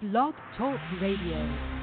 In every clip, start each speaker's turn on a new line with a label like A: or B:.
A: Blog Talk Radio.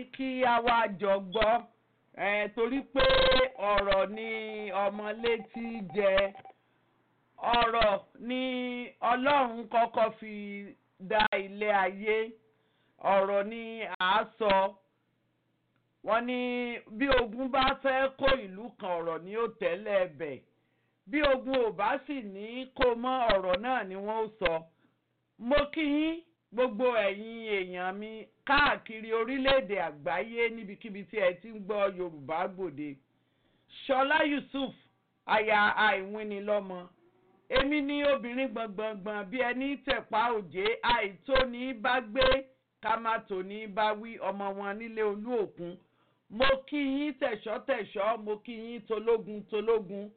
B: ní kí a wá jọ gbọ́ torí pé ọ̀rọ̀ ni ọmọ létí jẹ ọ̀rọ̀ ni ọlọ́run kọ́kọ́ fi dá ilé ayé ọ̀rọ̀ ni à á sọ wọ́n ní bí ogun bá fẹ́ kó ìlú kan ọ̀rọ̀ ni ó tẹ̀lé ẹ̀bẹ̀ bí ogun ò bá sì ní kó mọ́ ọ̀rọ̀ náà ni wọ́n ó sọ mo kí yín gbogbo ẹ̀yin èèyàn mi káàkiri orílẹ̀-èdè àgbáyé níbikíbi tí ẹ ti ń gbọ́ Yorùbá Gbòde Ṣọlá Yusuf aya àìwínilọ́mọ èmi ni obìnrin gbọ̀ngbọ̀ngbọ̀n bí ẹni tẹ̀pá òjé àìtóní bá gbé ká má tóní bá wí ọmọ wọn nílé olú òkun mo kí yín tẹ̀ṣọ́tẹ̀ṣọ́ mo kí yín tológun tológun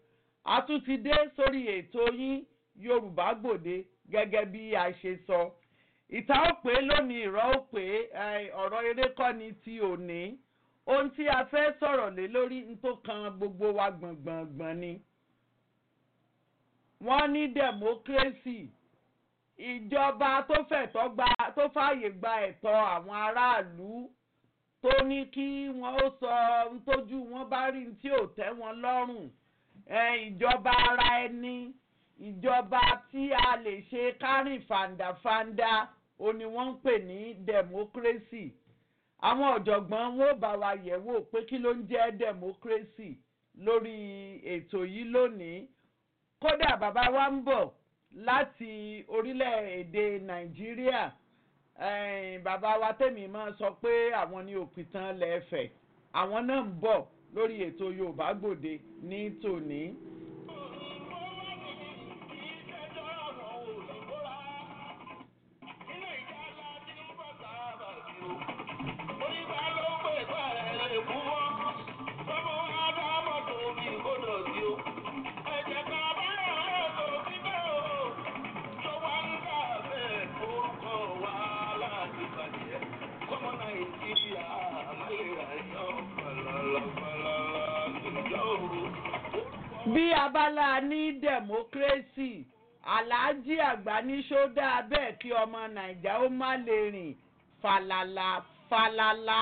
B: a tún ti dé sórí ètò yín Yorùbá Gbòde gẹ́gẹ́ bí a ṣe sọ. So ìta ó pé lónìí ìrọ̀ ó pé ọ̀rọ̀ eré kọ́ ni ti òní ohun tí a fẹ́ sọ̀rọ̀ lé lórí ń tó kan gbogbo wa gbọ̀ngbọ̀ngbọ̀n ni. wọ́n ní democracy ìjọba tó fẹ̀tọ́ gba tó fààyè gba ẹ̀tọ́ àwọn aráàlú tó ní kí wọ́n ó sọ tójú wọn bá rí tí ò tẹ́ wọn lọ́rùn ìjọba ara ẹni. E, ìjọba tí a lè ṣe kárìn fàǹdàfàǹdà ó ní wọ́n ń pè ní democracy àwọn ọ̀jọ̀gbọ́n wọ́n bá wa yẹ̀ wò pé kí ló ń jẹ́ democracy lórí ètò yìí lónìí kódà bàbá wa ń bọ̀ láti orílẹ̀-èdè nàìjíríà bàbá wa tèmi máa sọ pé àwọn ní òpìtàn lẹ́ẹ̀fẹ̀ àwọn náà ń bọ̀ lórí ètò yorùbá gbòde ní tòní. wàhálà ní dẹ̀mọ́kírésì aláàjì àgbà ní ṣódà bẹ́ẹ̀ kí ọmọ nàìjà ó má lè rìn
C: fàlàlà fàlàlà.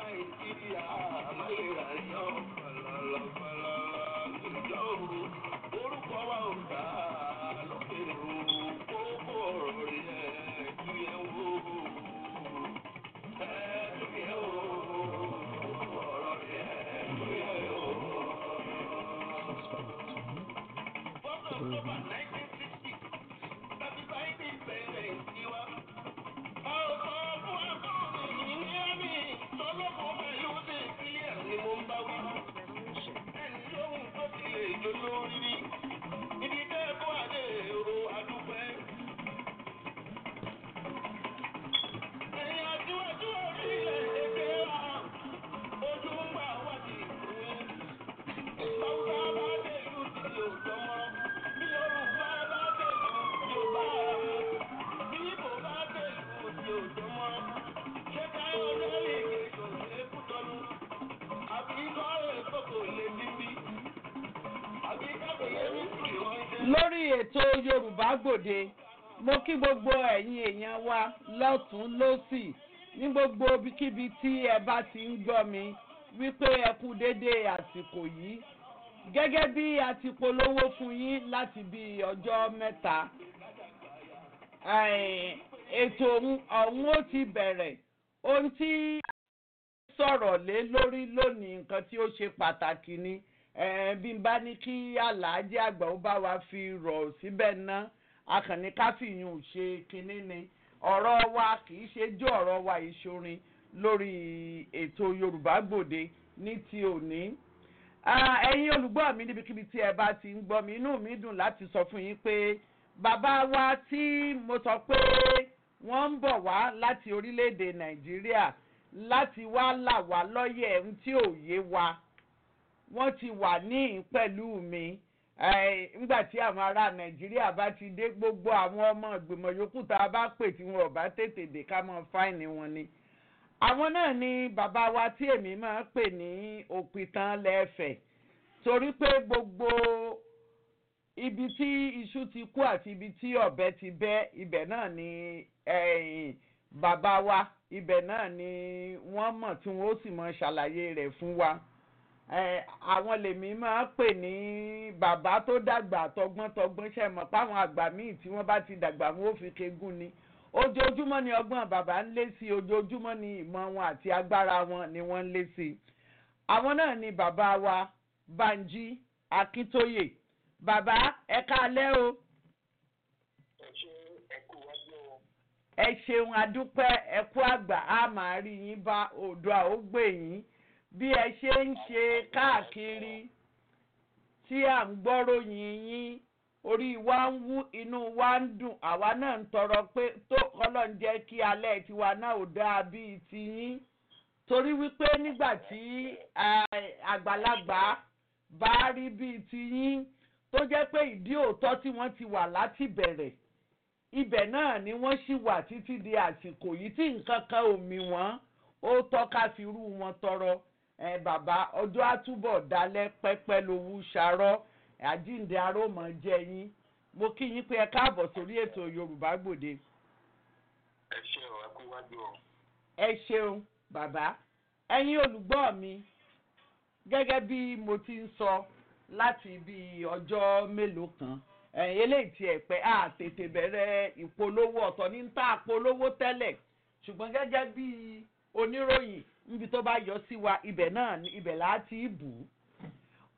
D: Nàìjíríà máa lè rà yọ̀
A: mm-hmm.
B: ètò yorùbá gbòde mo kí gbogbo ẹ̀yin èèyàn wa lọ́tún lọ́sì ní gbogbo ibikíbi tí ẹ bá ti ń gbọ́ mi wípé ẹ kú déédéé àsìkò yìí gẹ́gẹ́ bí a ti polówó fún yín láti bí ọjọ́ mẹ́ta ètò ọ̀hún ó ti bẹ̀rẹ̀ ohun tí sọ̀rọ̀ lé lórí lónìí nǹkan tí ó ṣe pàtàkì ni bí n bá ní kí aláàjì àgbà ó bá wa fi rọ̀ síbẹ̀ ná akànnì káfíyùn ṣe kínní ni
E: ọ̀rọ̀ wa
B: kì í ṣe jó ọ̀rọ̀ wa ìṣorin lórí ètò yorùbá gbòde ní ti òní. ẹ̀yin olùgbọ́ mi níbikíbi tí ẹ bá ti ń gbọ́ mi inú mi dùn láti sọ fún yín pé bàbá wa tí mo sọ pé wọ́n ń bọ̀ wá láti orílẹ̀-èdè nàìjíríà láti wá là wá lọ́yẹ̀ tí ò yé wa wọ́n ti wà ní pẹ̀lú mi nígbà tí àwọn ará nàìjíríà bá ti dé gbogbo àwọn ọmọ ìgbìmọ̀ yòókù tá a bá pè tí wọn bá tètè dé ká mọ fáìní wọn ni. àwọn náà ni bàbá wa tí èmi máa ń pè ní òpìtàn lẹ́ẹ̀fẹ̀ torí pé gbogbo ibi tí iṣu ti kú àti ibi tí ọ̀bẹ ti bẹ́ ibẹ̀ náà ni bàbá wa ibẹ̀ náà ni wọ́n mọ̀ tí wọ́n ó sì mọ ṣàlàyé rẹ̀ fún wa àwọn lèmi máa pè ní bàbá tó dàgbà tọgbọ́ntọgbọ́n ṣe mọ̀ páwọn àgbà míì tí wọ́n bá ti dàgbà wọn ò fi kegun ni ojoojúmọ́ ni ọgbọ́n bàbá ń lé sí ojoojúmọ́ ni ìmọ̀ wọn àti agbára wọn ni wọ́n ń lé sí àwọn náà ni bàbá wa banji akintoye bàbá ẹ káalẹ́ o. ẹ ṣeun adúpẹ́ ẹ kú àgbà a máa rí yín bá oòdùà ó gbè yín bí ẹ ṣe ń ṣe káàkiri tí à ń gbọ́ròyìn yín orí wa ń wú inú wa ń dùn àwa náà ń tọrọ pé tó kọ́lọ̀ ń jẹ́ kí alẹ́ tiwa náà ò dáa bíi tiyín torí wípé nígbà tí àgbàlagbà bá rí bíi tiyín tó jẹ́ pé ìdí òótọ́ tí wọ́n ti wà láti bẹ̀rẹ̀ ibẹ̀ náà ni wọ́n ṣì wà títí di àsìkò yìí tí nǹkan kan ò mì wọ́n ó tọ́ka fìrú wọn tọrọ ẹ bàbá ọjọ́ àtúbọ̀ dalẹ́ pẹ́pẹ́ lowú ṣarọ́ àjíǹde arómọ jẹ yín mo kí yín pé ẹ káàbọ̀ sórí ètò yorùbá gbòde.
F: ẹ ṣeun ẹ kú wájú o.
B: ẹ ṣeun bàbá ẹyin olùgbọ́ mi gẹ́gẹ́ bí mo ti ń sọ láti ibi ọjọ́ mélòó kan eléyìí ti ẹ̀ pẹ́ a tètè bẹ̀rẹ̀ ìpolówó ọ̀tọ̀ ní ta polówó tẹ́lẹ̀ ṣùgbọ́n gẹ́gẹ́ bí oníròyìn níbi tó bá yọ sí wa ibẹ̀ náà ibẹ̀ láti bù ú.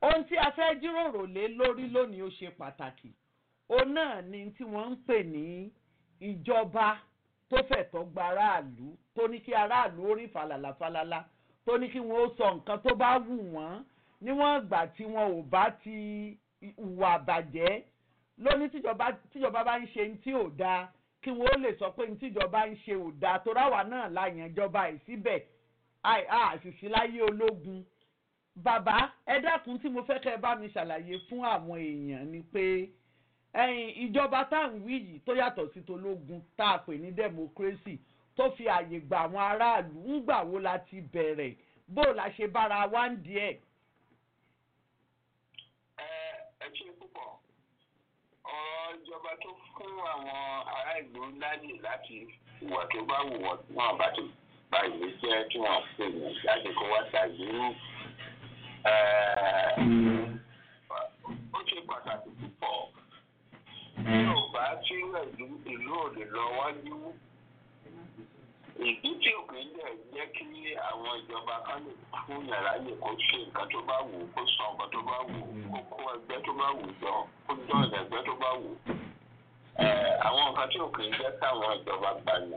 B: ohun tí a fẹ́ jíròrò lé lórí lónìí ó ṣe pàtàkì òun náà ni tí wọ́n ń pè ní ìjọba tó fẹ̀tọ́ gba aráàlú tó ní kí aráàlú ó rí falala falala tó ní kí wọ́n ó sọ nǹkan tó bá wù wọ́n níwọ̀n ìgbà tí wọn ò bá ti hùwà bàjẹ́ lóní tíjọba bá ń ṣe tí ò dáa kí wọn ó lè sọ pé tíjọba ń ṣe ò dáa tó ráwa náà láyànjọba ẹ̀ síbẹ̀ àṣìṣe láyé ológun bàbá ẹ dákun tí mo fẹ́ kẹ́ ẹ bá mi ṣàlàyé fún àwọn èèyàn ni pé ìjọba tá à ń wí yìí tó yàtọ̀ sí tológun tá a pè ní democracy tó fi àyè gba àwọn aráàlú ń gbà wo la ti bẹ̀rẹ̀ bó la ṣe bára wa ń di ẹ̀.
F: ẹ ṣe púpọ̀ ọ̀rọ̀ ìjọba tó fún àwọn ará ìlú láyè láti hùwà tó bá wù wọ́n náà bá ti gba ìgbésẹ̀ tí wọ́n pè ní jáde kó wá ṣàgbé ní. ó ṣe pàtàkì púpọ̀ bí ò bá tí ìlú ìlú òde lọ wájú ìdí tí òkè dẹ̀ jẹ́ kí àwọn ìjọba kan lè fún yàrá yìí kó ṣe nǹkan tó bá wù kó sọ nǹkan tó bá wù kó kó ẹgbẹ́ tó bá wù jọ kó jọ ẹgbẹ́ tó bá wù. àwọn nǹkan tí òkè jẹ́ táwọn ìjọba gbà yàn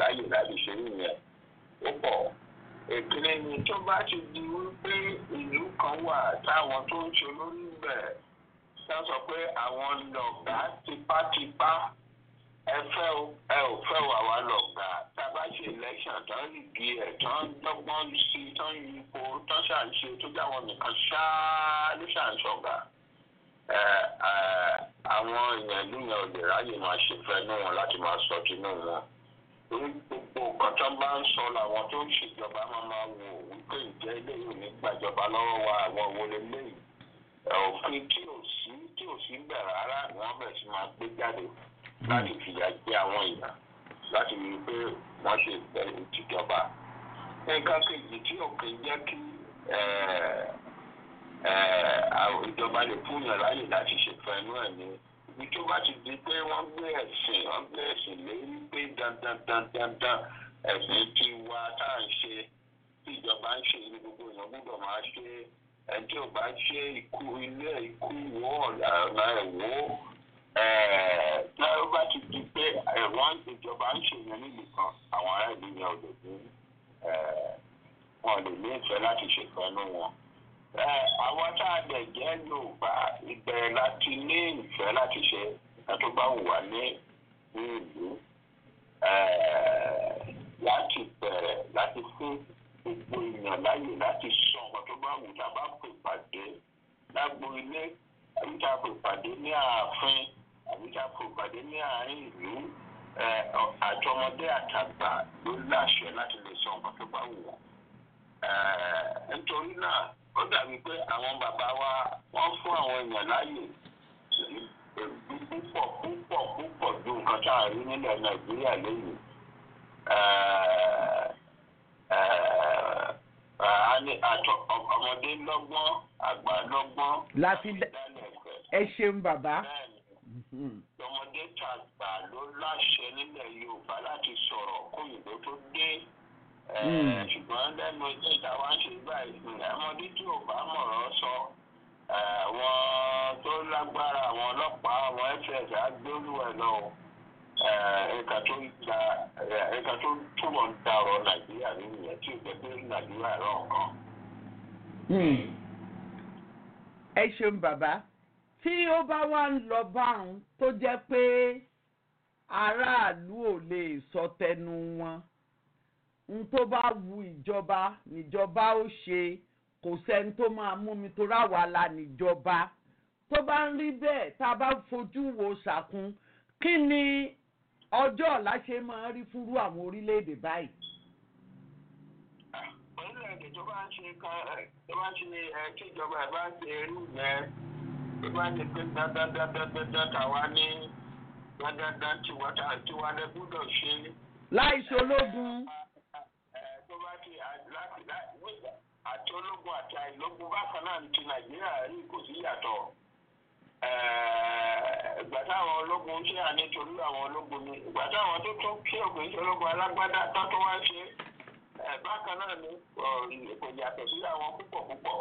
F: láyè láti ṣe nìyẹn ó pọ̀ èkìlẹ̀ ni tó bá ti di wípé ìlú kan wà táwọn tó ń ṣe lórí ibẹ̀ tá a sọ pé àwọn lọ̀gá tipátipá ẹ fẹ́ o ẹ ò fẹ́ wà wá lọ̀gá tá a bá ṣe election tán lè di ẹ̀ tán dọ́gbọ́n sí tán yípo tán ṣàǹṣe tó jáwọn nìkan ṣáá ló ṣàǹṣọ̀gà àwọn èèyàn ìlú yẹn ò lè ráyè máa ṣèfẹ́ nù wọn láti máa sọ tinú wọn torí gbogbo nǹkan tó bá ń sọ làwọn tó ń ṣèjọba máa máa wò wípé ìjẹ́ eléyìí ní gbàjọba lọ́wọ́ wa àwọn wo leléyìí òfin tí ò sí tí ò sí bẹ̀ rárá ni wọ́n bẹ̀rẹ̀ sí máa gbé jáde láti fìyà jẹ àwọn èèyàn láti rí i pé wọ́n ṣe ìbẹ̀rù tìjọba. nǹkan kejì tí òkè jẹ́ kí ìjọba lè fún yàn láyè láti ṣèfẹ́ inú ẹ̀ ni ibi tó bá ti di pé wọ́n gbé ẹ̀sìn wọ́n gbé ẹ̀sìn lérí pé dandan dandan dandan ẹ̀sìn ti wa tá à ń ṣe tí ìjọba ń ṣe ní gbogbo èèyàn gbọ́dọ̀ máa ṣe ẹjọ́ bá ṣe ikú ilé ikú ìwọ́ ọ̀nà ẹ̀wọ́ tí wọ́n bá ti di pé ẹ̀rọ ìjọba ń ṣe yẹn níbi kan àwọn ará ìlú yẹn ò lè ní wọn ò lè ní ìfẹ́ láti ṣètọ́nú wọn àwọn tá a lè jẹ́ yorùbá ìbẹ̀rẹ̀ láti ní ìfẹ́ láti ṣe ká tó bá wà ní ìlú láti bẹ̀rẹ̀ láti fún gbogbo èèyàn láyè láti sọ ọ̀kan tó bá wù tá a bá pè pàdé lágbo ilé àbí tá a pè pàdé ní ààfin àbí tá a pè pàdé ní àárín ìlú àtọmọdé àtàgbà ló láṣẹ láti lè sọ ọ̀kan tó bá wù wọ́n. nítorí náà ó dàbí pé àwọn bàbá wa wọ́n fún àwọn èèyàn láàyè èyí púpọ̀ púpọ̀ púpọ̀ ju nǹkan tá a rí nílẹ̀ nàìjíríà lẹ́yìn ọmọdé lọ́gbọ́n àgbà lọ́gbọ́n
B: láti dálẹ̀ fẹ́. ẹ ṣeun bàbá. ọmọdé
F: tàgbà ló láṣẹ nílẹ̀ yorùbá láti sọ̀rọ̀ kóyìnbó tó dé. Hmm. Eh, ṣùgbọ́n lẹ́nu iṣẹ́ ìta ṣe gbà ìsìn ọmọdé tí ò bá mọ̀rọ̀ sọ eh, àwọn tó lágbára àwọn ọlọ́pàá àwọn fs agbóríwẹ̀ lọ ẹ̀ka eh, tó túbọ̀ ń da nàìjíríà nínú tí ò jẹ́ pé nàìjíríà rọ̀ kan. Hmm. ẹ ṣeun bàbá
B: tí ó bá wá ń lọ báwọn tó jẹ́ pé aráàlú ò lè sọ tẹnu wọn n tó bá wu ìjọba níjọba ó ṣe kò sẹ́ni tó máa mú mi tó ráwa la níjọba tó bá ń rí bẹ́ẹ̀ tá a bá fojú wo ṣàkun kí ni ọjọ́ ọ̀la ṣe máa rí fúrú àwọn orílẹ̀-èdè báyìí.
F: orílẹ̀-èdè tó bá ń ṣe tó bá ń ṣe kíjọba ẹ̀ bá ṣe irú ìgbẹ́ tó bá ń ṣe pé dandandandandandan tàwa ní dandandan tiwa tiwa lẹ ṣe.
C: láì ṣológun.
F: àti ológun àti àìlógun bákan náà ti nàìjíríà rí kò sí yàtọ̀ ìgbà táwọn ológun ń ṣe ànítorí àwọn ológun ni ìgbà táwọn tó tún kí ògùn iṣẹ́ ológun alágbádá tó tún wá ṣe bákan náà ni kò yàtọ̀ sí àwọn púpọ̀ púpọ̀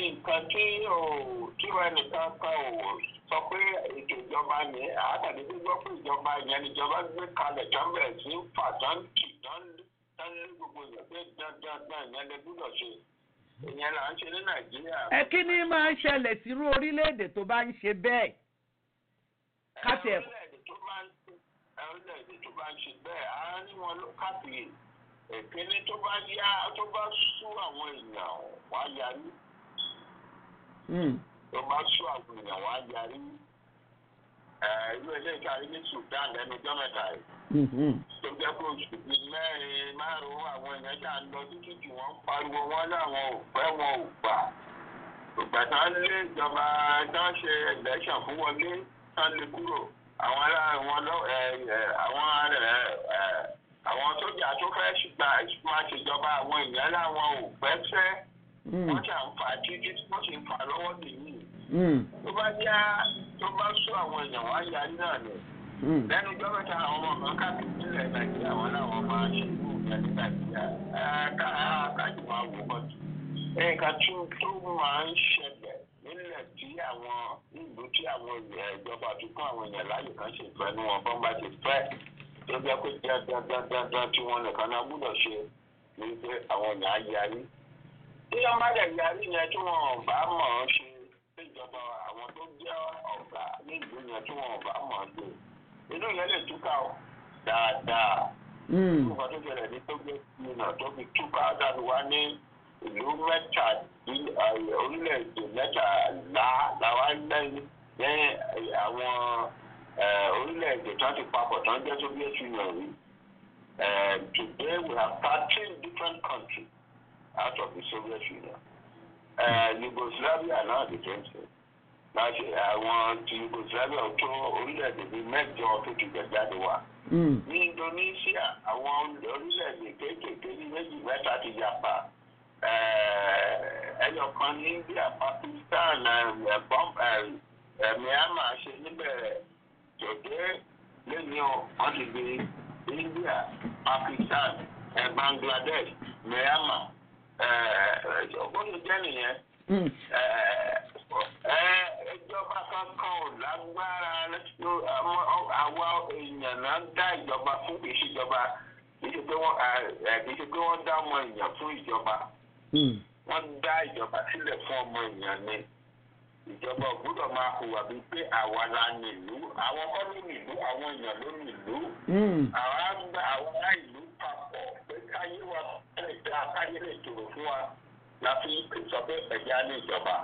F: nǹkan tí ò tí wọn nìkan kan ò sọ pé ètò ìjọba ni àtàlẹ́ gbígbọ́ pé ìjọba yẹn níjọba gbé kalẹ̀ tó sí fà tó táyé gbogbo ìgbà pé gbàgbàgbà ìyẹn lè gbúdọ̀ ṣe ìyẹn ẹ kí ni
B: máa ń ṣẹlẹ̀ sírú orílẹ̀-èdè tó bá ń ṣe bẹ́ẹ̀.
F: káṣẹ̀. orílẹ̀-èdè tó bá ń ṣe bẹ́ẹ̀ á ní wọn ló káàkiri ìpínlẹ̀ tó bá yá tó bá sú àwọn èèyàn wá yarí. Hmm. tó bá sú àwọn èèyàn wá yarí. Eh, irú eléyìí kárí ní Sudan lẹ́nu ọjọ́ mẹ́ta yìí. Mhm. tó jẹ́ kó oṣù bíi mẹ́rin márùn-ún àwọn èèyàn dà ń lọ títí tí wọ́n ń pariwo wọn láwọn ò fẹ́ wọn ò gbà. ìgbà tán lé ìjọba tán ṣe ẹ̀lẹ́ṣàn fún wọlé tán lè kúrò àwọn ará wọn lọ eh, eh, àwọn àwọn sójà tó fẹ́ gba máa ṣèjọba àwọn èèyàn láwọn ò fẹ́ fẹ́. Mm. wọ́n ṣàǹfà títí wọ́n sì ń fà lọ́wọ́ nìyí. Hmm. tó bá yá tó bá sún àwọn èèyàn wá yá náà ni hmm. lẹ́nu ìjọ mẹ́ta àwọn ọmọ kan káàkiri nílẹ̀ nàìjíríà wọn làwọn máa ṣe ìlú ìyá ní nàìjíríà káàkiri máa wò kọ́tù nǹkan tí tó máa ń ṣẹlẹ̀ nílẹ̀ tí àwọn ìlú tí àwọn ìjọba àtúntò àwọn èèyàn láàyè kan ṣe fẹ́ ní wọn bọ́n bá ti fẹ́ tó jẹ́ pé dandandandandan tí wọ́n nìkan náà gbúdọ̀ ṣe ní pé àwọn èèyàn á yarí. tí wọ́n bá dẹ̀ yarí yẹn tí wọ́n bá mọ̀ ọ́n ṣe ìjọba àwọn tó jẹ́ ọ̀gá ní ìlú yẹn tí wọn ọ̀gá mọ̀ ọ́n gbé inú yẹn lè túkà ó dáadáa. nígbà hmm. tó bẹ̀rẹ̀ ní tó gbé ìnà tó fi túkà dàbí wá ní ìlú mẹ́ta eh, orílẹ̀-èdè mẹ́ta làwọn lẹ́yìn eh, àwọn eh, orílẹ̀-èdè tó ti papọ̀ tó ń jẹ́ Soviet Union rí. Today we have thirteen different countries out of the Soviet Union. Uh, Yugoslavia now the same thing. láti àwọn ti kòsílẹ́bẹ̀ tó orílẹ̀-èdè mẹ́jọ tó ti gbẹ̀ jáde wá. Hmm. ní Indonesia àwọn orílẹ̀-èdè kéékèèké ní méjì mẹ́ta ti yapa ẹyọ kan ní India Pakistan Myanmar ṣe níbẹ̀rẹ̀ tòde lẹ́yìn wọ́n ti di India Pakistan Bangladesh Myanmar ó ti jẹ́ nìyẹn. Hmm. ìjọba kankan ò lágbára àwa èèyàn náà dá ìjọba fún ìṣèjọba kìí ṣe pé wọ́n dá ọmọ èèyàn fún ìjọba hmm. wọ́n dá ìjọba sílẹ̀ fún ọmọ èèyàn ni ìjọba ògbúdọ̀ máa hùwà bíi pé àwa la nílùú àwọn kọ́ ló nílùú àwọn èèyàn ló nílùú hmm. àwa gba àwọn ará ìlú papọ̀ pé káyé wa káyé lè tòrò fún wa la fi sọ pé ẹ̀yà ní ìjọba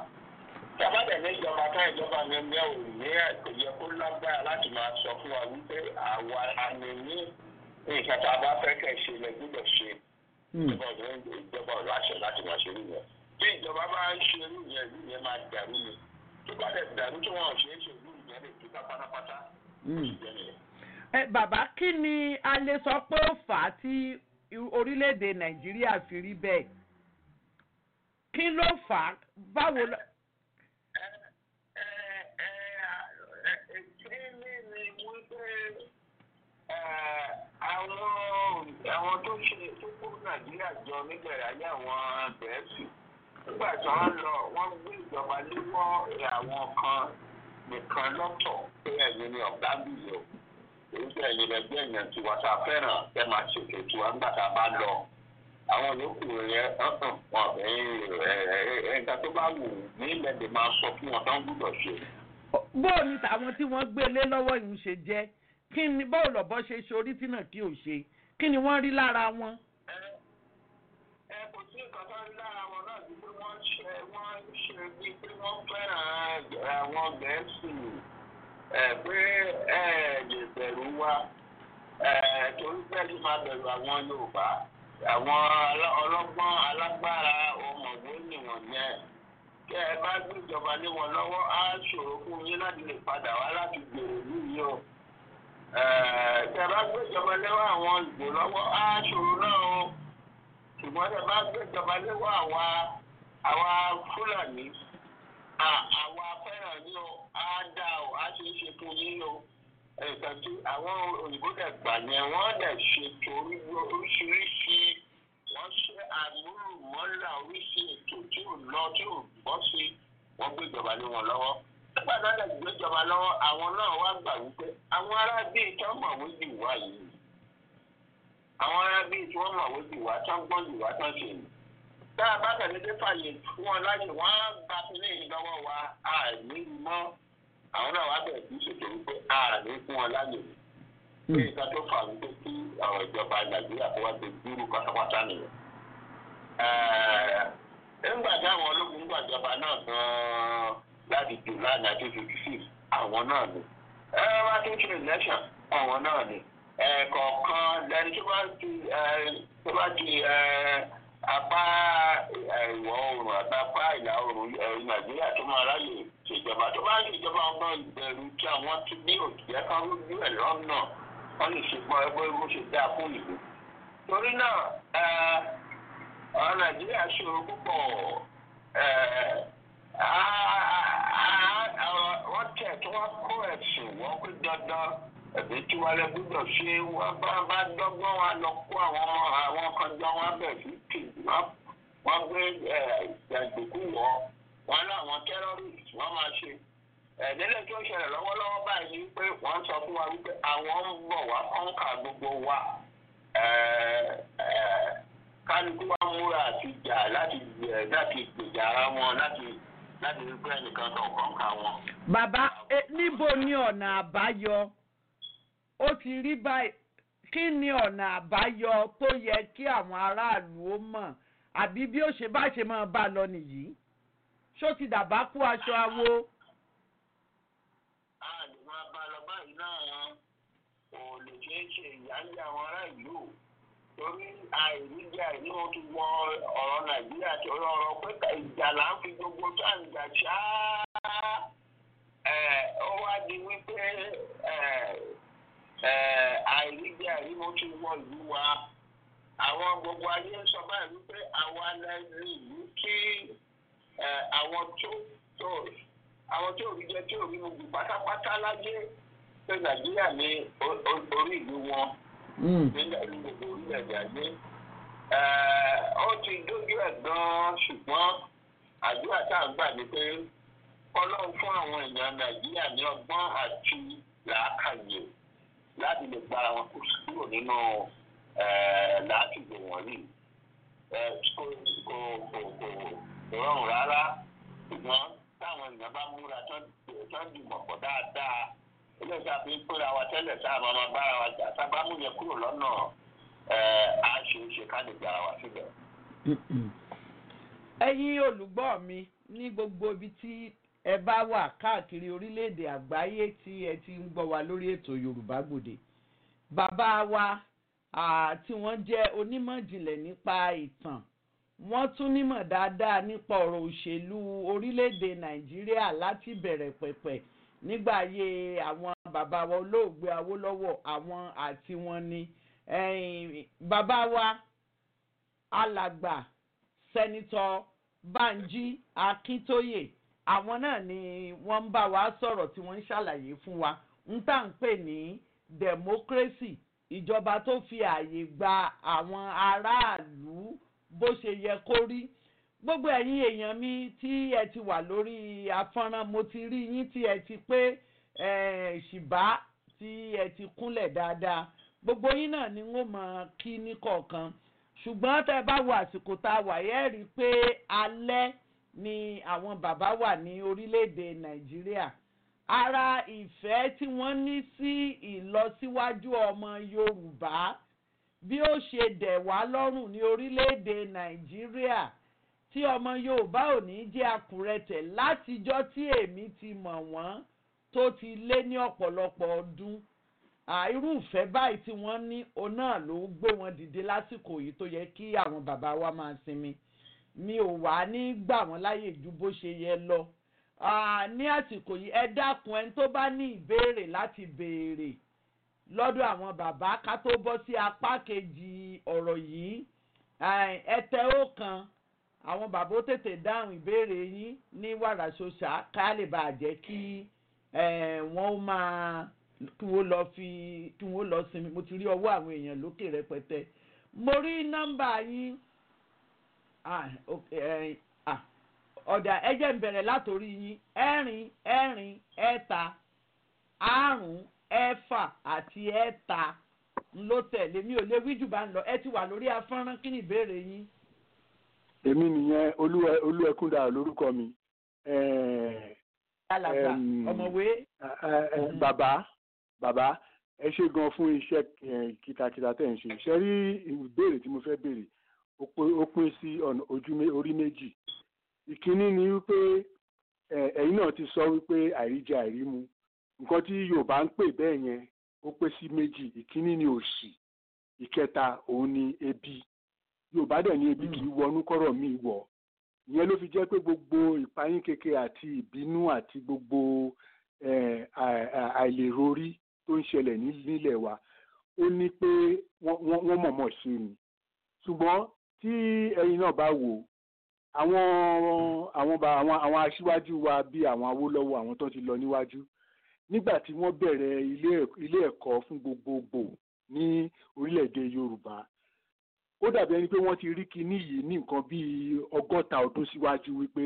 F: tàbá dẹ̀ ní ìjọba tó ìjọba mi ní ò ní ẹ̀kọ́ yẹ kó lágbára láti máa sọ fún wa wípé àwa àmì ní nǹkan tá a bá fẹ́ kẹ̀ ṣe lẹ gbúdọ̀ ṣe hmm. ìjọba ọ̀rọ̀ àṣẹ láti máa ṣe irú yẹn bí ìjọba bá ń ṣe irú yẹn irú yẹn máa dàrú ni tó bá dẹ̀ dàrú tí wọ́n ṣe é ṣe irú yẹn lè tó ká pátápátá hmm.
B: bàbá kí ni a lè sọ pé ó fà á tí orílẹ̀-èdè nàìjíríà fi rí bẹ́ẹ̀ kí ló fà á
C: báwo
F: àwọn àwọn tó ṣe tó kó nàìjíríà jọ nígbẹ̀rẹ̀ ayé àwọn gẹ̀ẹ́sì nígbà tí wọ́n lọ wọ́n gbé ìjọba léwọ́ àwọn kan nìkan lọ́tọ̀ pé ẹ̀yin ni ọ̀gá bì yọ èyí tẹ̀ ẹ̀yin ẹgbẹ́ èèyàn tí wọ́n ta fẹ́ràn ẹ máa ṣètò tí wọ́n gbà tá a bá lọ àwọn yòókù yẹn ẹ̀ka tó bá wù ní ilẹ̀ lè máa sọ fún wọn táwọn gbúdọ̀ ṣe.
B: bóò ni tàwọn tí wọ́n gbé lé lọ́wọ́ ìhùn ṣe jẹ́ kí ni báwo lọ́bọ ṣe ṣe orí tí náà kí ò ṣe kí ni wọ́n rí lára wọn.
F: ẹ kò sí nǹkan tó rí lára wọn náà ju pé wọ́n ṣe wọ́n ṣe bíi pé wọ́n fẹ́ràn àwọn gẹ̀ẹ́sì pé ẹ lè bẹ̀rù wa torí pẹ́ẹ́lí máa bẹ̀rù àwọn Yorùbá àwọn ọlọ́gbọ́n alágbára ọmọdé nìwọ̀n yẹn kẹ ẹ bá gbé ìjọba lé wọn lọ́wọ́ á ṣòro fún yín láti lè padà wá láti gbèrò yìí o tẹ̀bá gbéjọba lẹ́wọ́ àwọn ìgbò lọ́wọ́ á ṣòro náà o ṣùgbọ́n tẹ̀bá gbéjọba lẹ́wọ́ àwa àwa fúlàní àwa fẹ́ràn ní o á dá o á ṣe é ṣe fún yín o ìtọ́jú àwọn òyìnbó dẹ̀ gbà yẹn wọ́n dẹ̀ ṣètò oríṣiríṣi wọ́n ṣe àmúlùmọ́là oríṣi ètò tí ò lọ tí ò bọ́ sí wọ́n gbéjọba lé wọn lọ́wọ́ nígbà náà lè gbéjọba lọ́wọ́ àwọn náà wá gbà wípé àwọn ará bíi tó mọ̀wé jù wá yìí àwọn ará bíi tí wọ́n mọ̀wé jù wá tó ń gbọ́n jù wá tó ṣe yìí tá a bá tẹ̀lé dé fàyè wọn láyè wọ́n á gba ilé ìdánwò wa àìní mọ́ àwọn náà wá bẹ̀rẹ̀ sí ṣètò wípé àìní fún wọn láyè ní hmm. ìta tó fà wípé kí àwọn ìjọba nàìjíríà tó wá ti dúró pátápátá nìyẹn nígbà táwọn ológun gbàjọba náà gan-an láti july nineteen fifty six àwọn náà ni ẹ wá tó tún election àwọn náà ni ẹ kọ̀ọ̀kan lẹni tó bá ti ẹ tó bá ti ẹ apá ìwọ̀ oòrùn àti apá ìlà oòrùn nàìjíríà tó máa ráyè ṣèjọba tó bá ń ṣèjọba ọmọ ìbẹ̀rù tí àwọn ti ní òṣìṣẹ́ kan lójú ẹ̀ lọ́nà wọ́n lè ṣèpọ̀ ẹgbẹ́ bó ṣe dáa fún ìlú. torí náà ọ̀rọ̀ nàìjíríà ṣòro púpọ̀ wọ́n tẹ̀ tí wọ́n kó ẹ̀sìn wọ́n pé dandan ẹ̀bí tí wọ́n lè gbúdọ̀ ṣe wọ́n bá bá dọ́gbọ́n wa lọ kó àwọn ọmọ àwọn kan jọ wọn bẹ̀ sí tì wọ́n gbé ìgbàgbókù wọ́ wọn láwọn terrorist wọ́n máa ṣe ẹ̀ẹ́dẹ́lẹ̀ tó ṣẹlẹ̀ lọ́wọ́lọ́wọ́ báyìí pé wọ́n sọ fún wa wípé àwọn ń bọ̀ wá kọ́ńkà gbogbo wa kálukú wa múra àti jà láti gbèjà ara wọn láti láti rí pé ẹnìkan tó kọ́ńkà wọn.
B: bàbá e, níbo ni ọ̀nà àbáyọ ó ti rí báyìí kí ni ọ̀nà àbáyọ tó yẹ kí àwọn aráàlú ó mọ̀ àbí bí ó ṣe bá ṣe máa bá a lọ nìyí
C: ṣó ti dàbá kú aṣọ awo.
F: a lè máa bá a lọ báyìí náà ò lè ṣe ìyá ń yá àwọn ará ìlú torí àìríjà inú ti wọ ọ̀rọ̀ nàìjíríà tí ọ̀rọ̀ pẹ́ta ìjà là ń fi gbogbo sáǹgà ṣá ó wá di wípé àìríjà inú ti wọ ìlú wa àwọn gbogbo ayé ń sọ báyìí wípé àwa lẹ́yìn ìlú kí àwọn tó tó àwọn tí òrí jẹ tí òrí mu gbù pátápátá lájẹ pé nàìjíríà ní orí ìlú wọn. Hmm. nígbà tí gbogbo orílẹ̀-èdè àgbẹ̀ ó ti dójú ẹ̀ gan-an ṣùgbọ́n àdúrà tá à ń gbà ni pé ọlọ́run fún àwọn èèyàn nàìjíríà ní ọgbọ́n àti làákàyè láti lè gba àwọn kò kúrò nínú làásìgbò wọ̀nyí kò kò kò kò rọrùn rárá ṣùgbọ́n táwọn èèyàn bá múra tán dìbò pọ̀ dáadáa eléyìí tá a fi pèrè àwa tẹ́lẹ̀ tá a máa bára wa jà tá a bá mú yẹn kúrò lọ́nà a ṣe é wa síbẹ̀.
B: ẹ̀yin olùgbọ́ mi ní gbogbo ibi tí ẹ bá wà káàkiri orílẹ̀-èdè àgbáyé tí ẹ ti ń gbọ́ wa lórí ètò yorùbá gbòde bàbá wa tí wọ́n jẹ́ onímọ̀ nípa ìtàn wọ́n tún nímọ̀ dáadáa nípa ọ̀rọ̀ òṣèlú orílẹ̀-èdè nàìjíríà láti bẹ̀rẹ̀ pẹ̀pẹ̀ nígbà ayé àwọn bàbá wa olóògbé awólọ́wò àwọn àti wọn ni bàbá wa alàgbà sẹ́nitọ́ banji akintoye àwọn náà ni wọ́n ń bá wa sọ̀rọ̀ tí wọ́n ń ṣàlàyé fún wa ń tà ń pè ní democracy ìjọba tó fi ààyè gba àwọn aráàlú bó ṣe yẹ kó rí gbogbo ẹ̀yin èèyàn mi tí ẹ ti wà lórí afọ́nrán mo ti rí yín tí ẹ ti pé ṣìbá tí ẹ ti kúnlẹ̀ dáadáa gbogbo yín náà ni wọ́n mọ̀ kí ní kọ̀ọ̀kan ṣùgbọ́n tẹ́ bá wo àsìkò tá a wà yẹ́ rí i pé alẹ́ ni àwọn bàbá wà ní orílẹ̀-èdè nàìjíríà ara ìfẹ́ tí wọ́n ní sí ìlọsíwájú ọmọ yorùbá bí ó ṣe dẹ̀ wá lọ́rùn ní orílẹ̀-èdè nàìjíríà tí ọmọ Yorùbá ò ní jẹ́ àkùrẹ̀tẹ̀ látijọ́ tí èmi ti mọ̀ wọ́n tó ti lé ní ọ̀pọ̀lọpọ̀ ọdún irúfẹ́ báyìí tí wọ́n ní òun náà ló gbé wọn dìde lásìkò yìí tó yẹ kí àwọn bàbá wa máa sinmi mi ò wá ní gbà wọ́n láyè ju bó ṣe yẹ lọ ní àsìkò yìí ẹ dákun ẹni tó bá ní ìbéèrè láti béèrè lọ́dọ̀ àwọn bàbá ká tó bọ́ sí apá kejì ọ̀rọ̀ yìí ẹ tẹ ó kan àwọn bàbá ó tètè dáhùn ìbéèrè yín ní wàrà ṣoṣà ká lè bàa jẹ́ kí wọ́n máa kí wọ́n lọ fi kí wọ́n lọ sinmi mo ti rí ọwọ́ àwọn èèyàn lókè rẹpẹtẹ mo rí nọ́mbà yín ọ̀dà ẹ jẹ́ n bẹ̀rẹ̀ látòrí yín ẹ̀rin ẹ̀rin ẹ̀ta àrùn ẹ̀fà àti ẹ̀ta ló tẹ̀lé ò lè wí jù bá ti wà lórí afọ́nrán kí ni ìbéèrè yín
G: èmi nìyẹn olúwẹkúndà lórúkọ mi. alàgbà ọmọwé. Mm-hmm. bàbá bàbá ẹ ṣe gan fún iṣẹ́ kìtàkìtà tẹ́ ń ṣe ṣe rí ìbéèrè tí mo fẹ́ béèrè ó pín sí ojú orí méjì ìkíní ni wípé ẹ̀yin náà ti sọ wípé àìríjẹ àìrímu nǹkan tí Yorùbá ń pè bẹ́ẹ̀ yẹn ó pín sí méjì ìkíní ni òṣì ìkẹta òun ni ebi yorùbá dẹ̀ ní ebi hmm. kì í wọnú kọ́rọ̀ mi wọ̀ ìyẹn ló fi jẹ́ pé gbogbo ìpayín keke àti ìbínú àti gbogbo àìlèrorí tó ń ṣẹlẹ̀ nílẹ̀ wa ó ní pé wọ́n mọ̀ọ́mọ̀ ṣe ni ṣùgbọ́n tí ẹ̀yin náà bá wò àwọn àwọn àwọn àwọn aṣíwájú wa bíi àwọn Awólọ́wọ̀ àwọn tó ti lọ níwájú nígbà tí wọ́n bẹ̀rẹ̀ ilé ẹ̀kọ́ fún gbogbogbò ní orílẹ̀-èdè Yorùbá ó dàbí ẹni pé wọ́n ti rí kinní yìí ní nǹkan bíi ọgọ́ta ọdún síwájú wípé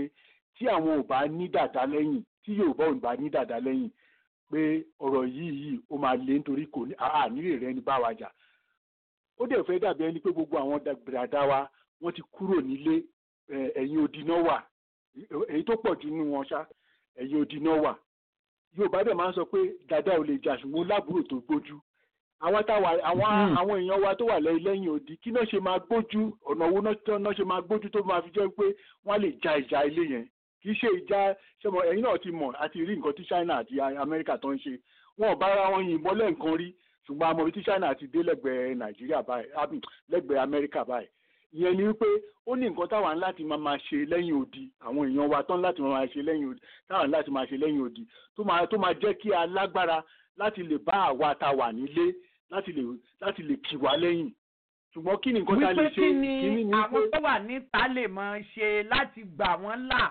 G: tí àwọn ò bá ní dàda lẹ́yìn tí Yorùbá ò bá ní dàda lẹ́yìn pé ọ̀rọ̀ yìí yìí ó máa lé nítorí kò ní ànílè rẹ ní báwa jà ó dẹ̀ fẹ́ dàbí ẹni pé gbogbo àwọn dàda wa wọ́n ti kúrò nílé ẹ̀yìn odi wà èyí tó pọ̀ jù nínú wọn ṣá ẹ̀yìn odi wà Yorùbá dẹ̀ máa ń sọ pé dàda ò lè jà ṣùgbọ́n lábúrò tó gbójú àwọn táwa àwọn hmm. àwọn èèyàn wa tó wà lẹ́yìn odi kí náà ṣe máa gbójú ọ̀nà owó náà ṣe máa gbójú tó máa fi jẹ́ pé wọ́n lè ja ìjà ilé yẹn kì í ṣe ìjà ṣẹ́mọ ẹ̀yin náà ti mọ̀ àti rí nǹkan tí China àti Amẹ́ríkà tó ń ṣe wọn ò bára wọn yìnbọn lẹ́ǹkan rí ṣùgbọ́n àmọ́ tí China ti dé lẹ́gbẹ̀ẹ́ Nàìjíríà báyìí lẹ́gbẹ̀ẹ́ Amẹ́ríkà báyìí ìyẹn ni wípé ó ní nǹkan táwa ń láti máa máa ṣe lẹ́yìn odi àwọn èèyàn wa tán láti máa ṣe lẹ́yìn odi táwa ń láti máa ṣe lẹ́yìn odi tó máa jẹ́ kí a lágbára láti lè bá àwa ta nílé láti lè láti lè kì wá lẹ́yìn ṣùgbọ́n kí ni nǹkan tá a lè ṣe kí ni ní pé. àwọn tó
B: wà níta lè mọ ṣe láti gbà wọ́n là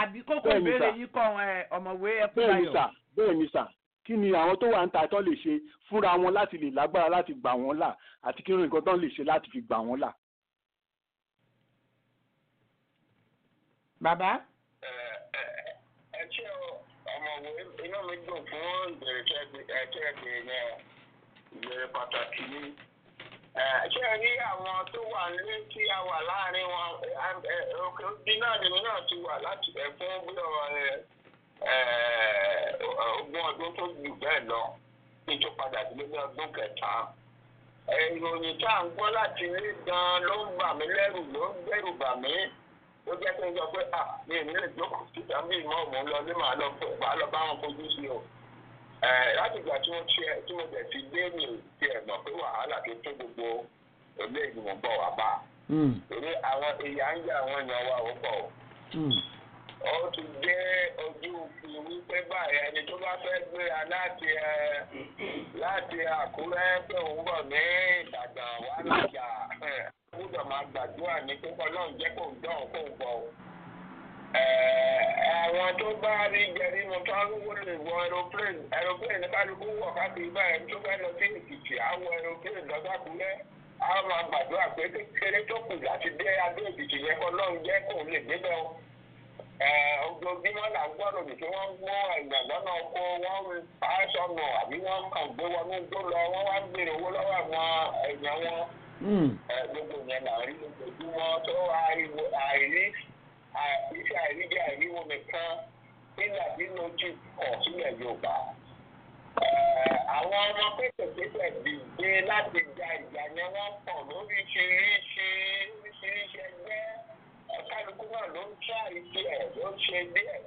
B: àbí kókó ìbéèrè yìí kan ọ̀mọ̀wé ẹ̀kúnayọ̀. bẹ́ẹ̀ ni sà
G: bẹ́ẹ̀ ni sà kí ni àwọn tó wà níta tó lè ṣe fúnra wọn láti lè lágbára láti gbà wọ́n là àti kí ni nǹkan tó lè ṣe láti fi gbà wọ́n là. bàbá.
F: ẹ ṣe ọmọwé inú mi dùn fún ìbẹ̀rẹ̀ kẹ́ẹ̀kẹ́ yẹn ìyẹn pàtàkì ni. ṣé ẹ rí àwọn tó wà nílé tí a wà láàrin wọn òkè òbí náà lèmi náà ti wà láti ẹ̀ fún bí ogún ọdún tó jù bẹ́ẹ̀ lọ kí n tó padà sílé ní ọdún kẹta ìròyìn tá à ń gbọ́ láti rí gan ló ń bà mí lẹ́rù ló ń gbẹ́rù bà mí ó jẹ́ kí n sọ pé à mi ò ní lè jókòó síta bí ìmọ̀ òun lọ sí màá lọ bá wọn fojú sí o. Eh, látìgbà tí wọ́n ṣe tí wọ́n bẹ̀ fi dé ti ẹ̀ pé wàhálà tó tó gbogbo òlé ìgbìmọ̀ bọ̀ wá bá.
A: èmi
F: hmm. àwọn ìyá ń jẹ àwọn èèyàn wa ò pọ̀ hmm. ó ti dé ojú ìwú pé báyìí ẹni tó bá fẹ́ gbéra láti ẹ eh, láti Àkúrẹ́ pé òun bọ̀ ní Ìbàdàn wà lájà eh, gbúdọ̀ máa gbàdúrà ní pé náà jẹ́ kó dán kó bọ̀ ọ́. àwọn tó bá rí jẹrí mo tó arúgbó lè wọ aeroplane aeroplane kálukú wọ̀ káàkiri báyìí tó bá lọ sí èkìtì àwọ aeroplane lọ́sàkúnlẹ̀ a máa gbàdúrà pé kékeré tó kù láti dé adé èkìtì yẹn kọ́ lọ́run jẹ́ kó lè débẹ̀ o ojoojúmọ́ là ń gbọ́dọ̀ bí kí wọ́n mú ẹ̀gbọ̀n lọ́nà oko wọ́n pa á sọnù àbí wọ́n gbé owó lọ́wọ́ àwọn àìsí àìríjẹ àìríwo nìkan nígbà tí mo ti kọ̀ sílẹ̀ Yorùbá. àwọn ọmọ kéékèèké dìde láti ja ìjà yẹn wọ́n pọ̀ lóríṣiríṣi oríṣiríṣi ẹgbẹ́ ọ̀kálukú náà ló ń ṣe àìsí ẹ̀ ló ń ṣe díẹ̀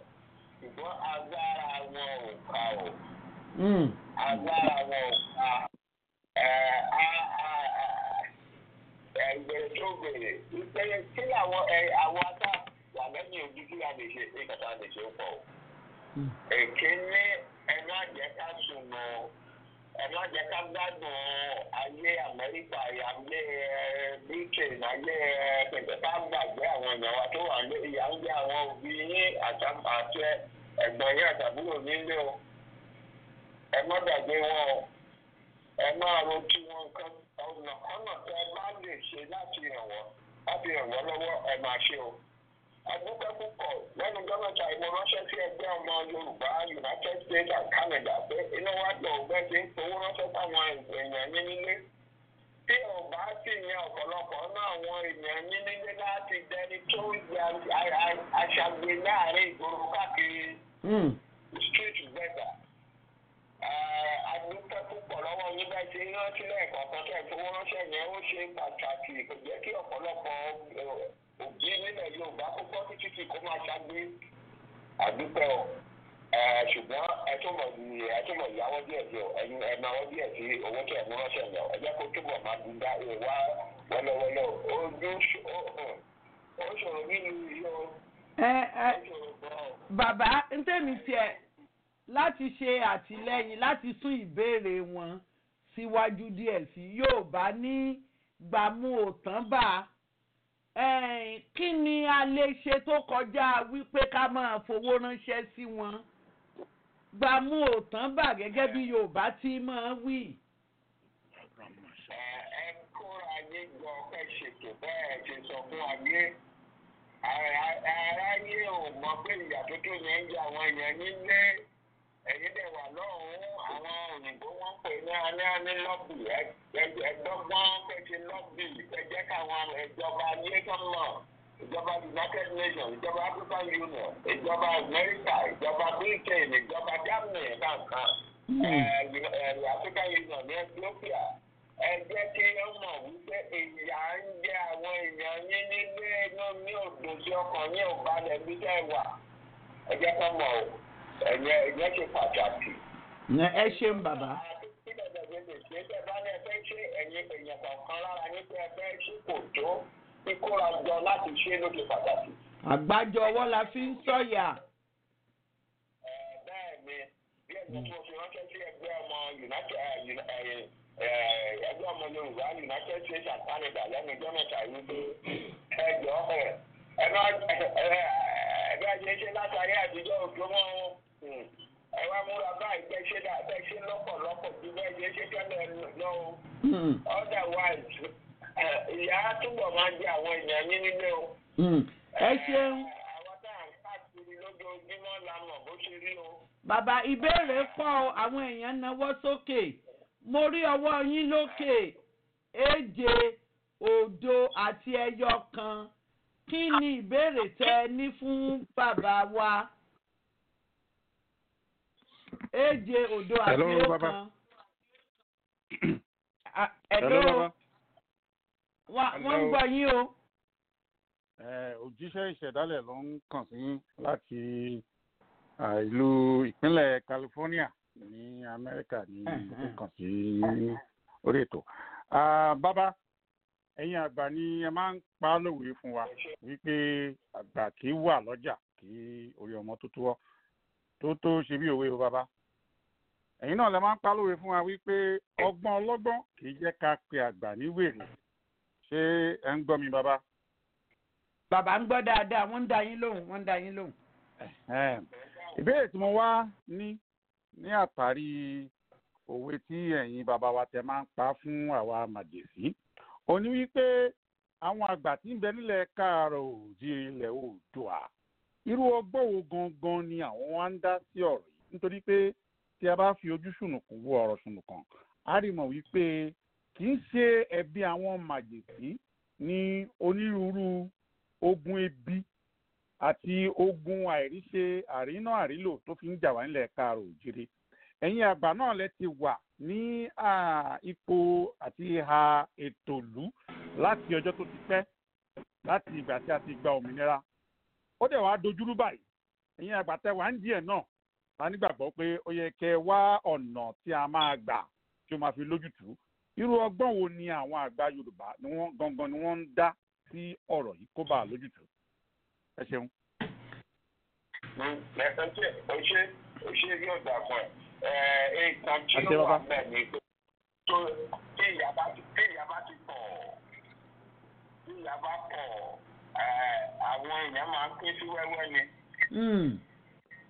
F: ṣùgbọ́n agbára wọn ò kà ó. Hmm. agbára wọn ò kà ẹgbẹ̀rẹ̀ tó gbèrè ìpẹ̀yẹ̀ sí àwọn àwọn adáàbò. wàlẹ́mì òjijì àlejò ìkàtà àlejò pọ̀ o. èké hmm. ní ẹnu àjẹká sùnmù ẹnu àjẹká gbádùn ayé amẹ́ríkà ayé britain eh, ayé pẹ̀tẹ́ká gbàgbé àwọn ìyàwó tó wà ní ìyá àwọn yín àti yín o. ẹ wọn o tí wọn ọ̀nà bá lè ṣe láti ràn wọ́n láti ràn wọ́n agbẹ́gbẹ́kú kọ̀ lẹ́nu gọ́mẹ̀ntì si ránṣẹ́ sí ẹgbẹ́ ọmọ Yorùbá United States and Canada pé iná wá jọ ògbẹ́ ti ń fowó ránṣẹ́ sáwọn èèyàn ní nílé tí ò bá sì nye ọ̀pọ̀lọpọ̀ náà àwọn èèyàn ní nílé láti dẹni tó ń di aṣàgbé láàrin ìgboro káàkiri hmm. street gbẹ̀dà adúpẹ́ púpọ̀ lọ́wọ́ yín bá rántí lẹ́ẹ̀kọ̀ọ̀kan tẹ̀ fowó ránṣẹ́ yẹn ó pàtàkì kò òbí nílẹ̀ Yorùbá kó gbọ́ títí tí kó máa ṣàgbé àdúpẹ́ ọ ṣùgbọ́n ẹ tó mọ̀ ní ẹ tó mọ̀ ìyàwó díẹ̀ díẹ̀ ẹ̀yin ẹ máa wọ́ díẹ̀ sí owó tó ẹ̀mú rọ́ṣẹ̀ lọ ẹ jẹ́ kó túbọ̀ máa dùn dá ẹ wá wẹ́lẹ́wẹ́lẹ́ ojú ó ṣòro nínú iye o. ẹ ẹ
B: bàbá ntẹ́mi tiẹ̀ láti ṣe àtìlẹ́yìn láti sún ìbéèrè wọn síwájú díẹ̀ sí yóò bá ní gbàmú òtán bá a kí ni a lè ṣe tó kọjá wípé ká máa fowó ránṣẹ́ sí wọn gbàmú òtán bà gẹ́gẹ́ bí Yorùbá ti máa wí.
F: ẹ kóra yé gbọ́ pẹ́ ṣètò bẹ́ẹ̀ ti sọ fún ayé aráyé ò mọ̀ pé ìyà tó ń jẹ àwọn èèyàn nílé ẹ̀yin dẹ̀ wà lọ́hùn-ún àwọn òyìnbó wọ́n pè ní aníhání lọ́bì ẹ̀dọ́gbọ́n fẹ́ṣe lọ́bì ẹ̀jẹ̀ káwọn ìjọba nation law ìjọba united nations ìjọba african union ìjọba america ìjọba britain ìjọba germany kankan hmm. african union ní ethiopia ẹ jẹ́ kí wọ́n mọ̀ wípé ìyà ń jẹ àwọn èèyàn yín nílé inú ní òdòdó ọkàn ní ọ̀balẹ̀ bí tẹ́ wà ẹ jẹ́ kí wọ́n mọ̀ o. ẹ̀yẹ ẹ̀yẹ ṣe pàtàkì. ẹ ẹ ṣeun bàbá.
D: ìgbésẹ̀ bá ẹgbẹ́ ṣe
F: ẹ̀yin èèyàn kọ̀ọ̀kan lára ní pé ẹgbẹ́ ṣe kò tó kíkóra jọ láti ṣe ló ṣe pàtàkì.
B: ọwọ́ la fi ń sọ̀yà.
F: ẹ bẹ́ẹ̀ ni bí ẹgbẹ́ tó sí ẹgbẹ́ ọmọ united ṣe dáadáa ṣe lọ́pọ̀lọpọ̀ ju bẹ́ẹ̀ ṣe ṣe tẹ́lẹ̀ lọ o. Hmm. otherwise ìyá túbọ̀ máa jẹ àwọn èèyàn yín nílé o.
B: Hmm. ẹ ṣeun.
F: àwọn tá ń káàkiri lójoojúmọ́ la bó ṣe rí o.
B: bàbá ìbéèrè pọ̀ àwọn èèyàn náwó sókè mo rí ọwọ́ yín lókè èje òdo àti ẹyọ kan kí ni ìbéèrè tẹ ní fún bàbá wa eje odo àti ọ̀kan. ẹ̀dọ́ wọ́n
H: ń gbọ́ yín o. òjíṣẹ́ ìṣẹ̀dálẹ̀ ló ń kàn sí láti ìlú ìpínlẹ̀ california ní amẹ́ríkà ní kàn sí orí ètò. bàbá ẹ̀yin àgbà ni ẹ máa ń pa á lòwe fún wa wípé àgbà kì í wà lọ́jà kí orí ọmọ tó tó ṣe bí òwe o bàbá ẹ̀yin náà lè máa ń pálówe fún wa wípé ọgbọ́n ọlọ́gbọ́n kì í jẹ́ ká pe àgbà ní wèrè ṣé ẹ ń gbọ́ mi bàbá. bàbá ń gbọ́ dáadáa wọ́n ń da yín lóhùn wọ́n ń da yín lóhùn. ìbéèrè tí mo wá ní ní àparí òwe tí ẹ̀yin bàbá wa tẹ máa ń pa fún àwa màjèsí ó ní wípé àwọn àgbà tí ń bẹ nílẹ̀ káàárọ̀ òjì ilẹ̀ oòdùà irú ọgbọ́n wo gangan ni àwọn wá ń dá sí ọ̀rọ̀ yìí nítorí pé tí a bá fi ojú ṣùnùkùn wo ọ̀rọ̀ ṣùnùkàn a rí mọ̀ wípé kì í ṣe ẹ̀bi àwọn màjèsí ní onírúurú ogun ebi àti ogun àìríṣe àríná àrílò tó fi ń jà wá nílẹ̀ káàrọ̀ òjìrè ẹ̀yin àgbà náà lẹ ti wà ní ipò àti ìhà ètòlú láti ọjọ́ tó ti pẹ́ láti ìgbà tí a ti gba òmìnira ó dẹ̀ wá dojúrú báyìí ẹ̀yin àgbà tẹ wà ń díẹ̀ náà a nígbàgbọ́ pé ó yẹ kẹ́ ẹ wá ọ̀nà tí a máa gbà tí ó máa fi lójútùú irú ọgbọ́n wo ni àwọn àgbà yorùbá ni wọ́n gangan ni wọ́n ń dá sí ọ̀rọ̀ yìí kó bá a lójútùú ẹ ṣeun.
F: ẹ̀sán hmm, tí o ṣe o ṣe yóò dà fún ẹ nǹkan tí ó wà bẹ́ẹ̀ ni pé tí ìyá bá ti pọ̀ tí ìyá bá pọ̀ àwọn èèyàn máa ń pín sí wẹ́wẹ́ ni. Hmm.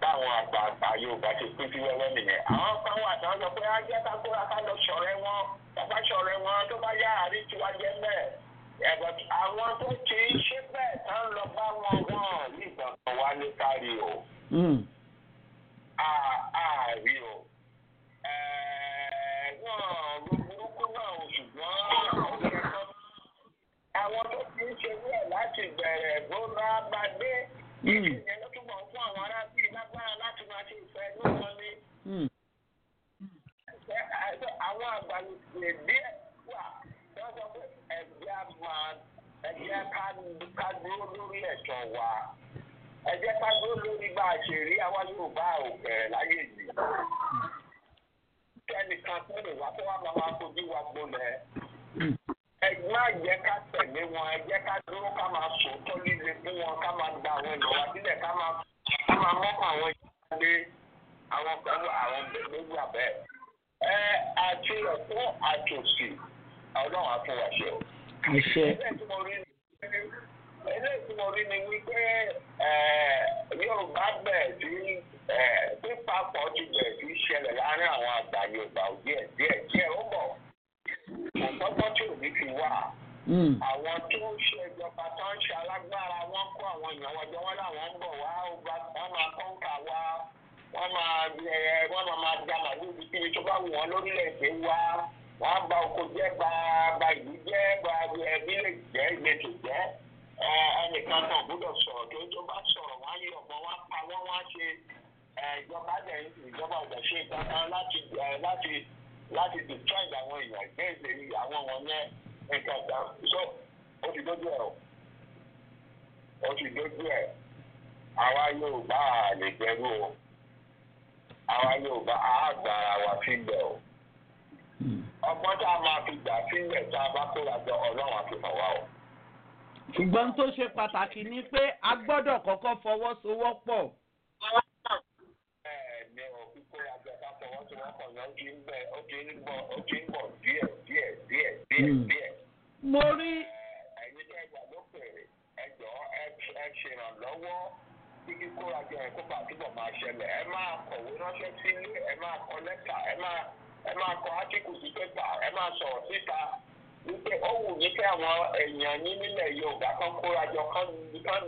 F: báwọn àgbààgbà Yorùbá ti pín sí wẹ́wẹ́ nìyẹn àwọn kan wà tán lọ pé á jẹ́ ká kóra ká lọ ṣọ̀rẹ́ wọn bàbá ṣọ̀rẹ́ wọn tó bá yá àrí tiwa jẹ́ bẹ́ẹ̀ ẹ̀bọ̀ àwọn tó ti ń ṣe bẹ́ẹ̀ tán lọ bá wọn hmm. wọ́n nígbà kan ní kárí o. àárí o náà ló àwọn tó ti ń ṣe bẹ́ẹ̀ láti bẹ̀rẹ̀ bó bá bá dé hmm pẹ̀lú wọn ni. àwọn àgbàlùfẹ̀ díẹ̀ wà lọ́sọ̀ pé ẹ̀jẹ̀ máa ẹ̀jẹ̀ ká dúró lórí ẹ̀tọ́ wa ẹ̀jẹ̀ ká dúró lórí bá a ṣe rí àwa Yorùbá ò bẹ̀rẹ̀ láyé yìí. kẹ́nìkan tó lè wá tó wá máa máa fojú wa gbolẹ̀ ẹ má jẹ́ ká tẹ̀lé wọn ẹ jẹ́ ká dúró ká máa sòótọ́ líle fún wọn ká máa gba àwọn ìlọ́wà sílẹ̀ ká máa mọ́kàn àwọn ìjọba àwọn kan àwọn méjì àbẹ ẹ àti ọ̀tún àti ọlọ́run àfọwàṣẹ. eléyìí rí ni wípé yorùbá sí ti sí ṣẹlẹ̀ àwọn àgbà yorùbá díẹ̀ díẹ̀ díẹ̀ ó bọ̀ tí òbí fi wà hmm. àwọn tó ṣe ìjọba tó ń alágbára wọn kó àwọn wọn máa wọ́n máa máa da màálù síbi tó bá wù wọ́n lórílẹ̀‐èdè wa wọn á ba oko jẹ́ ba ba ìlú jẹ́ ba bílẹ̀ jẹ́ ìletò jẹ́ ẹnìkan náà gbọ́dọ̀ sọ̀rọ̀ tó bá sọ̀rọ̀ á wọ́n á pa wọ́n wọ́n á ṣe ìjọba ìjọba ṣe láti láti láti wọn yẹn nǹkan kan so ó àwa Yorùbá a gbà wá wa sílẹ̀ o hmm. ọgbọ́n tá a máa fi gbà sílẹ̀ tá a bá kóra jọ ọlọ́run àti fọwọ́ o.
B: ṣùgbọ́n tó ṣe pàtàkì ni pé a gbọ́dọ̀ kọ́kọ́ fọwọ́sowọ́pọ̀.
F: ẹ̀ẹ̀ni o kíkóra jọ ká fọwọ́sowọ́pọ̀ yẹn ó ti ń bẹ̀ ó ń bọ̀ ó ń bọ̀ díẹ̀ díẹ̀ díẹ̀ díẹ̀ hmm. díẹ̀.
C: mo rí. ẹ̀yin tẹ́ ẹ gbà
F: lókèrè ẹ jọ ẹ ṣèrànlọ́wọ́. tí kíkóra jọ ẹ̀kọ́ pàtúbọ̀ máa ṣẹlẹ̀ ẹ máa kọ̀wé ránṣẹ́ sílé ẹ máa kọ lẹ́tà ẹ máa ẹ máa kọ átíkù sí pépà ẹ máa sọ̀rọ̀ síta wípé ó wù mí kí àwọn èèyàn yín nílẹ̀ Yorùbá kan kóra jọ kán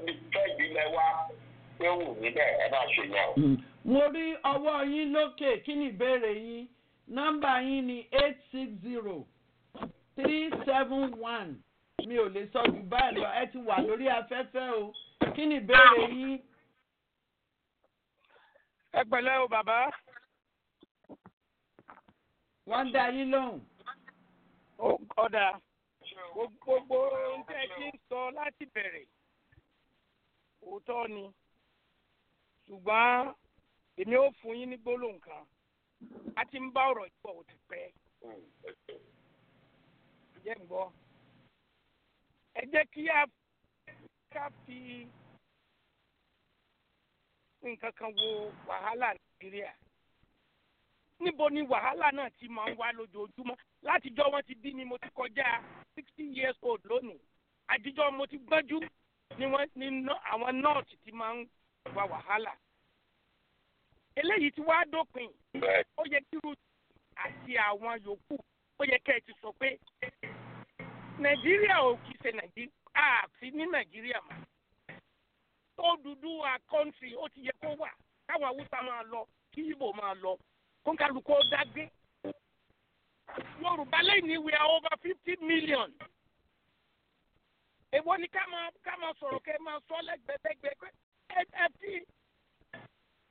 F: lè fẹ́ ìbílẹ̀ wa pé ó wù mí bẹ́ẹ̀ ẹ máa ṣe yẹn o.
A: Hmm.
C: mo rí ọwọ́ yín lókè kí ni ìbéèrè yín
B: nọ́mbà yín ni eight six zero three seven one mi ò lè sọ jù báyìí lọ ẹ ti wà lórí afẹ́fẹ́ o kí ni ìbéèrè yín.
C: ẹ pẹ̀lẹ́ o bàbá. wọ́n dá yín lóhùn. ọ̀dà gbogbo ohun tẹ́ ẹ ti ń sọ láti bẹ̀rẹ̀ òótọ́ ni ṣùgbọ́n èmi ò fún yín ní gbólóhùn kan a ti ń bá ọ̀rọ̀ yìí bọ̀ ó ti pẹ́. ẹ jẹ́ ń gbọ́ ẹ jẹ́ kí a fi nǹkan kan wo wàhálà nàìjíríà níbo ni wàhálà náà ti máa ń wá lójoojúmọ́ látijọ́ wọn ti bí mi mo ti kọjá sixty years old lónìí àtijọ́ mo ti gbọ́njú ni wọ́n ni àwọn nọ́ọ̀sì ti máa ń wá wàhálà eléyìí ti wá dópin ó yẹ kí irú àti àwọn yòókù ó yẹ kẹ́ ẹ ti sọ pé nàìjíríà ò kì ṣe nàìjíríà àti ní nàìjíríà mọ́. Odùduwà country ó ti yẹ kó wà káwọn máa lọ kí máa lọ kó dágbé. Yorùbá lẹ́yìn we are over fifty million. Èwo ni ká máa sọ̀rọ̀ kẹ́ máa sọ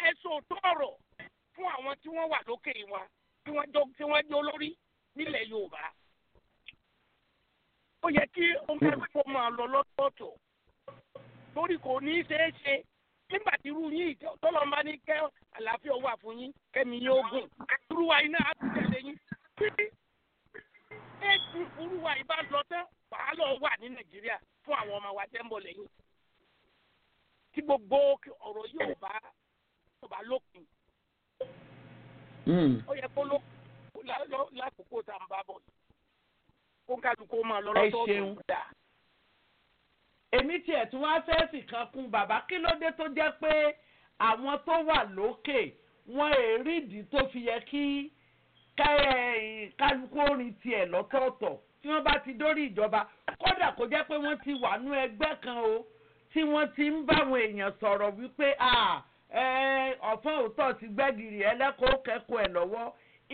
C: ẹ̀sùn tọ̀rọ̀ fún àwọn tí wọ́n wà lókè wa tí wọ́n jọ olori nílẹ̀ Yorùbá. Ó yẹ kí omi ẹgbẹ́ lọ́tọ̀ọ̀tọ̀. torí kò ní í ṣeé ṣe nígbà tí irú yín tọ́lọ́mọba ní kẹ́ àlàáfíà wà fún yín kẹ́mi yín ogun irúwa iná á tún tẹ̀lé yín tí éèdì irúwa yìí bá lọ tán wàhálà wà ní nàìjíríà fún àwọn ọmọ wa tẹ́ ń bọ̀ lẹ́yìn tí gbogbo ọ̀rọ̀ yóò bá yóò bá lópin hmm. ó yẹ kó lópin lákòókó tá à ń bá bọ̀ kó kálukó máa lọ lọ́sọ̀ọ̀sọ̀ dáa
B: èmi tiẹ̀ tí wọ́n á fẹ́ sì kan kún bàbá kí ló dé tó jẹ́ pé àwọn tó wà lókè wọn èrí ìdí tó fi yẹ kí kálukú orin tiẹ̀ lọ́tọ̀ọ̀tọ̀ tí wọ́n bá ti dórí ìjọba kódà kó jẹ́ pé wọ́n ti wà nú ẹgbẹ́ kan o tí wọ́n ti ń báwọn èèyàn sọ̀rọ̀ wípé ọ̀fọ́n òótọ́ ti gbẹ́gìrì ẹlẹ́kọ̀ọ́ kẹ́kọ̀ọ́ ẹ̀ lọ́wọ́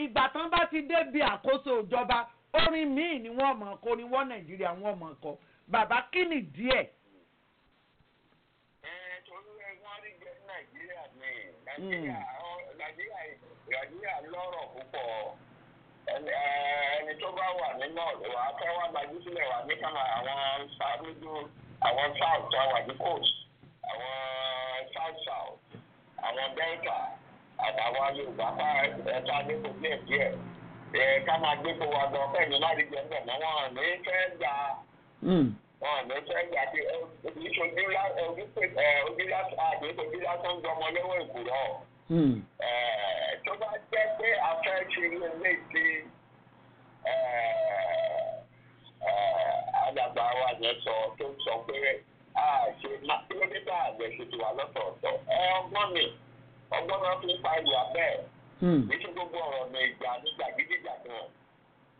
B: ìgbà tán bá ti débi àkóso ìjọba orin míì ni wọ́n mọ̀ kó ni wọ́n nàìjíríà wọ́n mọ̀ kọ́ bàbá kí ni díẹ̀.
F: Hmm. nàìjíríà lọ́rọ̀ púpọ̀ ẹni tó bá wà ní north wà á fẹ́ wá gbajú sílẹ̀ wà ní kàmá àwọn sáájú àwọn south àwọn àdí coast àwọn south south àwọn delta àtàwọn yorùbá bá ẹ̀ka nípò díẹ̀ díẹ̀ ká máa gbé kó wa gan fẹ́ẹ̀ láti jẹ́ bẹ̀ mọ́ wọn ní fẹ́ gba ọ̀nà tí wọ́n gbà pé ojúlá àdé ojúlá tó ń gbọmọ lọ́wọ́ ìkùrọ̀ tó bá jẹ́ pé a fẹ́ ṣe ilé ilé ti eh, eh, àgbàgbà wa yẹn sọ tó sọ pé ṣe kílómítà àgbẹ̀ ṣe ti wà lọ́sọ̀ọ̀sọ̀ ọgbọ́n mi ọgbọ́n náà fi ń pa ìwà bẹ́ẹ̀ mm. kí ṣe gbogbo ọ̀rọ̀ mi ìgbà nígbà gidi ìgbà kan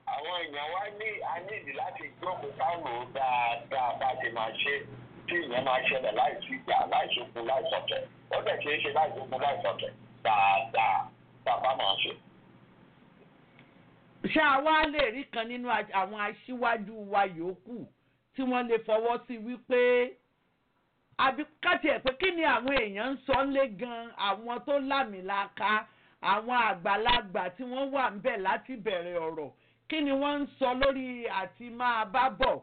F: àwọn èèyàn wá ní anídì láti jókòó kánò dáadáa bá ti máa ṣe tí ìyẹn máa ṣẹlẹ̀ láìsí ìjà láìsókun láìsọ̀tẹ̀ ó dẹ̀ ṣeé ṣe láìsókun láìsọ̀tẹ̀ dáadáa bàbá máa ṣe.
B: ṣé àwa lè rí kan nínú àwọn aṣíwájú wa yòókù tí wọ́n lè fọwọ́ sí wípé àbí káti ẹ̀ pé kí ni àwọn èèyàn ń sọ lé gan àwọn tó lámìlaka àwọn àgbàlagbà tí wọ́n wà ń bẹ̀ láti bẹ̀rẹ̀ ọ̀rọ̀ kí ni wọ́n ń sọ lórí àti máa bá bọ̀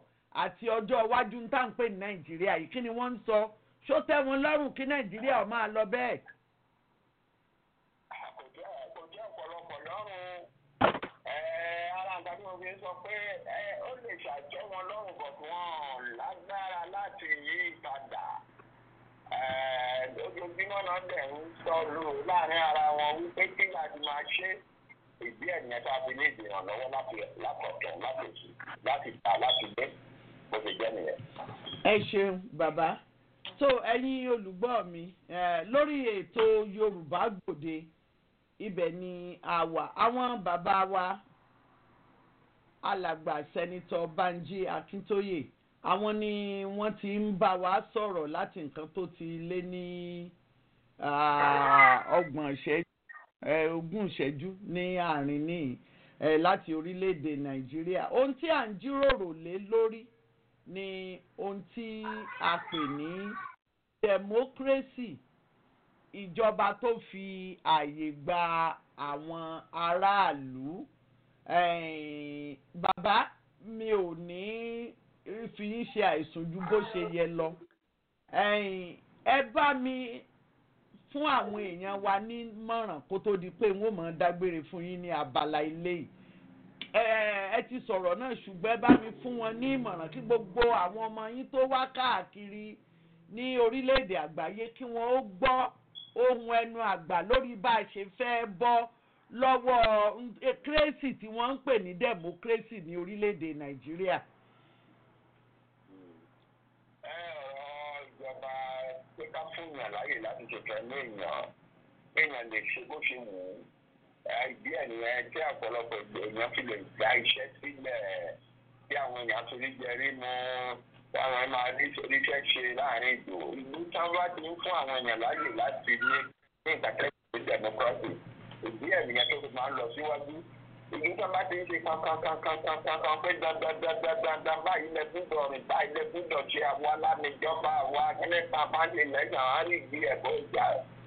B: àti ọjọ́ iwájú ń tàǹpé ní nàìjíríà yìí kí ni wọ́n ń sọ ṣó tẹ́ wọn lọ́rùn kí nàìjíríà ọ̀ máa lọ bẹ́ẹ̀.
F: kò jẹ́ ọ̀pọ̀lọpọ̀ lọ́rùn ara nǹkan tí mo fi sọ pé ó lè ṣàjẹ́ wọn lọ́rùn bọ̀ tí wọ́n lágbára láti yí padà lójoojúmọ́ náà dẹ̀ ń sọ lù láàrin ara wọn wípé kí láti máa ṣe ìgbé ẹ̀yìn ẹ̀ta fi ní ìdìrànlọ́wọ́ láti látọ̀tọ̀ láti jù láti tà láti gbé bó ṣe jẹ́ nìyẹn.
B: ẹ ṣeun bàbá tó ẹ̀yin olùgbọ́ mi lórí ètò yorùbá gbòde ibẹ̀ ni àwa àwọn bàbá wa alàgbà sẹ́nitọ́ banji akíntóyè àwọn ni wọ́n ti ń bá wa sọ̀rọ̀ láti nǹkan tó ti lé ní ọgbọ̀n ìṣẹ́jú ogún ìṣẹ́jú ní àárín níyìn láti orílẹ̀-èdè nàìjíríà ohun tí à ń jíròrò lé lórí ni ohun tí a pè ní democracy ìjọba tó fi ààyè gba àwọn aráàlú bàbá mi ò ní fi yín ṣe àìsùn ju bó ṣe yẹ lọ ẹ bá mi fún àwọn èèyàn wa ní mọ̀ràn kó tó di pé wọ́n mọ̀ ọ́n dágbére fún yín ní abala ilé yìí ẹ ti sọ̀rọ̀ náà ṣùgbọ́n bá mi fún wọn ní ìmọ̀ràn kí gbogbo àwọn ọmọ yín tó wá káàkiri ní orílẹ̀-èdè àgbáyé kí wọ́n ó gbọ́ ohun ẹnu àgbà lórí bá a ṣe fẹ́ bọ́ lọ́wọ́ kírésì eh, tí wọ́n ń pè ní democracy ní orílẹ̀-èdè nàìjíríà.
F: pé ká fún yàn láàyè láti ṣètò ẹnu èèyàn èèyàn lè ṣe bó ṣe wù ú ìdí ẹ̀ nìyẹn tí ọ̀pọ̀lọpọ̀ èèyàn fi lè gba iṣẹ́ sílẹ̀ tí àwọn èèyàn torí jẹrí mú táwọn ẹ̀ máa rí oríṣẹ́ ṣe láàrin ìlú ìlú táwọn ti ń fún àwọn èèyàn láàyè láti ní ní ìgbàkẹ́kọ̀ọ́ democracy ìdí ẹ̀ nìyẹn tó fi máa ń lọ síwájú. ìgbésẹ̀ bá ti ń ṣe kankankankankankan pé dandandandandandan báyìí lẹ gbúdọ̀ rìn báyìí lẹ gbúdọ̀ ṣe àwọn alámìjọba àwọn akẹ́lẹ́pà máa lè lẹ́gàn á lè ẹ̀kọ́ ìjà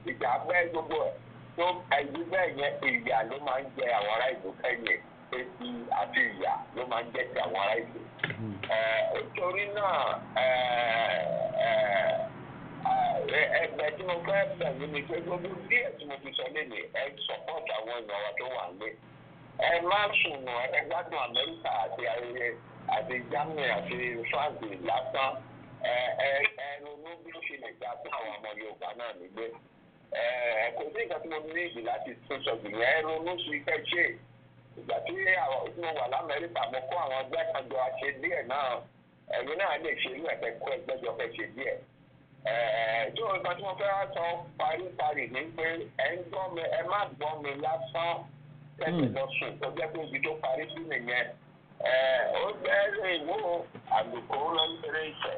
F: ìjà bẹ́ẹ̀ gbogbo ẹ̀ tó ẹ̀yí bẹ́ẹ̀ yẹn ìyà ló máa ń jẹ àwọn ará ìlú kẹ́yìn èsì àti ìyà ló máa ń jẹ ti àwọn ará ìlú. torí náà ẹgbẹ́ tí mo fẹ́ ti sọ lé mi ẹ ẹ má sùn ẹ gbádùn amẹ́ríkà àti ayẹyẹ àti germany àti france lásán ẹ ẹ ẹ ronú bí ó ṣe lè ga fún àwọn ọmọ yorùbá náà nígbẹ́ ẹ kò sí nǹkan tí mo ní ìdí láti
E: tún sọ jù yẹn ẹ
F: ronú sí iṣẹ́ ṣe ìgbà tí mo wà lamẹ́ríkà mo kó àwọn ẹgbẹ́ kan jọ àṣẹ díẹ̀ náà ẹ̀yin náà lè ṣe irú ẹ̀fẹ̀ kó ẹgbẹ́ jọ fẹ́ ṣe díẹ̀ tí òun kan tí mo fẹ́ sọ paríparí ni pé ẹ ń gbọ́ mi ẹ má gbọ́ mi lásán. kẹ́kẹ́ lọ ṣe ìtọ́jú pé ibi tó parí sí nìyẹn ó jẹ́ ìwò lọ́nbẹ̀rẹ̀ ìfẹ́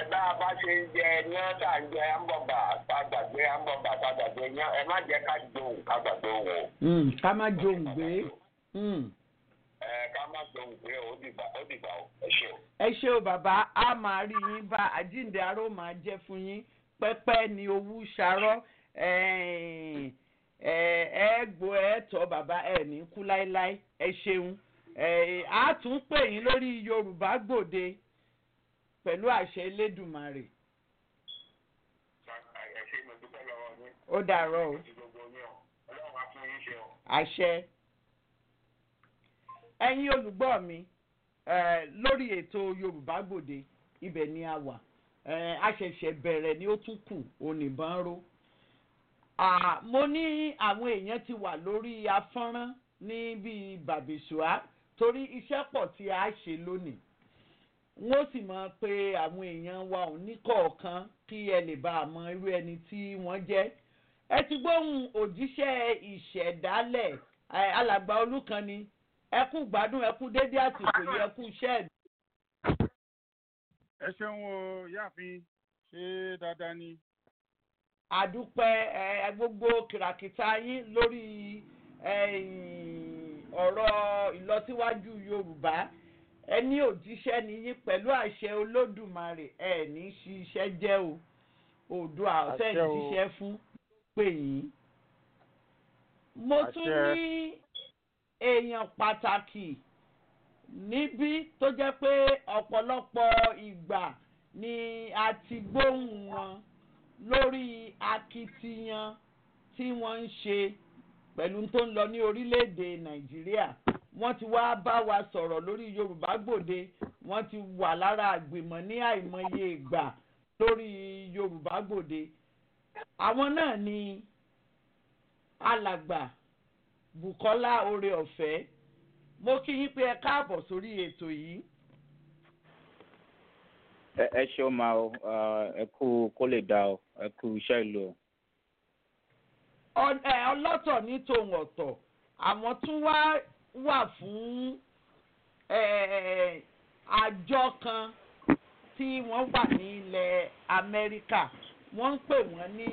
F: ẹgbẹ́ ń jẹ ń jẹ a eh, gbàgbé hmm, ámbọ̀bà hmm. eh, ẹ má jẹ́ ká jòhùn ká gbàgbé wò.
B: ká má gbé.
F: ká má gbé ó dìgbà ó dìgbà ó ẹ ṣe o.
B: ẹ ṣe o bàbá a máa rí yín bá àjíǹde aró máa jẹ fún yín ni owó ẹ ẹ gbo ẹ tọ́ bàbá ẹ ní kú láéláé ẹ ṣeun ẹ á tún pè yín lórí yorùbá gbòde pẹ̀lú àṣẹ elédùnmarè.
F: ó dàárọ̀ o.
B: àṣẹ. ẹ̀yin olùgbọ́ mi lórí ètò yorùbá gbòde ibẹ̀ ni a wà a bẹ̀rẹ̀ ni ó tún kù òní ró mo ní àwọn èèyàn ti wà lórí afọ́nrán ní bíi torí iṣẹ́ pọ̀ tí a ṣe lónìí wọ́n sì mọ̀ pé àwọn èèyàn wa ò ní kọ̀ọ̀kan kí ẹ lè bá a mọ irú ẹni tí wọ́n jẹ́ ẹ ti gbóhùn òjíṣẹ́ ìṣẹ̀dálẹ̀ alàgbà olúkanni ẹ kú gbádùn ẹ kú dédé àsìkò yìí ẹ kú iṣẹ́ ẹ̀.
H: ẹ ṣeun o yáàfin ṣé dáadáa ni àdúpẹ́ gbogbo kìràkìtà yín lórí
B: ọ̀rọ̀ ìlọsíwájú yorùbá ẹni òjíṣẹ́ ni yín pẹ̀lú àṣẹ olódùmarè ẹ ní ṣiṣẹ́ jẹ́ o odò àṣẹ ìṣiṣẹ́ fún pè yín. mo tún ní èèyàn pàtàkì níbí tó jẹ́ pé ọ̀pọ̀lọpọ̀ ìgbà ni a ti gbóhùn wọn lórí akitiyan tí wọ́n ń ṣe pẹ̀lú tó ń lọ ní orílẹ̀-èdè nàìjíríà wọ́n ti wá bá wa sọ̀rọ̀ lórí yorùbá gbòde wọ́n ti wà lára àgbìmọ̀ ní àìmọye ìgbà lórí yorùbá gbòde àwọn náà ni alàgbà bukola oore ọ̀fẹ́ mo kí yín pé ẹ káàbọ̀ sórí ètò yìí
I: ẹ ṣeun máa o ẹ kú kó lè dá o ẹ kú iṣẹ́ ìlú o.
B: ọlọ́tọ̀ ní tòun ọ̀tọ̀ àwọn tún wá wà fún àjọ kan tí wọ́n wà ní ilẹ̀ amẹ́ríkà wọ́n ń pè wọ́n ní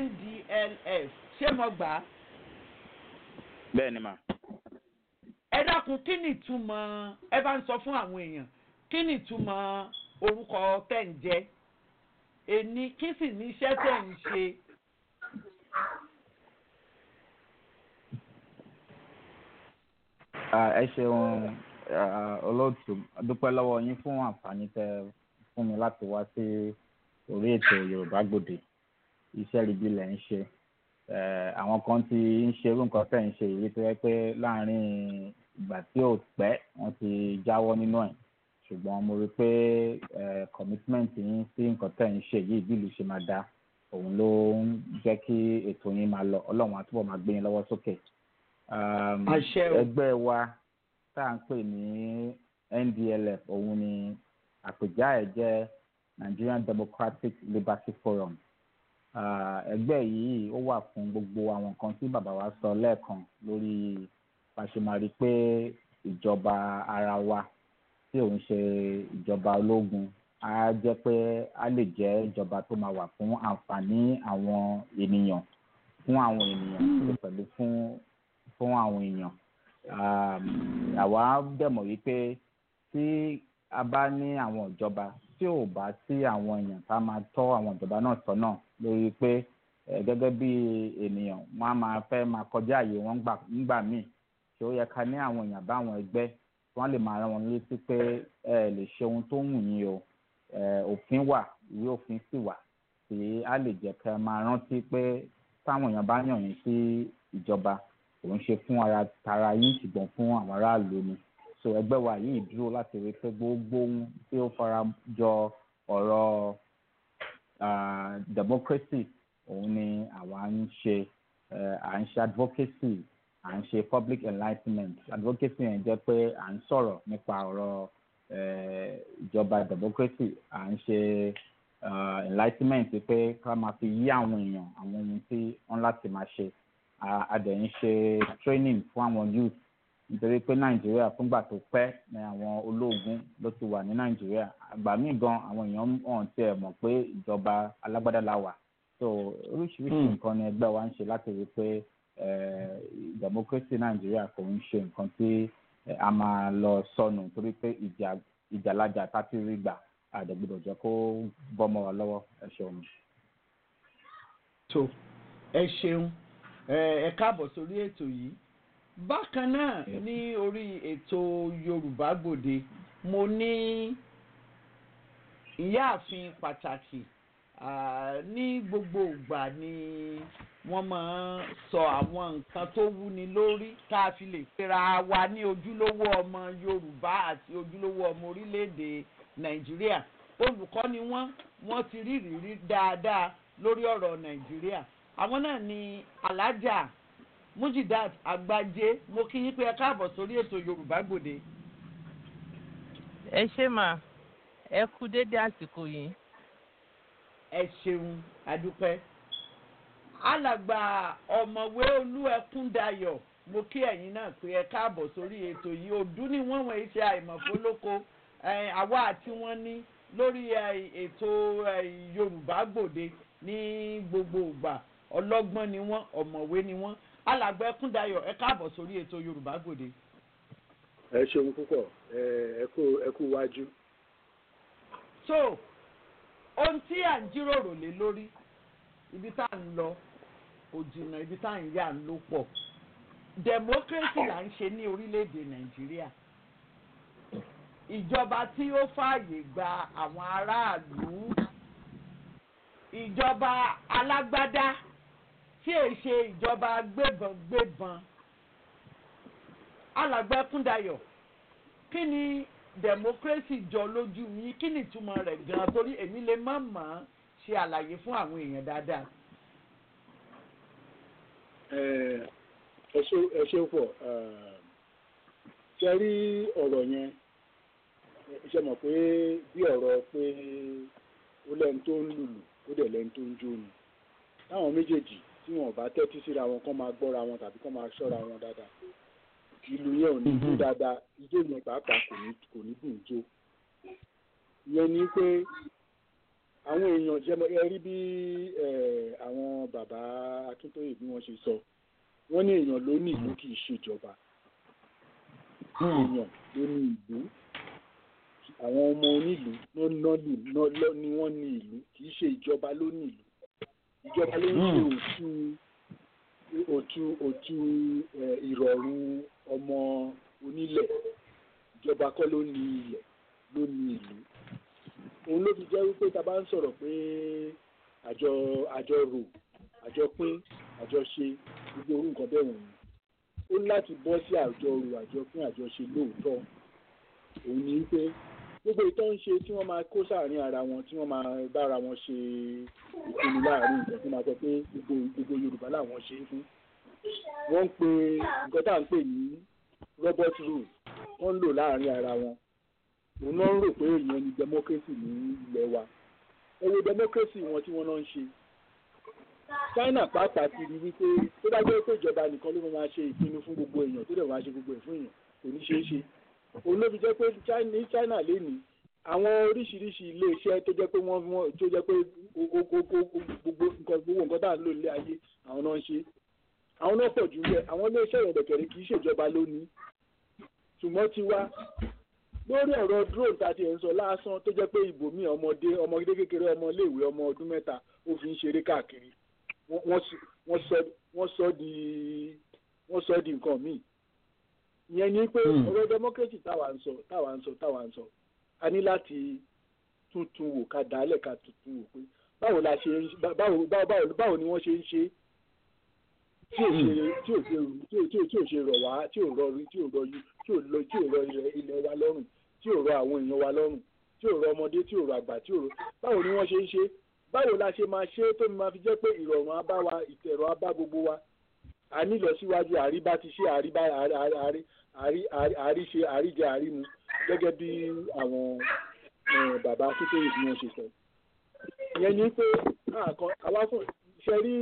B: ndls ṣé mo gbà á. bẹ́ẹ̀ ni mà. ẹ dákun kí ni ìtumọ̀ ẹ bá ń sọ fún àwọn èèyàn kí ni ìtumọ̀ orúkọ tẹ̀ ń jẹ́ èní kí sì ní iṣẹ́ tẹ̀ ń
D: ṣe.
I: ẹ ṣeun olóòtú dúpẹ́ lọ́wọ́ yín fún àǹfààní tẹ fún mi láti wá sí orí ètò Yorùbá Gbòde iṣẹ́ ribi lẹ̀ ń ṣe àwọn kan ti ń ṣe irú nǹkan tẹ̀ ń ṣe èyí tó yẹ pé láàárín ìgbà tí ò pẹ́ wọ́n ti jáwọ́ nínú ẹ̀ ṣùgbọ́n mo rí i pé commitment yín sí nǹkan tẹ̀ ń ṣe yìí bí ìlú ṣe máa da òun ló ń jẹ́ kí ètò yín máa lọ ọlọ́run àtúbọ̀ máa gbé yín lọ́wọ́ sókè. ẹgbẹ́ wa tá à ń pè ní NDLF òun ni àpèjá ẹ̀ jẹ́ Nigerian Democratic Liberty Forum ẹgbẹ́ yìí ó wà fún gbogbo àwọn nǹkan tí bàbá wa sọ lẹ́ẹ̀kan lórí pàṣẹ máa rí i pé ìjọba ara wa tí òun ṣe ìjọba ológun á jẹ́ pé á lè jẹ́ ìjọba tó máa wà fún àǹfààní àwọn ènìyàn fún àwọn ènìyàn hmm. pẹ̀lú fún fún àwọn èèyàn àwa dẹ̀ mọ̀ wípé tí a bá ní àwọn ìjọba tí ò bá sí àwọn èèyàn tá a máa tọ́ àwọn ìjọba náà sọ́nà lórí pé gẹ́gẹ́ bí ènìyàn wọ́n á máa fẹ́ máa kọjá àyè wọn nígbà míì tí ó yẹ ká ní àwọn èèyàn bá àwọn ẹgbẹ́ wọ́n á lè máa rán wọn létí pé ẹ lè ṣe ohun tó wù yín o òfin wà ìwé òfin sì wà tí a lè jẹ́ kí máa rántí pé táwọn èèyàn bá yàn yín sí ìjọba kò ṣe fún ara tara yín ṣùgbọ́n fún àwọn aráàlú ni so ẹgbẹ́ wa yìí dúró láti rí pé gbogbo ohun tí ó fara jọ ọ̀rọ̀ democracy òun ni àwa ń ṣe à ń ṣe advocacy à ń ṣe public enlightenment advocacy yẹn jẹ́ pé à ń sọ̀rọ̀ nípa ọ̀rọ̀ eh, ìjọba democracy à ń ṣe eh, enlightenment pé ká máa fi yí àwọn èèyàn àwọn ohun tí wọ́n láti máa ṣe a ń ṣe training fún àwọn youth nítorí pé nàìjíríà fúngbà tó pẹ́ ni àwọn ológun ló ti wà ní nàìjíríà àgbà míì gan àwọn èèyàn hàn tiẹ̀ mọ̀ pé ìjọba alágbádá la wà so oríṣiríṣi hmm. nǹkan ni ẹgbẹ́ wa ń ṣe láti rí i pé Eh, democracy nàìjíríà kò ń ṣe nǹkan tí eh, a máa lọ sọnù torí pé ìjà ìjàlájà tàbí rí gbà àdẹ̀gbọ́dọ̀ jẹ́ kó bọ́mọ wa lọ́wọ́ ẹ ṣeun.
E: tó
B: ẹ ṣeun ẹ káàbọ̀ sórí ètò yìí bákan náà ní orí ètò yorùbá gbòde mo ní ìyáàfin pàtàkì ní gbogbo ìgbà ni wọ́n máa ń sọ àwọn nǹkan tó wúni lórí tá a fi lè pera wa ní ojúlówó ọmọ yorùbá àti ojúlówó ọmọ orílẹ̀-èdè nàìjíríà olùkọ́ ni wọ́n wọ́n ti rí ìrírí dáadáa lórí ọ̀rọ̀ nàìjíríà àwọn náà ni alájà mujidat agbájé
J: mo kí yín pé ẹ káàbọ̀ sórí ètò yorùbá gbòde. ẹ ṣe mà ẹ kú déédéé àsìkò yìí ẹ ṣeun adúpẹ́
B: alàgbà ọ̀mọ̀wé olúẹkúndayọ̀ mo kí ẹ̀yin náà pé ẹ káàbọ̀ sórí ètò yìí ọdún ni wọ́n wọ̀nyí ṣe àìmọ̀fólóko àwa àti wọn ní lórí ètò yorùbá gbòde ní gbogbo ìgbà ọlọ́gbọ́n ni wọ́n ọ̀mọ̀wé ni wọ́n alàgbà ẹkúndayọ̀ ẹ káàbọ̀ sórí ètò yorùbá gbòde.
G: ẹ ṣeun púpọ̀ ẹ kú wájú.
B: so ohun tí à ń jíròrò lé lórí ibi tá à ń lọ kò jìnnà ibi tá à ń yà ń lò pọ̀ democracy là ń ṣe ní orílẹ̀-èdè nàìjíríà ìjọba tí ó fààyè gba àwọn aráàlú ìjọba alágbádá tí è ṣe ìjọba gbébọn gbébọn kí ni democracy jọ lójú mi kí ni ìtumọ̀ rẹ̀ gan-an torí èmi lè má mọ̀ ọ́n ṣe àlàyé fún àwọn èèyàn dáadáa.
G: ẹ ṣe pọ̀ ṣe rí ọ̀rọ̀ yẹn ṣe mọ̀ pé bí ọ̀rọ̀ pé ó lẹ́nu tó ń lùlù ó dẹ̀ lẹ́nu tó ń jó ni láwọn méjèèjì tí wọn ò bá tẹ́tí síra wọn kán máa gbọ́ra wọn tàbí kán máa ṣọ́ra wọn dáadáa ìlú yẹn ò ní jó mhm. dáadáa ijó yẹn pàápàá kò ní kò ní dùn jó ìyẹn ni pé àwọn èèyàn jẹmọ ẹ rí bí àwọn bàbá Akíntóyè bí wọ́n ṣe sọ wọ́n ní èèyàn ló ní ìlú kì í ṣèjọba hmm. èèyàn ló ní ìlú àwọn ọmọ onílù ni wọ́n ní ìlú kì í ṣe ìjọba ló ní ìlú ìjọba ló ń ṣe hmm. òtún òtún òtún ìrọ̀rùn ọmọ onílẹ̀ ìjọba kọ́ ló ní ilẹ̀ ló ní ìlú òun ló fi jẹ́ wípé ta bá ń sọ̀rọ̀ pé àjọ àjọ rò àjọ pín àjọ ṣe gbogbo orú nǹkan bẹ́ẹ̀ wọ̀nyí ó ní láti bọ́ sí àjọ rò àjọ pín àjọ ṣe lóòótọ́ òun ni wípé gbogbo ìtọ́ ń ṣe tí wọ́n máa kó sáàárín ara wọn tí wọ́n máa bára wọn ṣe
A: ìpinnu láàárín nǹkan tí
G: wọ́n máa sọ pé gbogbo gbogbo Yorùbá làwọn ṣe é fún
A: wọ́n ń pe nǹkan tá à ń pè ní
G: robot rule wọ́n ń lò láàrin ara wọn òun náà ń rò pé èèyàn ní democracy ní ilẹ̀ wa ẹ wo democracy wọn tí wọ́n náà ń ṣe
D: China pàápàá ti rí
G: wípé tó bá jẹ́ pé ìjọba nìkan ló máa ṣe ìpinnu fún gbogbo èèyàn tó dẹ̀ máa ṣe gbogbo ẹ̀ fún èèyàn kò ní ṣeé ṣe òun ló fi jẹ́ pé ní China lénìí àwọn oríṣiríṣi iléeṣẹ́ tó jẹ́ pé wọ́n tó jẹ́ pé gbogbo nǹkan gbogbo nǹkan tá à ń lò nílé ayé àwọn náà ń ṣe àwọn náà pọ̀ jù ń bẹ àwọn iléeṣẹ́ ìrẹ̀dẹ̀kẹ̀rẹ̀ kì í ṣèjọba lónìí ṣùgbọ́n ti wá lórí ọ̀rọ̀ drone tá a ti ẹ̀ ń sọ lásán tó jẹ́ pé ibòmíì ọmọdé ọmọdé kékeré ọmọ iléèwé ọmọ ọdún mẹ́ta ó fi ń ṣeré káàkiri wọ́n sọ di nǹkan míì ìyẹn ni pé hmm. ọ̀rọ̀ democracy táwa ń sọ táwa ń sọ táwa ń sọ a ní láti tuntun wò ká dálẹ̀ ká tuntun wò pé báwo la ṣe báwo báwo báwo ni wọ́n ṣe ń ṣe é tí ò lọ tí ò rọ ṣe ń ṣe báwo la ṣe máa ṣe tó máa fi bí àwọn bàbá akíkéyì bí ṣe sọ ìyẹn ni pé àwa fún ṣe rí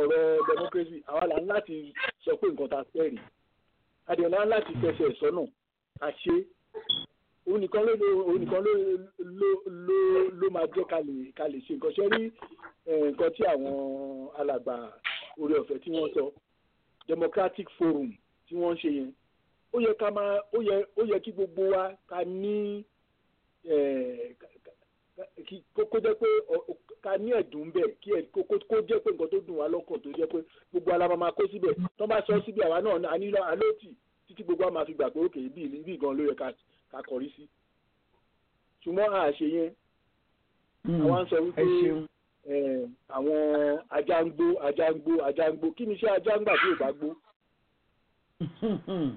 G: ọ̀rọ̀ democracy àwa là ń láti sọ pé nǹkan ta fẹ́ rí adìyẹ̀lá láti fẹsẹ̀ sọ́nà àṣe òun nìkan ló òun nìkan ló ló ló ló máa jẹ́ ká lè ká lè ṣe nǹkan ṣe rí nǹkan tí àwọn alàgbà orí ọ̀fẹ́ tí wọ́n sọ democratic forum tí wọ́n ń ṣe yẹn ó yẹ ká máa ó yẹ ó yẹ kí gbogbo wa ká ní kó jẹ́ pé ká ní ẹ̀dùn bẹ̀ kí ẹ kó jẹ́ pé nǹkan tó dùn wá lọ́kàn tó jẹ́ pé gbogbo alamọ máa kó síbẹ̀ tó bá sọ síbi àwa náà anílọ alóòtì títí gbogbo a máa fi gbà pé òkè ibi ibi gan ló yẹ ká kọrí sí ṣùgbọ́n a ṣe yẹn
A: hmm. àwa ń sọ wípé
G: àwọn ajangbó ajangbó ajangbó kí ni iṣẹ́ ajangbà tí bá gbó.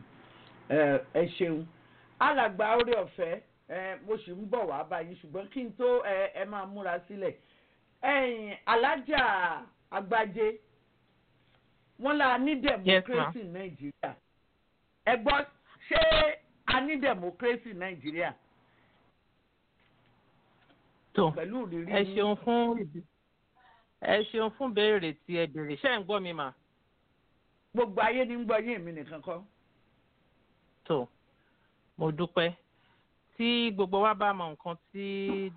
B: ẹ ṣeun alàgbà orí ọ̀fẹ́ mo sì ń bọ̀ wá báyìí ṣùgbọ́n kí n tó ẹ máa múra sílẹ̀ ẹ̀yìn alájà àgbàjé wọ́n la ní democracy nàìjíríà ẹ gbọ́ ṣé a ní democracy nàìjíríà. tó ẹ ṣeun fún
J: ẹ ṣeun fún béèrè tí ẹ béèrè ṣé ń gbọ́ mi mà. gbogbo ayé ni ń gbọ́ yín mi nìkan kọ́. tó mo dúpẹ́ tí gbogbo wa bá mọ nǹkan tí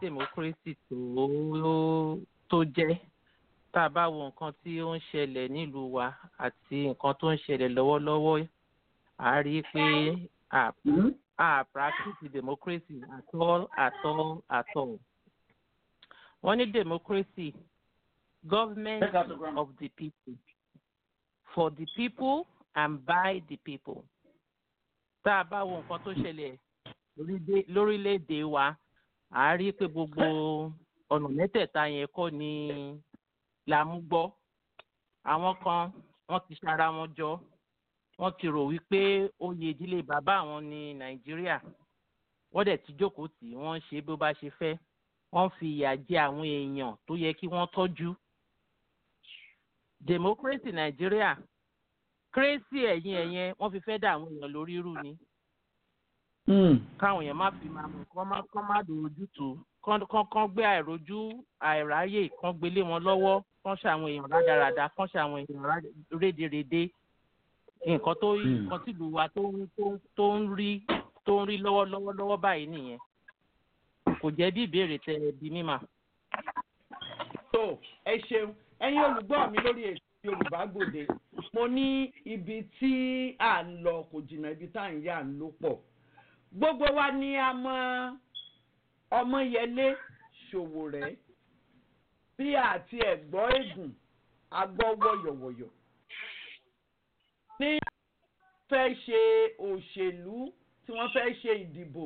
J: democracy tó tó jẹ́ tá a bá wo nǹkan tí ó ń ṣẹlẹ̀ nílùú wa àti nǹkan tó ń ṣẹlẹ̀ lọ́wọ́lọ́wọ́ à á rí i pé a practice democracy at all at all at all. wọ́n ní democracy government of the people for the people and by the people. tá a bá wo nǹkan tó ṣẹlẹ̀ lórílẹ̀‐èdè wa à á rí i pé gbogbo ọ̀nà mẹ́tẹ̀ẹ̀ta yẹn kọ́ ni la mú gbọ́ àwọn kan wọ́n ti ṣara wọn jọ wọ́n ti rò wípé oyè ìdílé bàbá àwọn ní nàìjíríà wọ́n dẹ̀ ti jókòó tì wọ́n ṣe bí ó bá ṣe fẹ́ wọ́n fi ìyà jẹ àwọn èèyàn tó yẹ kí wọ́n tọ́jú democracy nàìjíríà kérésì ẹ̀yìn ẹ̀yẹn wọ́n fi fẹ́ dà àwọn èèyàn lórí irú ni hmm. káwọn èèyàn má fi máa mú kọ́ má kọ́ má dòójú tó Kan gbé àìrójú àìráyè kán gbélé wọn lọ́wọ́ kán ṣe àwọn èèyàn rádaràda kán ṣe àwọn èèyàn rédeèrèdè nǹkan tó hmm. nǹkan tìlú wa tó ń rí tó ń rí lọ́wọ́lọ́wọ́ lọ́wọ́ báyìí nìyẹn kò jẹ́ bí ìbéèrè tẹ ẹ bí mímà. tó ẹ ṣeun ẹyin olùgbọ́
B: mi lórí ètò yorùbá gbòde mo ní ibi tí à ń lọ kò jìnnà ibi tá à ń yà ń lò pọ̀ gbogbo wa ni a mọ ọmọyẹlé ṣòwòrẹ́ bí àti ẹ̀gbọ́ ègùn agbọ́wọ́ yọ̀wọ̀yọ̀ ní fẹ́ ṣe òṣèlú tí wọ́n fẹ́ ṣe ìdìbò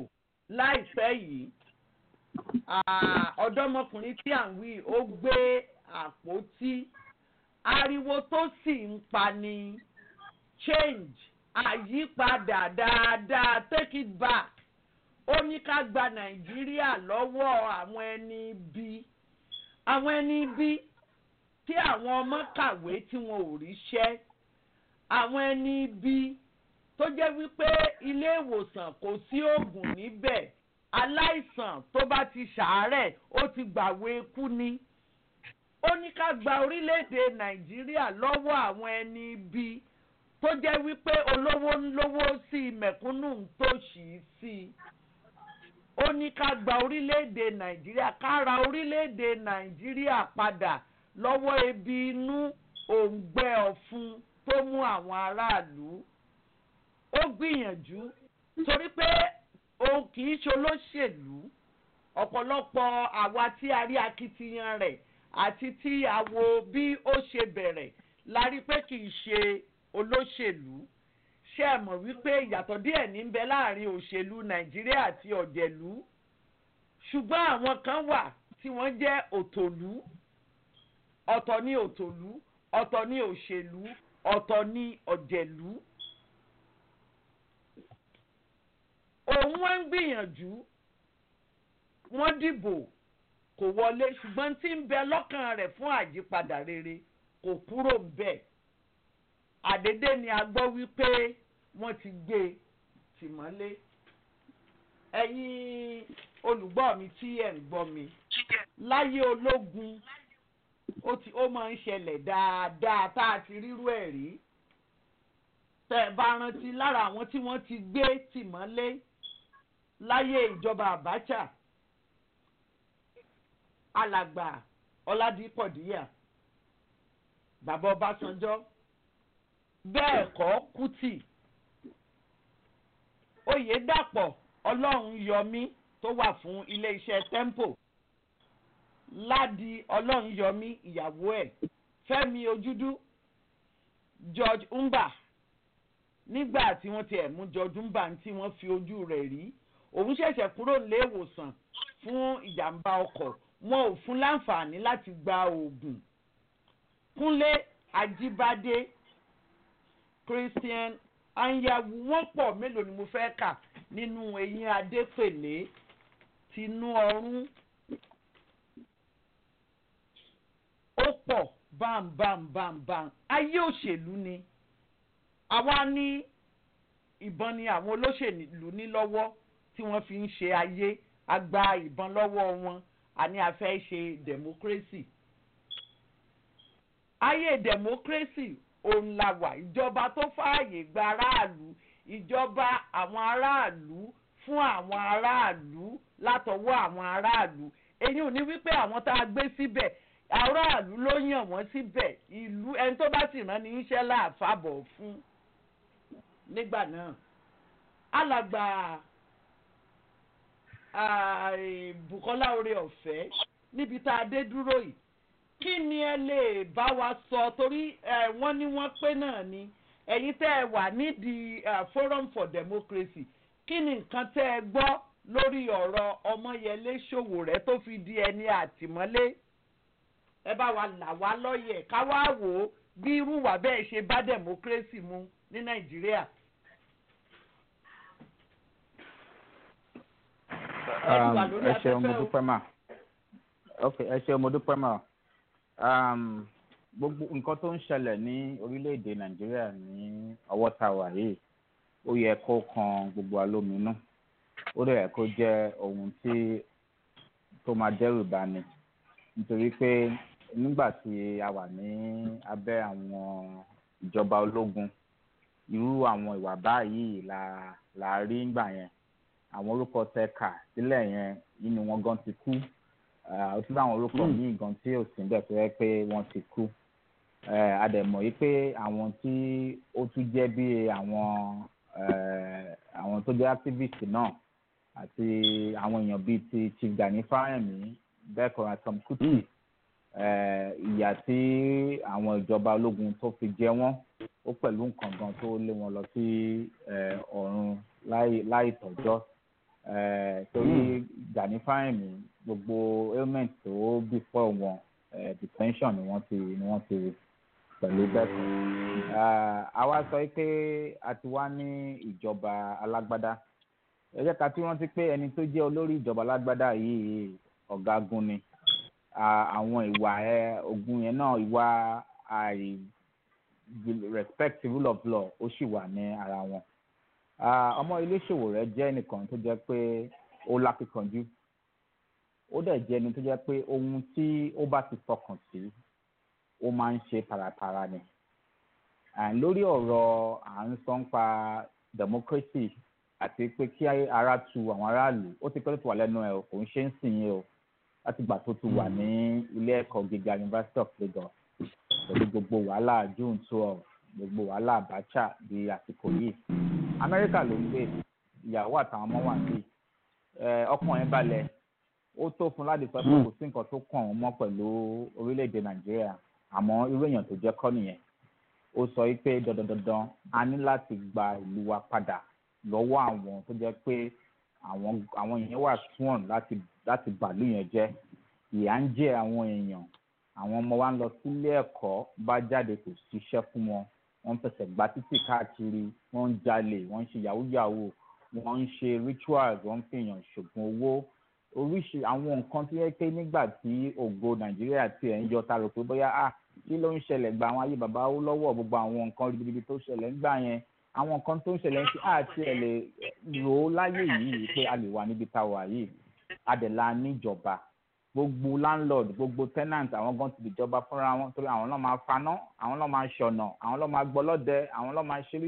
B: láìpẹ́ yìí ọ̀dọ́mọkùnrin tí à ń wí ó gbé àpótí ariwo tó sì ń pa ni change àyípadà dáadáa take it back ó ní ká gba nàìjíríà lọ́wọ́ àwọn ẹni bí àwọn ẹni bí tí àwọn ọmọ kàwé tí wọn ò ríṣẹ́ àwọn ẹni bí tó jẹ́ wípé ilé ìwòsàn kò sí oògùn níbẹ̀ aláìsàn tó bá ti ṣàárẹ̀ ó ti gbàwé ikú ni ó ní ká gba orílẹ̀-èdè nàìjíríà lọ́wọ́ àwọn ẹni bí tó jẹ́ wípé olówó ń sí mẹ̀kúnnù ń tòṣì sí i ó ní ká gba orílẹ̀-èdè nàìjíríà ká ra orílẹ̀-èdè nàìjíríà padà lọ́wọ́ ebi inú òǹgbẹ ọ̀fun tó mú àwọn aráàlú ó gbìyànjú torí pé òun kì í ṣolóṣèlú ọ̀pọ̀lọpọ̀ àwa tí a rí akitiyan rẹ̀ àti tí a wo bí ó ṣe bẹ̀rẹ̀ la rí pé kì í ṣe olóṣèlú ṣé ẹ mọ̀ wípé ìyàtọ̀ díẹ̀ ní ń bẹ láàrin òṣèlú nàìjíríà àti ọ̀jẹ̀lú ṣùgbọ́n àwọn kan wà tí wọ́n jẹ́ òtòlú ọ̀tọ̀ ní òtòlú ọ̀tọ̀ ní òṣèlú ọ̀tọ̀ ní ọ̀jẹ̀lú. òun wá ń gbìyànjú wọ́n dìbò kò wọlé ṣùgbọ́n tí ń bẹ lọ́kàn rẹ̀ fún àyípadà rere kò kúrò ń bẹ̀ àdédé ni a gbọ́ wípé wọ́n ti gbé e tìmọ́lé ẹ̀yin olùgbọ́ mi tí ẹ̀ ń gbọ́ mi láyé ológun ó ti máa ń ṣẹlẹ̀ dáadáa tá a ti rírú ẹ̀ rí tẹ́ ẹ bá rántí lára àwọn tí wọ́n ti gbé tìmọ́lé láyé ìjọba Abacha alàgbà Ọládìpọ̀díyà bàbá Ọbásanjọ́ bẹ́ẹ̀ kọ́ Kútì oyèdàpọ̀ ọlọ́runyọmí tó wà fún iléeṣẹ́ temple ládi ọlọ́runyọmí ìyàwó ẹ̀ fẹ́mi ojúdú george umba nígbà tí wọ́n ti ẹ̀ mú george umba tí wọ́n fi ojú rẹ̀ rí òun ṣẹ̀ṣẹ̀ kúrò nílé ìwòsàn fún ìjàmbá ọkọ̀ wọn ò fún láǹfààní láti gba oògùn kúnlé ajíbádé christian àyàwó wọn pọ̀ mélòó ni mo fẹ́ kà nínú eyín adépèlé tinú ọrún ó pọ̀ bámbámbámbám ayé òṣèlú ni àwa ní ìbọn ni àwọn olóṣèlú ní lọ́wọ́ tí wọ́n fi ń ṣe ayé a gba ìbọn lọ́wọ́ wọn àní a fẹ́ ṣe democracy ayé democracy òun la wà ìjọba tó fààyè gba aráàlú ìjọba àwọn aráàlú fún àwọn aráàlú látọwọ́ àwọn aráàlú èyí ò ní wípé àwọn tá a gbé síbẹ̀ aráàlú ló yàn wọ́n síbẹ̀ ìlú ẹni tó bá sì rán ní iṣẹ́ láàfàbọ̀ fún nígbà náà alàgbà Bùkọ́lá oore ọ̀fẹ́ níbi tá a dé dúró yìí kí ni ẹ lè bá wa sọ torí wọ́n ní wọ́n pé náà ni ẹ̀yin tẹ́ ẹ wà nídìí forum for democracy kí ni nǹkan tẹ́ ẹ gbọ́ lórí ọ̀rọ̀ ọmọyẹlé ṣòwòrẹ́ tó fi di ẹni àtìmọ́lé ẹ bá wa là wá lọ́yẹ̀ ká wá wò ó bí irú bẹ́ẹ̀ ṣe bá democracy mu ní nàìjíríà.
A: Um, ẹ ṣeun mo dúpẹ́ mà
I: ẹ ṣeun mo dúpẹ́ Um, gbogbo nǹkan tó ń ṣẹlẹ̀ ní orílẹ̀-èdè nàìjíríà ní ọwọ́ tá a wà yìí ó yẹ kó kan gbogbo alóminú ó dẹ̀ kó jẹ́ ohun tí tó máa dẹ́rù bani nítorí pé nígbà tí a wà ní abẹ́ àwọn ìjọba ológun irú àwọn ìwà báyìí la la rí ngbà yẹn àwọn orúkọ tẹ kà sílẹ̀ yẹn nínú wọn gan ti kú Eh, ó tún láwọn orúkọ hmm. míì gan tí ò sí níbẹ̀ tó yẹ pé wọ́n ti kú eh, adẹ̀mọ̀ yìí pé àwọn tí ó tún jẹ́ bí àwọn eh, àwọn tó jẹ́ activist náà àti àwọn èèyàn bíi ti Chief Gani Fáyẹ̀mí bẹ́ẹ̀ kọ́ Atom Kuti hmm. ìyà tí àwọn ìjọba ológun tó fi jẹ wọ́n ó pẹ̀lú nǹkan gan tó lé wọn lọ sí ọ̀run láì tọ́jọ́ torí hmm. Gani Fáyẹ̀mí gbogbo ailment tó bìfọ́ wọn detention ni wọ́n ti ni wọ́n ti
F: pẹ̀lú bẹ́ẹ̀
I: kan. àwa sọ pé a ti wá ní ìjọba alágbádá ẹ jẹ́ ká tí rántí pé ẹni tó jẹ́ olórí ìjọba alágbádá yìí ọ̀gágun ni àwọn ìwà ẹ ogun yẹn náà ìwà àì respect rule of law ó sì wà ní ara wọn ọmọ Ilé Ṣòwòrẹ́ jẹ́ ẹnìkan tó jẹ́ pé ó lákìkanjú ó dẹ̀ jẹ́ ẹni tó jẹ́ pé ohun tí ó bá ti fọkàn sí ó máa ń ṣe parapara ni lórí ọ̀rọ̀ à ń sọ ń democracy àti pé kí ara tu àwọn aráàlú ó ti pẹ́ tó wà lẹ́nu ẹ̀ kò ń ṣe ń sìn yín o láti gbà tó ti wà ní ilé ẹ̀kọ́ gíga University of Lagos pẹ̀lú gbogbo wàhálà June twelve gbogbo wàhálà Abacha di àsìkò yìí Amẹ́ríkà ló ń gbé ìyàwó àtàwọn ọmọ wà ní ọkàn balẹ̀ ó tó fún láti sọ pé hmm. kò sí nǹkan tó kàn án mọ́ pẹ̀lú orílẹ̀-èdè nàìjíríà àmọ́ irú èèyàn tó jẹ́ kọ́ nìyẹn ó sọ pé dandan dandan a ní láti gba ìlú wa padà lọ́wọ́ àwọn tó jẹ́ pé àwọn àwọn èèyàn wà sworn láti láti bàálù yẹn jẹ́ ìyà ń jẹ àwọn èèyàn àwọn ọmọ wa ń lọ sílé ẹ̀kọ́ bá jáde kò síṣẹ́ fún wọn wọ́n ń fẹsẹ̀ gba títì káàkiri wọ́n ń jalè wọ́n ń ṣe yahoo yahoo ń ṣe rituals wọ́n ń fi èèyàn ṣògùn owó oríṣi àwọn nǹkan tí ẹ pé nígbà tí ògo nàìjíríà ti ẹ̀ ń yọ ta rò pé bóyá ah kí ló ń ṣẹlẹ̀ gba àwọn ayé bàbá ó lọ́wọ́ gbogbo àwọn nǹkan ribiribi tó ṣẹlẹ̀ ńgbà yẹn àwọn nǹkan tó ń ṣẹlẹ̀ ń ṣe àti ah, ẹ̀ lè rò ó láyé yìí pé a lè wà níbi tá a wà yìí adẹ̀la níjọba gbogbo landlord gbogbo tenant àwọn gan ti dìjọba fúnra wọn torí àwọn náà máa faná àwọn náà máa ṣọ̀nà àwọn náà máa gbọ́lọ́dẹ àwọn náà máa ṣe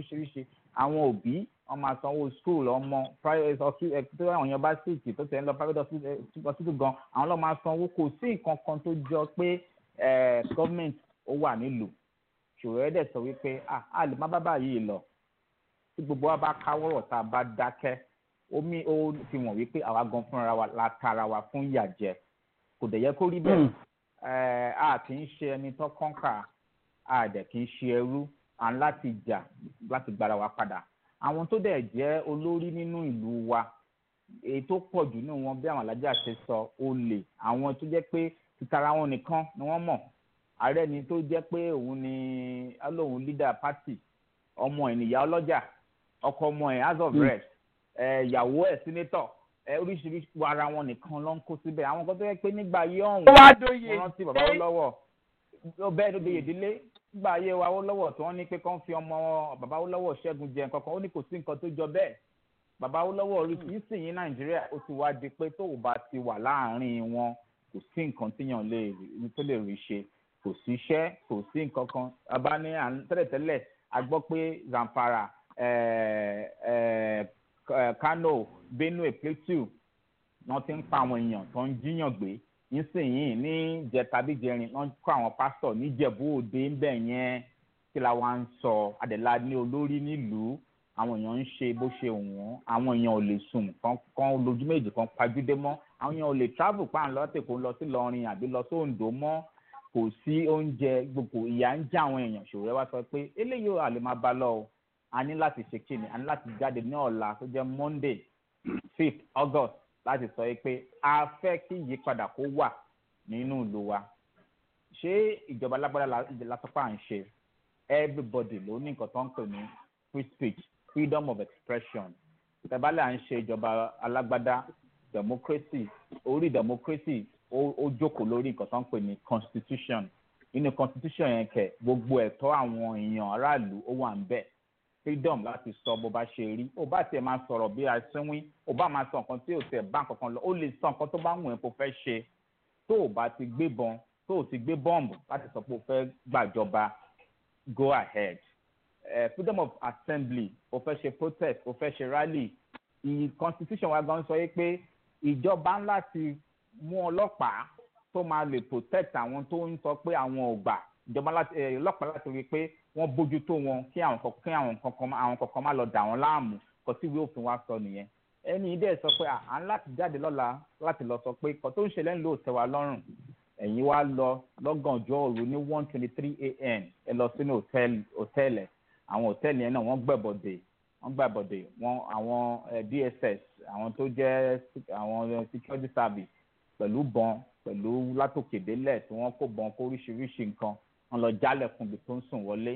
I: àwọn òbí wọ́n máa sanwó school ọmọ private hospital tó àwọn èèyàn bá sick tó tẹ̀ ń lọ private hospital eh, gan àwọn lọ́ọ́ máa sanwó kò sí nǹkan kan tó jọ pé government ó wà nílùú ṣòro ẹ̀dẹ̀ sọ wípé a lè má bá báyìí lọ tí gbogbo wa bá káwọ́rọ̀ tá a bá dákẹ́ omi ó fi wọ̀n wípé àwa gan fúnra wa la tara wa fún ìyà jẹ kò dẹ̀ yẹ kó rí bẹ́ẹ̀ hmm. a kì í ṣe ẹni tó kọ́ńkà a dẹ̀ kì í ṣe ẹrú à ń láti jà láti gbára wa padà àwọn tó dẹ̀ jẹ́ olórí nínú ìlú wa èyí tó pọ̀ jù nínú wọn bí àwọn alájà ṣe sọ olè àwọn tó jẹ́ pé tìtara wọn nìkan ni wọ́n mọ̀ ààrẹ ni tó jẹ́ pé òun ni alóhùn leader party ọmọ ẹ̀ nìyá ọlọ́jà ọkọ ọmọ ẹ̀ house of hmm. rest ìyàwó ẹ̀ senator oríṣiríṣi ara wọn nìkan ló ń kó síbẹ̀ àwọn kan tó yẹ pé nígbà yí ọ̀hún wọ́n rántí bàbá lọ́wọ́ bẹ́ẹ̀ ló doyè délé gbà ayé wa Awólọ́wọ̀ tí wọ́n ní pé kán fi ọmọ bàbá Awólọ́wọ̀ Ṣẹ́gun jẹ nǹkan kan ó ní kò sí nǹkan tó jọ bẹ́ẹ̀ bàbá Awólọ́wọ̀ orí kì í sì yín Nàìjíríà ó ti wá di pé tó o bá ti wà láàárín wọn kò sí nǹkan tíyàn lè tó lè rí ṣe kò sí iṣẹ́ kò sí nǹkan kan bàbá ní tẹ́lẹ̀tẹ́lẹ̀ a gbọ́ pé Zamfara Kano Benue Plateau wọ́n ti ń pa àwọn èèyàn tó ń jíyàn gbé nísìnyìí ní jẹtabíjẹrin wọ́n kọ́ àwọn pásítọ̀ níjẹ̀bú òde ńbẹ̀ yẹn kí la wá ń sọ adẹ̀la ní olórí nílùú àwọn èèyàn ń ṣe bó ṣe wọ́n àwọn èèyàn ò lè sùn kan kan lójú méjì kan pajúdé mọ́ àwọn èèyàn ò lè travel pa àlọ́ tèkó lọ sí lọrin àbí lọ sí Oǹdó mọ́ kò sí oúnjẹ gbogbo ìyà ń já àwọn èèyàn ṣòro ẹ wá sọ pé eléyìí ò àlè máa bá lọ o a ní láti ṣe kíni a ní láti jáde ní ọ̀la tó jẹ́ Monday fifth August láti sọ pé a fẹ́ kí ìyípadà kó wà nínú ìlú wa ṣé ìjọba lágbára lásọpá ń ṣe everybody ló ní nǹkan tó ń pè ní free speech freedom of expression tẹ̀bálẹ̀ à ń ṣe ìjọba alágbádá democracy orí democracy ó jókòó lórí nǹkan tó ń pè ní constitution nínú constitution yẹn kẹ gbogbo ẹ̀tọ́ àwọn èèyàn aráàlú ó wà ń bẹ́ẹ̀ freedom láti sọ bó bá ṣe rí o bá tiẹ̀ máa sọ̀rọ̀ bí asínwín o bá máa sọ nǹkan tí o tiẹ̀ bá nǹkan kan lọ o lè sọ nǹkan tó bá wù ẹ́ kó fẹ́ ṣe tó o bá ti gbébọn tó o ti gbé bọ́ǹbù láti sọ pé o fẹ́ gbàjọba go ahead uh, freedom of assembly o fẹ́ ṣe protest o fẹ́ ṣe rally the constitution wa gan sọ yìí pé ìjọba ńlá ti mú ọlọ́pàá tó máa lè protect àwọn tó ń sọ pé àwọn ò gbà ìjọba eh, ọlọ́pàá láti rí i pé wọ́n bójútó wọn kí àwọn kí àwọn kankan àwọn kankan má lọ dà wọ́n láàmú kò sí ìwé òfin wa sọ nìyẹn ẹni dẹ́ sọ pé à ń láti jáde lọ́la láti lọ sọ pé kò tó ń ṣẹlẹ̀ ń lò tẹ́ wa lọ́rùn ẹ̀yin wá lọ lọ́gànjọ́ òru ní one twenty three a.m. ẹ lọ sínú hòtẹ́ẹ̀lì àwọn hòtẹ́ẹ̀lì yẹn náà wọ́n gbẹ̀bọ̀dè wọ́n gbàbọ̀dè wọn àwọn eh, DSS àwọn tó jẹ́ àwọn eh, security service pẹ̀lú bọn pẹ̀lú látòkèdélẹ̀ tí wọ́n kó bọn kó oríṣiríṣi nǹkan wọ́n lọ jálẹ̀kùn ibi tó ń sùn wọlé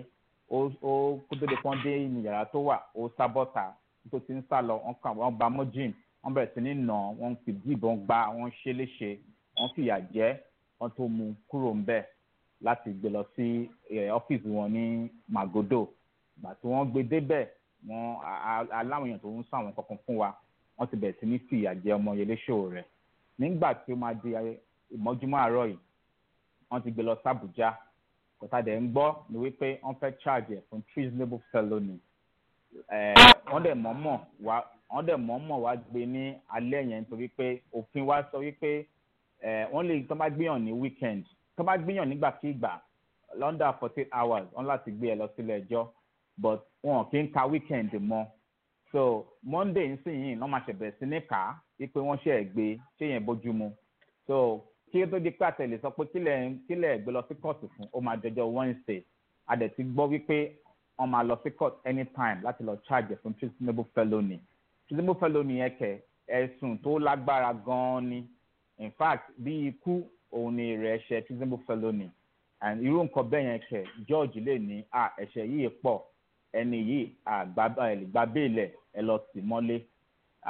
I: ó kó tó di pọ́n dé ìyàrá tó wà ó sá bọ́ta tó ti ń sá lọ wọ́n kà wọ́n gba mọ́ jim wọ́n bẹ̀rẹ̀ sí ní nà wọ́n fi ìbọn gbá wọ́n ṣe léṣe wọ́n fìyà jẹ wọ́n tó mú kúrò ńbẹ̀ láti gbé lọ sí ọ́fíìsì wọn ní Magodo ìgbà tí wọ́n gbé débẹ̀ wọ́n aláwọn èèyàn tó ń sọ àwọn kankan fún wa wọ́n ti bẹ̀rẹ̀ sí ní fìyà jẹ ọmọ Yẹléṣò rẹ̀ nígbà tí ó máa di ìmọ́júmọ́ àárọ̀ yìí wọ́n ti gbé lọ sí Àbújá kọta dẹ̀ ń gbọ́ ni wípé wọ́n fẹ́ charge ẹ̀ fún treasonable felony wọ́n dẹ̀ mọ̀ọ́mọ̀ wá wọ́n dẹ̀ mọ̀ọ́mọ̀ wá gbé ní alẹ́ yẹn nítorí pé òfin wa sọ wípé eh, wọ́n lè tọ́ bá gbìyàn ní weekend tọ́ bá gbìyàn nígbàkigbà under fourteen hours wọ́n láti gbé ẹ lọ sílé ẹjọ́ but wọn kì í ka weekend mọ́ so monday ń sìn yìí wọ́n máa ṣẹ̀bẹ̀ sí ní kà á wípé wọ́n ṣe é gbé ṣé yẹn bójú mu so kí tó di pé àtẹ̀lé sọ pé kílẹ̀ kílẹ̀ gbé lọ sí kóòtù fún ó máa dọjọ́ Wednesday àdẹ̀tí gbọ́ wípé wọ́n máa lọ sí court anytime láti lọ charge fún treasonable felony treasonable felony yẹn kẹ ẹ̀sùn tó lágbára gan-an ni in fact bí ikú òun ni rẹ̀ ṣe treasonable felony and irú nǹkan bẹ́ẹ̀ yẹn kẹ George lè ní à ẹ̀ṣẹ̀ yìí pọ̀ ẹni yìí àgbà ẹ̀ gbà béèlẹ̀ ẹ lọ sí mọ́lé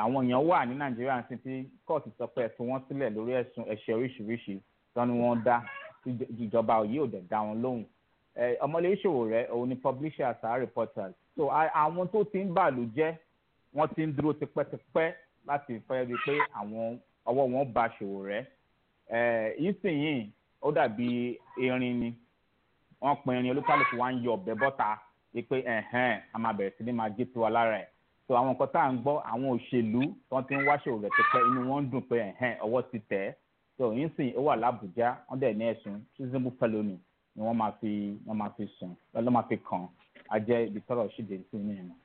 I: àwọn èèyàn wà ní nàìjíríà ń sìn tí kóòtù sọ pé ẹ̀sùn wọn sílẹ̀ lórí ẹ̀sùn ẹ̀ṣẹ̀ oríṣiríṣi tán ni wọ́n dá ìjọba òye ò dẹ̀ dá wọn lóhùn ọmọlé ìṣòwò rẹ òun ni publishers are reporters so àwọn tó ti ń bàlù jẹ́ wọ́n ti ń dúró tipẹ́tipẹ́ láti fẹ́ rí i pé àwọn ọwọ́ wọn ba ṣòwò rẹ ìsìnyìn ó dàbí erin ni wọ́n pin erin olúkálùkù wa ń yọ ọ̀bẹ bọ́ta pé ẹ̀hẹ́n a máa bẹ̀rẹ̀ sí ni máa gé tiwa lára ẹ̀ so àwọn nǹkan tá à ń gbọ́ àwọn òṣèlú tó ti ń wáṣọ rẹ̀ pẹ́pẹ́ inú wọn ń dùn pé ẹ̀hẹ́n ọwọ́ ti tẹ̀ ẹ́ so yín sìn ó wà lábùjá wọ́n dẹ̀ ní ẹ̀sùn treasonable felony ni wọ́n máa fi wọ́n máa fi sùn lọ́ọ́ máa fi kàn á jẹ́ ibi tọ́rọ̀ ṣìdè sí ní ìmọ̀.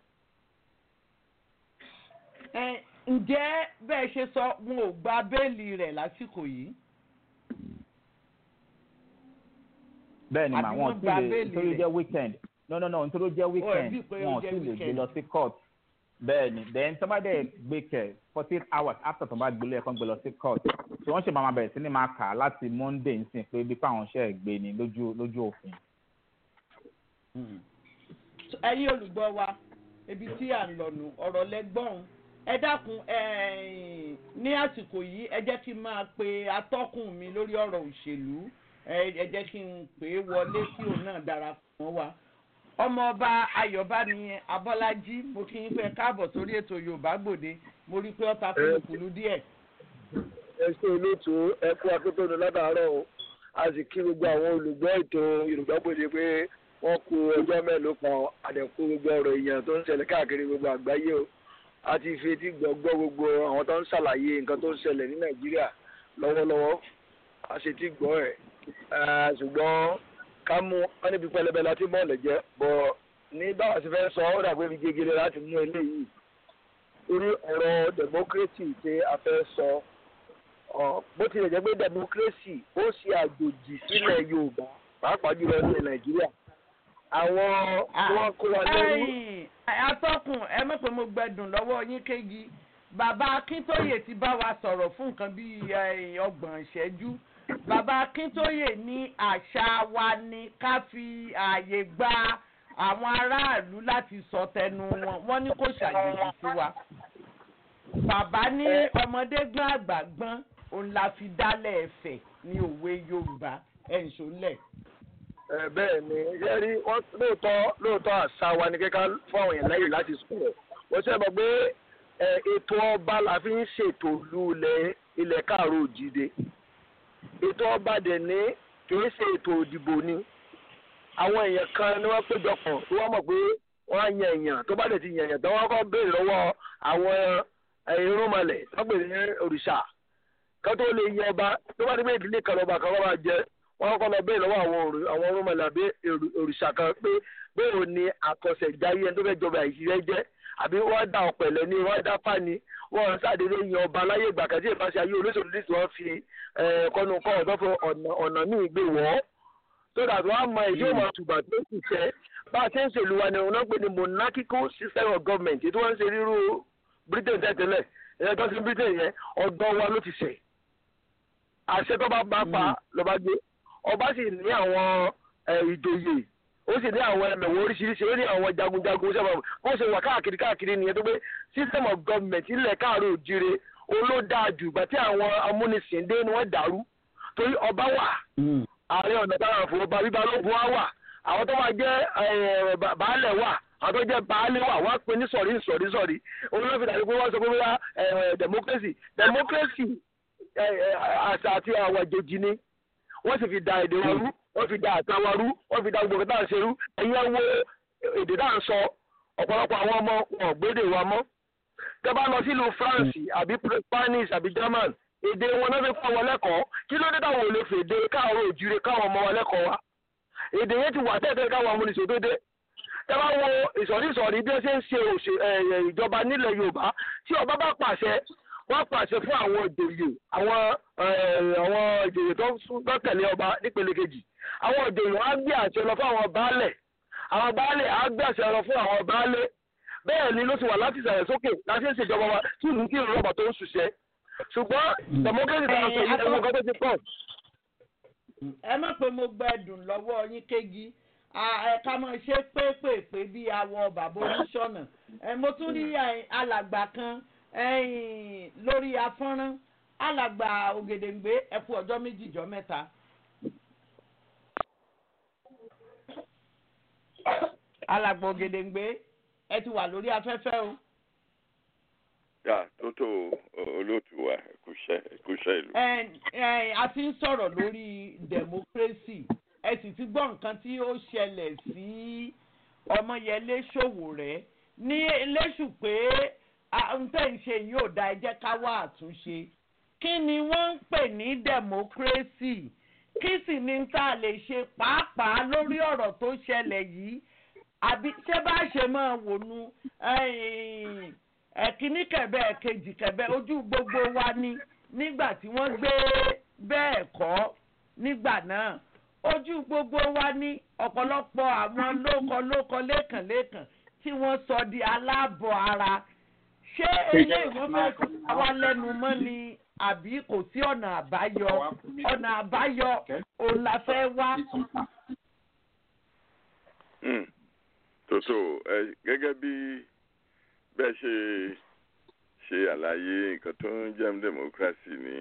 B: ẹ ǹjẹ́ bẹ́ẹ̀ ṣe sọ wọn ò gba béèlì rẹ̀ lásìkò yìí.
I: bẹ́ẹ̀ ni màá wọn ò tí ì lè nítorí jẹ́ weekend no no no nítorí jẹ́ weekend wọn ò tí ì lè gbé lọ sí court bẹẹni then tọ́mọdé gbé kẹ fourteen hours after tọ́mọdé gbélé ẹ̀kọ́ gbé lọ sí court tí wọ́n ṣe máa bẹ̀rẹ̀ sí ni máa kà á láti monday nsìn pé bí pàwọn ṣe gbé ni lójú lójú òfin.
E: Hmm.
B: ẹyin olùgbọ́ wa ibi tí à ń lọ̀nù ọ̀rọ̀ lẹ́gbọ̀n ẹ dákun ní àsìkò yìí ẹ jẹ́ kí n máa pe atọ́kùn mi lórí ọ̀rọ̀ òṣèlú ẹ jẹ́ kí n pè é wọlé kí òun náà darapọ̀ mọ́ wa ọmọọba ayọ̀bámi abọ́lájí mo kí yín pé káàbọ̀ sórí ètò
G: yorùbá gbòde mo rí i pé ọ̀tá fún ìkùlù díẹ̀. ẹ ṣe olóòtú ẹ kú akéwìtò ládàárọ̀ o a sì kí gbogbo àwọn olùgbọ́ ètò yorùbá gbòde pé wọ́n kú ọjọ́ mẹ́lòó kan àdẹ̀kú gbogbo ọ̀rọ̀ èèyàn tó ń ṣẹlẹ̀ káàkiri gbogbo àgbáyé o a ti fetí gbọ́gbọ́ gbogbo àwọn tó ń ṣàlàyé nǹkan tó ń ṣẹlẹ̀ ní nàìjíríà lọ́wọ́lọ́wọ́
F: a sì ti gbọ́ ẹ̀ ṣùgbọ́n ká mú wọn níbi pẹlẹbẹ láti bọ́ọ̀lù jẹ bọ̀ ní báwa ti fẹ́ sọ ó dàgbé mi gegere láti mú eléyìí orí ọ̀rọ̀ democracy tí a fẹ́ sọ bó tilẹ̀ jẹ́ pé democracy ó ṣe àjòjì sílẹ̀ Yorùbá pàápàá jùlọ ní Nàìjíríà àwọn tí ah, wọ́n kó wa lẹ́yìn.
B: atọ́kùn ẹ mọ̀ pé mo gbẹdùn lọ́wọ́ yín kéji bàbá Akíntóyè ti bá wa sọ̀rọ̀ fún nǹkan bíi ọgbọ̀n ìṣẹ́jú bàbá akíntóyè ní àṣà wa ni ká fi ààyè gba àwọn aráàlú láti sọ tẹnu wọn wọn ní kò ṣàyẹ̀wò sí wa bàbá ní ọmọdé gbọ́n àgbà gbọ́n òun la fi
F: dálẹ̀ ẹ̀fẹ̀ ní òwe yorùbá ẹ̀ ń ṣọlẹ̀. ẹ bẹ́ẹ̀ ni ẹ rí wọ́n lóòótọ́ lóòótọ́ àṣà wa ni kíkà fún àwọn èèyàn lẹ́yìn láti sọ̀rọ̀ wọ́n ṣe mọ̀ pé ètò ọba la fi ń ṣètò lu ilẹ̀ káàró òjìde ètò ọba dẹ̀ ní kìí ṣe ètò òdìbò ni àwọn èèyàn kan ni wọ́n péjọ pọ̀ tí wọ́n mọ̀ pé wọ́n á yan èèyàn tó bá dẹ̀ ti yan èèyàn tó wọ́n kọ́ béèrè lọ́wọ́ àwọn irúnmọlẹ̀ tó pè ní òrìṣà kan tó lè yan ọba tó bá dé pé ìdílé kan lọ́ba kan lọ́ba jẹ wọ́n kọ́ lọ béèrè lọ́wọ́ àwọn irúnmọlẹ̀ àbí òrìṣà kan pé bẹ́ẹ̀ ni àkọsẹ̀jáyé ẹni tó fẹ́ jọba àìsíṣẹ́ jẹ́ àbí wọ́n dá ọ̀pẹ̀lẹ̀ ni wọ́n dá fáni wọ́n ṣàdédé yan ọba láyé ìgbà kan tí ayé olóṣèlú ní wọ́n fi kọ́nu kọ́ ọ̀dọ́ fún ọ̀nà míì gbé wọ́ so that wọ́n á mọ èyí ò máa tùbà tó sì fẹ́ bá a ṣe ń ṣèlú wa ni òun pè ní monarchical system of government tí wọ́n ń ṣe rírú Britain tẹ́tẹ́lẹ̀ ẹ̀yẹ́ tó ṣe Britain yẹn ọ̀dọ́ wa ló ti ṣẹ̀ àṣẹ tó bá bá pa hmm. lọ́ba gbé ọba sì ní àwọn ìjòyè ó sì ní àwọn ẹmẹ̀wò oríṣiríṣi ó ní àwọn jagunjagun ṣẹ́ bó ṣe wà káàkiri káàkiri nìyẹn tó pé system of government ilẹ̀ káàró òjire olódàájú ìgbà tí àwọn amúnisìn dé ni wọ́n dàrú torí ọba wà hmm. ààrẹ ọ̀nà bára fún ọba bíbá lóògùn wa wà àwọn tó máa jẹ́ baálẹ̀ wà àwọn tó jẹ́ baálé wà wọ́n pe ní sọ̀rí sọ̀rí sọ̀rí olóòfin àti pé wọ́n sọ pé wọ́n democracy democracy àti àwàjèjì ni wọ́n sì fi da èdè wọn rú hmm. wọ́n fi da àṣà wọn rú wọ́n fi da gbogbo tá à ń ṣe rú ẹ̀yin ẹ wo èdè tá à ń sọ ọ̀pọ̀lọpọ̀ àwọn ọmọ wọn gbédè wa mọ́ tẹ́ bá lọ sílùú France hmm. àbí Spanish àbí German èdè wọn náà fi kọ́ wọn lẹ́kọ̀ọ́ kí ló dé táwọn ò lè fèdè káàró òjúre káwọn ọmọ wọn lẹ́kọ̀ọ́ wa èdè yẹn ti wà tẹ́tẹ́ káwọn ọmọ nìṣó dédé tẹ́ bá wo ìsọ̀rí ìsọ̀rí bí wọ́n ṣe ń ṣe ìjọba nílẹ̀ Yorùbá tí ọba bá pàṣẹ wọ́n pàṣẹ fún àwọn ìjòyè àwọn àwọn ìjòyè tó gbọ́kànlé ọba nípele kejì àwọn ìjòyè wọn á gbé àṣẹ lọ fún àwọn baálẹ̀ àwọn baálẹ̀ á gbé àṣẹ lọ fún àwọn baálẹ̀ bẹ́ẹ̀ ni ló ti wà láti ìsàlẹ̀ sókè láti ń ṣèjọba wa tí ìlú kí ìrọ̀bà tó ń ṣiṣẹ́ ṣùgbọ́n mm. democracy ta sọ yìí ẹ̀mọ́ gọ́dọ̀
B: ti pọ̀. ẹ má pé mo gba ẹdùn lọ́wọ́ yín kéji ká mọ̀ ṣe pépèpé bíi awọ bàbá oníṣọ́nà mo tún rí mm. alàgbà kan lórí afọ́nrán alàgbà ògèdèǹgbé ẹ̀kú ọjọ́ méjì jọ mẹ́ta. alàgbà ògèdèǹgbé ẹ ti wà lórí afẹ́fẹ́ o.
K: yà tó tó olóòtú wa kúṣẹ́ kúṣẹ́ ìlú.
B: a ti ń sọ̀rọ̀ lórí democracy ẹ sì ti gbọ́ nǹkan tí ó ṣẹlẹ̀ sí ọmọyẹlé ṣòwò rẹ̀ ní lẹ́sù pé ntẹ́ ń ṣe yóò da ẹ jẹ́ ká wá àtúnṣe kí ni wọ́n ń pè ní democracy kí sì ni tá a lè ṣe pàápàá lórí ọ̀rọ̀ tó ṣẹlẹ̀ yìí àbí ṣé bá ṣe máa wònú ẹ̀kíní kẹ̀bẹ́ ẹ̀kejì kẹ̀bẹ́ ojú gbogbo wa ni nígbà tí wọ́n gbé bẹ́ẹ̀ kọ́ nígbà náà ojú gbogbo wa ni ọ̀pọ̀lọpọ̀ àwọn lóko lóko lẹ́kànlẹ́kàn tí wọ́n sọ di aláàbọ̀ ara ṣé eléyìí wọ́n fẹ́ kó wa lẹ́nu mọ́ ni àbí kò sí ọ̀nà àbáyọ ọ̀nà àbáyọ òun la fẹ́ wá.
K: Hmm. tòtò gẹ́gẹ́ bí bẹ́ẹ̀ ṣe ṣe àlàyé nǹkan tó ń jẹ́ democracy ní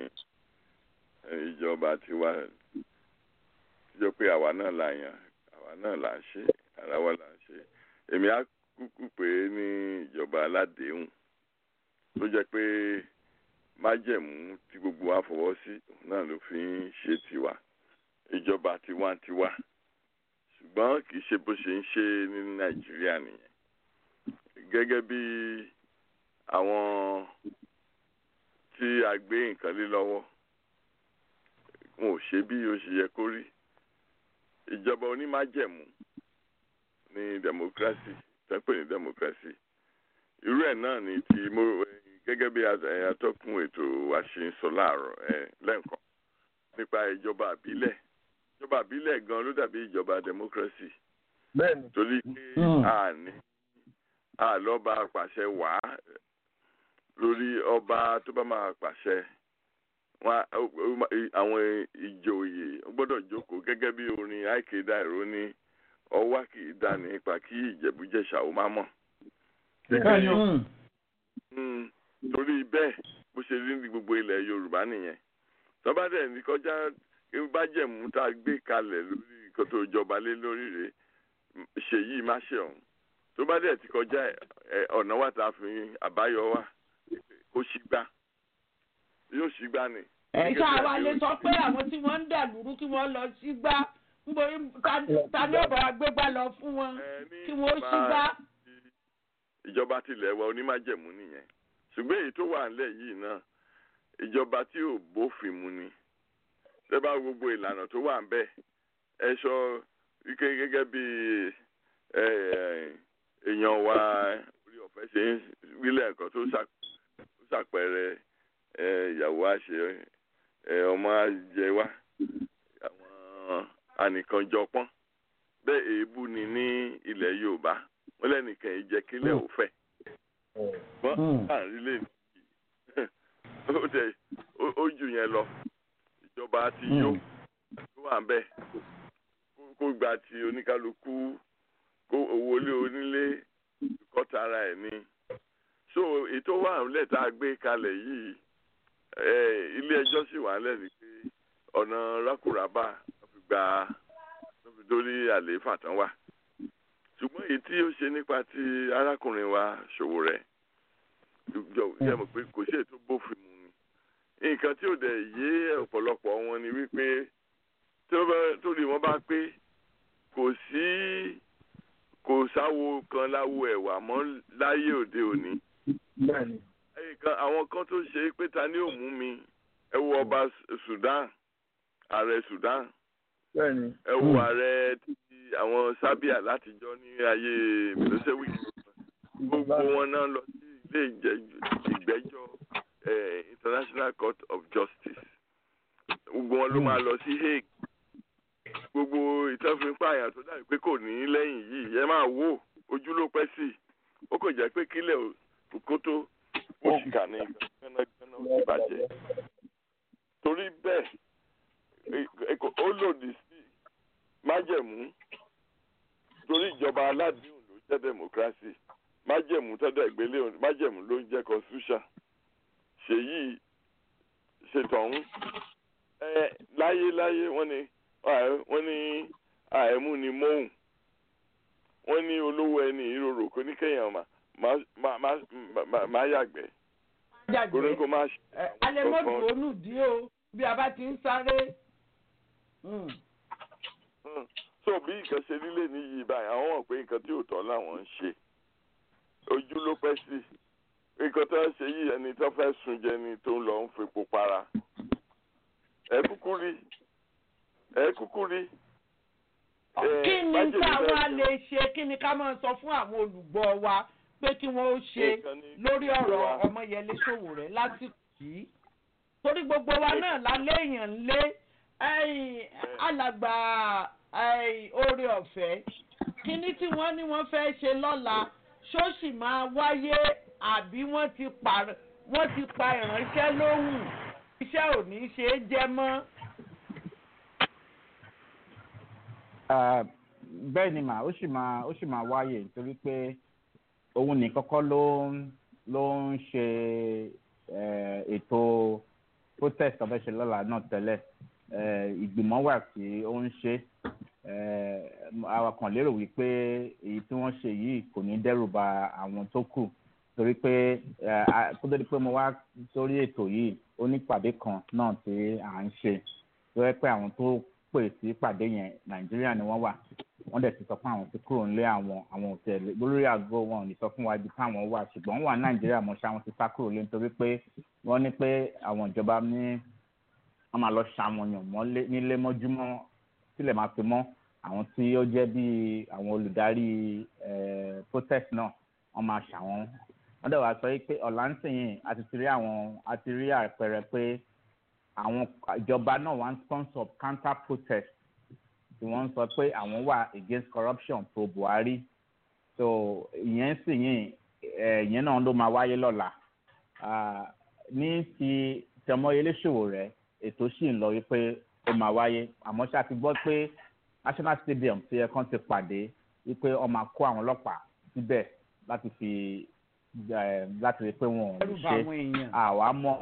K: ìjọba tiwa jọ pé àwa náà la yàn àwa náà la ṣe ara wa la ṣe èmi á kúkú pé ní ìjọba aládéhùn ló jẹ́ pé májẹ̀mú tí gbogbo wa fọwọ́ sí náà ló fi ń ṣe tiwa ìjọba tiwantiwa ṣùgbọ́n kì í ṣe bó ṣe ń ṣe ní nàìjíríà nìyẹn gẹ́gẹ́ bí àwọn tí a gbé nǹkan lé lọ́wọ́ wọn ò ṣe bí ó ṣe yẹ kó rí ìjọba onímájẹ̀mú ní democracy tẹ́pẹ́ ní democracy irú ẹ̀ náà ni ti mo gẹ́gẹ́ bí atọ́kùn ètò àṣeyìnsọ láàárọ̀ lẹ́ǹkan nípa ìjọba àbílẹ̀ ìjọba àbílẹ̀ gan ló dàbí ìjọba democracy torí pé hmm. a ní a lọ́ba pàṣẹ wá lórí ọba tó bá máa pàṣẹ àwọn ìjòyè gbọ́dọ̀ bí orin àìkè dàrú ní ọwá kì í kí torí bẹ́ẹ̀ bó ṣe rí ní gbogbo ilẹ̀ yorùbá nìyẹn tọ́ba dẹ̀ ní kọjá bájẹ̀mú tá a gbé kalẹ̀ lórí kòtò ìjọba lé lórí rẹ̀ ṣèyí má ṣe ọ̀hún tó dẹ̀ ti kọjá ọ̀nà wa tá a fi àbáyọ wa kó ṣìgbà yóò ṣìgbà ni.
D: ẹ̀ka àwa lè
B: sọ pé àwọn tí wọ́n ń dàlúrú kí wọ́n lọ ṣìgbà nítorí ta ní ọ̀bọ̀ agbégbá
C: lọ fún wọn kí wọ́n ṣìgbà.
K: ìjọba tilẹ̀ wa onímájẹ̀mú nìyẹn ṣùgbọ́n èyí tó wà nílẹ̀ yìí náà ìjọba tí ò bófin mu ni tẹ́ bá gbogbo ìlànà tó wà ń bẹ̀ ẹ sọ wíkẹ́ gẹ́gẹ́ èèyàn wa orí ọ̀fẹ́ ṣe ń wílẹ̀ ẹ̀kọ́ tó ṣàpẹẹrẹ ìyàwó àṣẹ ọmọ àjẹ wa àwọn ànìkànjọpọ́n bẹ́ẹ̀ èébú ni ní ilẹ̀ Yorùbá wọ́n lẹ́nìkan ìjẹ́kílẹ̀ òfẹ́. Mm bọ́n láàrin lè ní ó dẹ ó jù yẹn lọ ìjọba ti hmm. yó tó wà bẹ́ẹ̀ kó gba ti oníkálukú kó owó lé onílé kọ́ta ara ẹ̀ ni so ètò wà nílẹ̀ tá a gbé kalẹ̀ yìí ilé ẹjọ́ sì wà nílẹ̀ ni pé ọ̀nà rákùrábà gba lórí àlééfà tán wà ṣùgbọ́n èyí tí ó ṣe nípa ti arákùnrin wa ṣòwò rẹ̀ jẹ́ mọ̀ pé kò ṣe ètò bófin mu ni nǹkan tí ò dẹ̀ yé ọ̀pọ̀lọpọ̀ wọn ni wípé tó rí wọn bá pé kò sí kò sáwo kan láwo ẹ̀wà mọ́ láyé òde òní. àwọn kan tó ṣe pé ta ni ò mú mi ẹ wo ọba Sudan ààrẹ Sudan ẹ wo hmm. ààrẹ ti àwọn sábíà látijọ́ ní ayé Milosevic gbogbo wọn náà lọ sí ilé ìgbẹ́jọ́ eh, International Court of Justice gbogbo wọn ló hmm. máa lọ sí Hague gbogbo ìtọ́fin pààyàn tó dàbí pé kò ní lẹ́yìn yìí ẹ máa wò ojú ló pẹ́ sí ó kò jẹ́ pé kílẹ̀ òkótó oṣù kà ní gbẹ́nàgbẹ́nà ó sì bàjẹ́ torí bẹ́ẹ̀ e, e, ó lòdì sí májẹ̀mú torí ìjọba aládìhùn ló jẹ́ democracy májẹ̀mú tẹ́tẹ́ ìgbélé májẹ̀mú ló ń jẹ́ constitution ṣèyí ṣètọ̀hún ẹ láyé láyé wọ́n ní wọ́n ní àìmú ni mọ́hùn wọ́n ní olówó ẹni ìrorò kò ní kéèyàn máa yàgbẹ́ kórè
B: alẹ́ mọ́tò onú dí o bí a bá ti ń
C: sáré.
K: Hmm
B: so bí nǹkan ṣe nílé níyì
K: báyìí àwọn mọ̀ pé nǹkan tí ò tọ́ làwọn ń ṣe ojú ló pẹ́ sí nǹkan tó ń ṣe yìí ẹni tó fẹ́ sun jẹ ni tó ń lọ ń fepo para ẹ kúkú rí ẹ kúkú rí. kí ni táwa lè
B: ṣe kí ni ká máa sọ fún àwọn olùgbọ́ wa pé kí wọ́n ó ṣe lórí ọ̀rọ̀ ọmọyẹlé ṣòwò rẹ̀ lásìkò yìí torí gbogbo wa náà lálẹ́ èèyàn lé alàgbà oore ọ̀fẹ́ kíní tí wọ́n ní wọ́n fẹ́ ṣe lọ́la ṣóṣì máa wáyé àbí wọ́n ti pa ìránṣẹ́ lóhùn iṣẹ́ ò ní ṣe é jẹ́ mọ́.
I: bẹ́ẹ̀ ni mà ó sì máa ó sì máa wáyé nítorí pé òun nìkan kọ́ ló ń ló ń ṣe ètò protest ọ̀fẹ́ ṣe lọ́la náà tẹ́lẹ̀ ìgbìmọ̀ wà tí ó ń ṣe é àwa eh, kàn lérò wípé èyí tí wọ́n ṣe yìí kò ní dẹ́rù ba àwọn tó kù torí pé eh, kó tó di pé mo wá sórí ètò yìí ó ní ìpàdé kan náà tí à ń ṣe tó yẹ pé àwọn tó pè sí ìpàdé yẹn nàìjíríà ni wọ́n wà wọ́n dẹ̀ ti sọ fún àwọn tí kúrò nílé àwọn àwọn òtẹ̀lẹ̀ lórí àgọ́ wọn ò ní sọ fún wa ibi táwọn wà ṣùgbọ́n wà nàìjíríà mọ̀ ṣáwọn ti sá kúrò lé nítorí pé wọ́n ní pé àwọn ìjọba ní wọ́n máa lọ ṣàwọn èèyàn nílé mọ́júmọ́ tílẹ̀ máa fi mọ́ àwọn tí ó jẹ́ bíi àwọn olùdarí protest náà wọ́n máa ṣàwọn wọ́n dẹ̀ wá sọ pé ọ̀làǹtìyìn a ti rí àwọn a rí àpẹẹrẹ pé àwọn ìjọba náà wá ń sponsor counter protest tí wọ́n ń sọ pé àwọn wà against corruption tó Buhari so ìyẹn sì yìn ìyẹn náà ló máa wáyé lọ́la ní ti tẹmọ eléṣòwò rẹ ètò sì ń lọ wípé ó máa wáyé àmọ́ ṣá ti gbọ́ pé national stadium ti ẹ̀kan ti pàdé wípé wọ́n máa kó àwọn ọlọ́pàá síbẹ̀ láti fi eh, láti rí pé wọn ò lè ṣe àwa mọ̀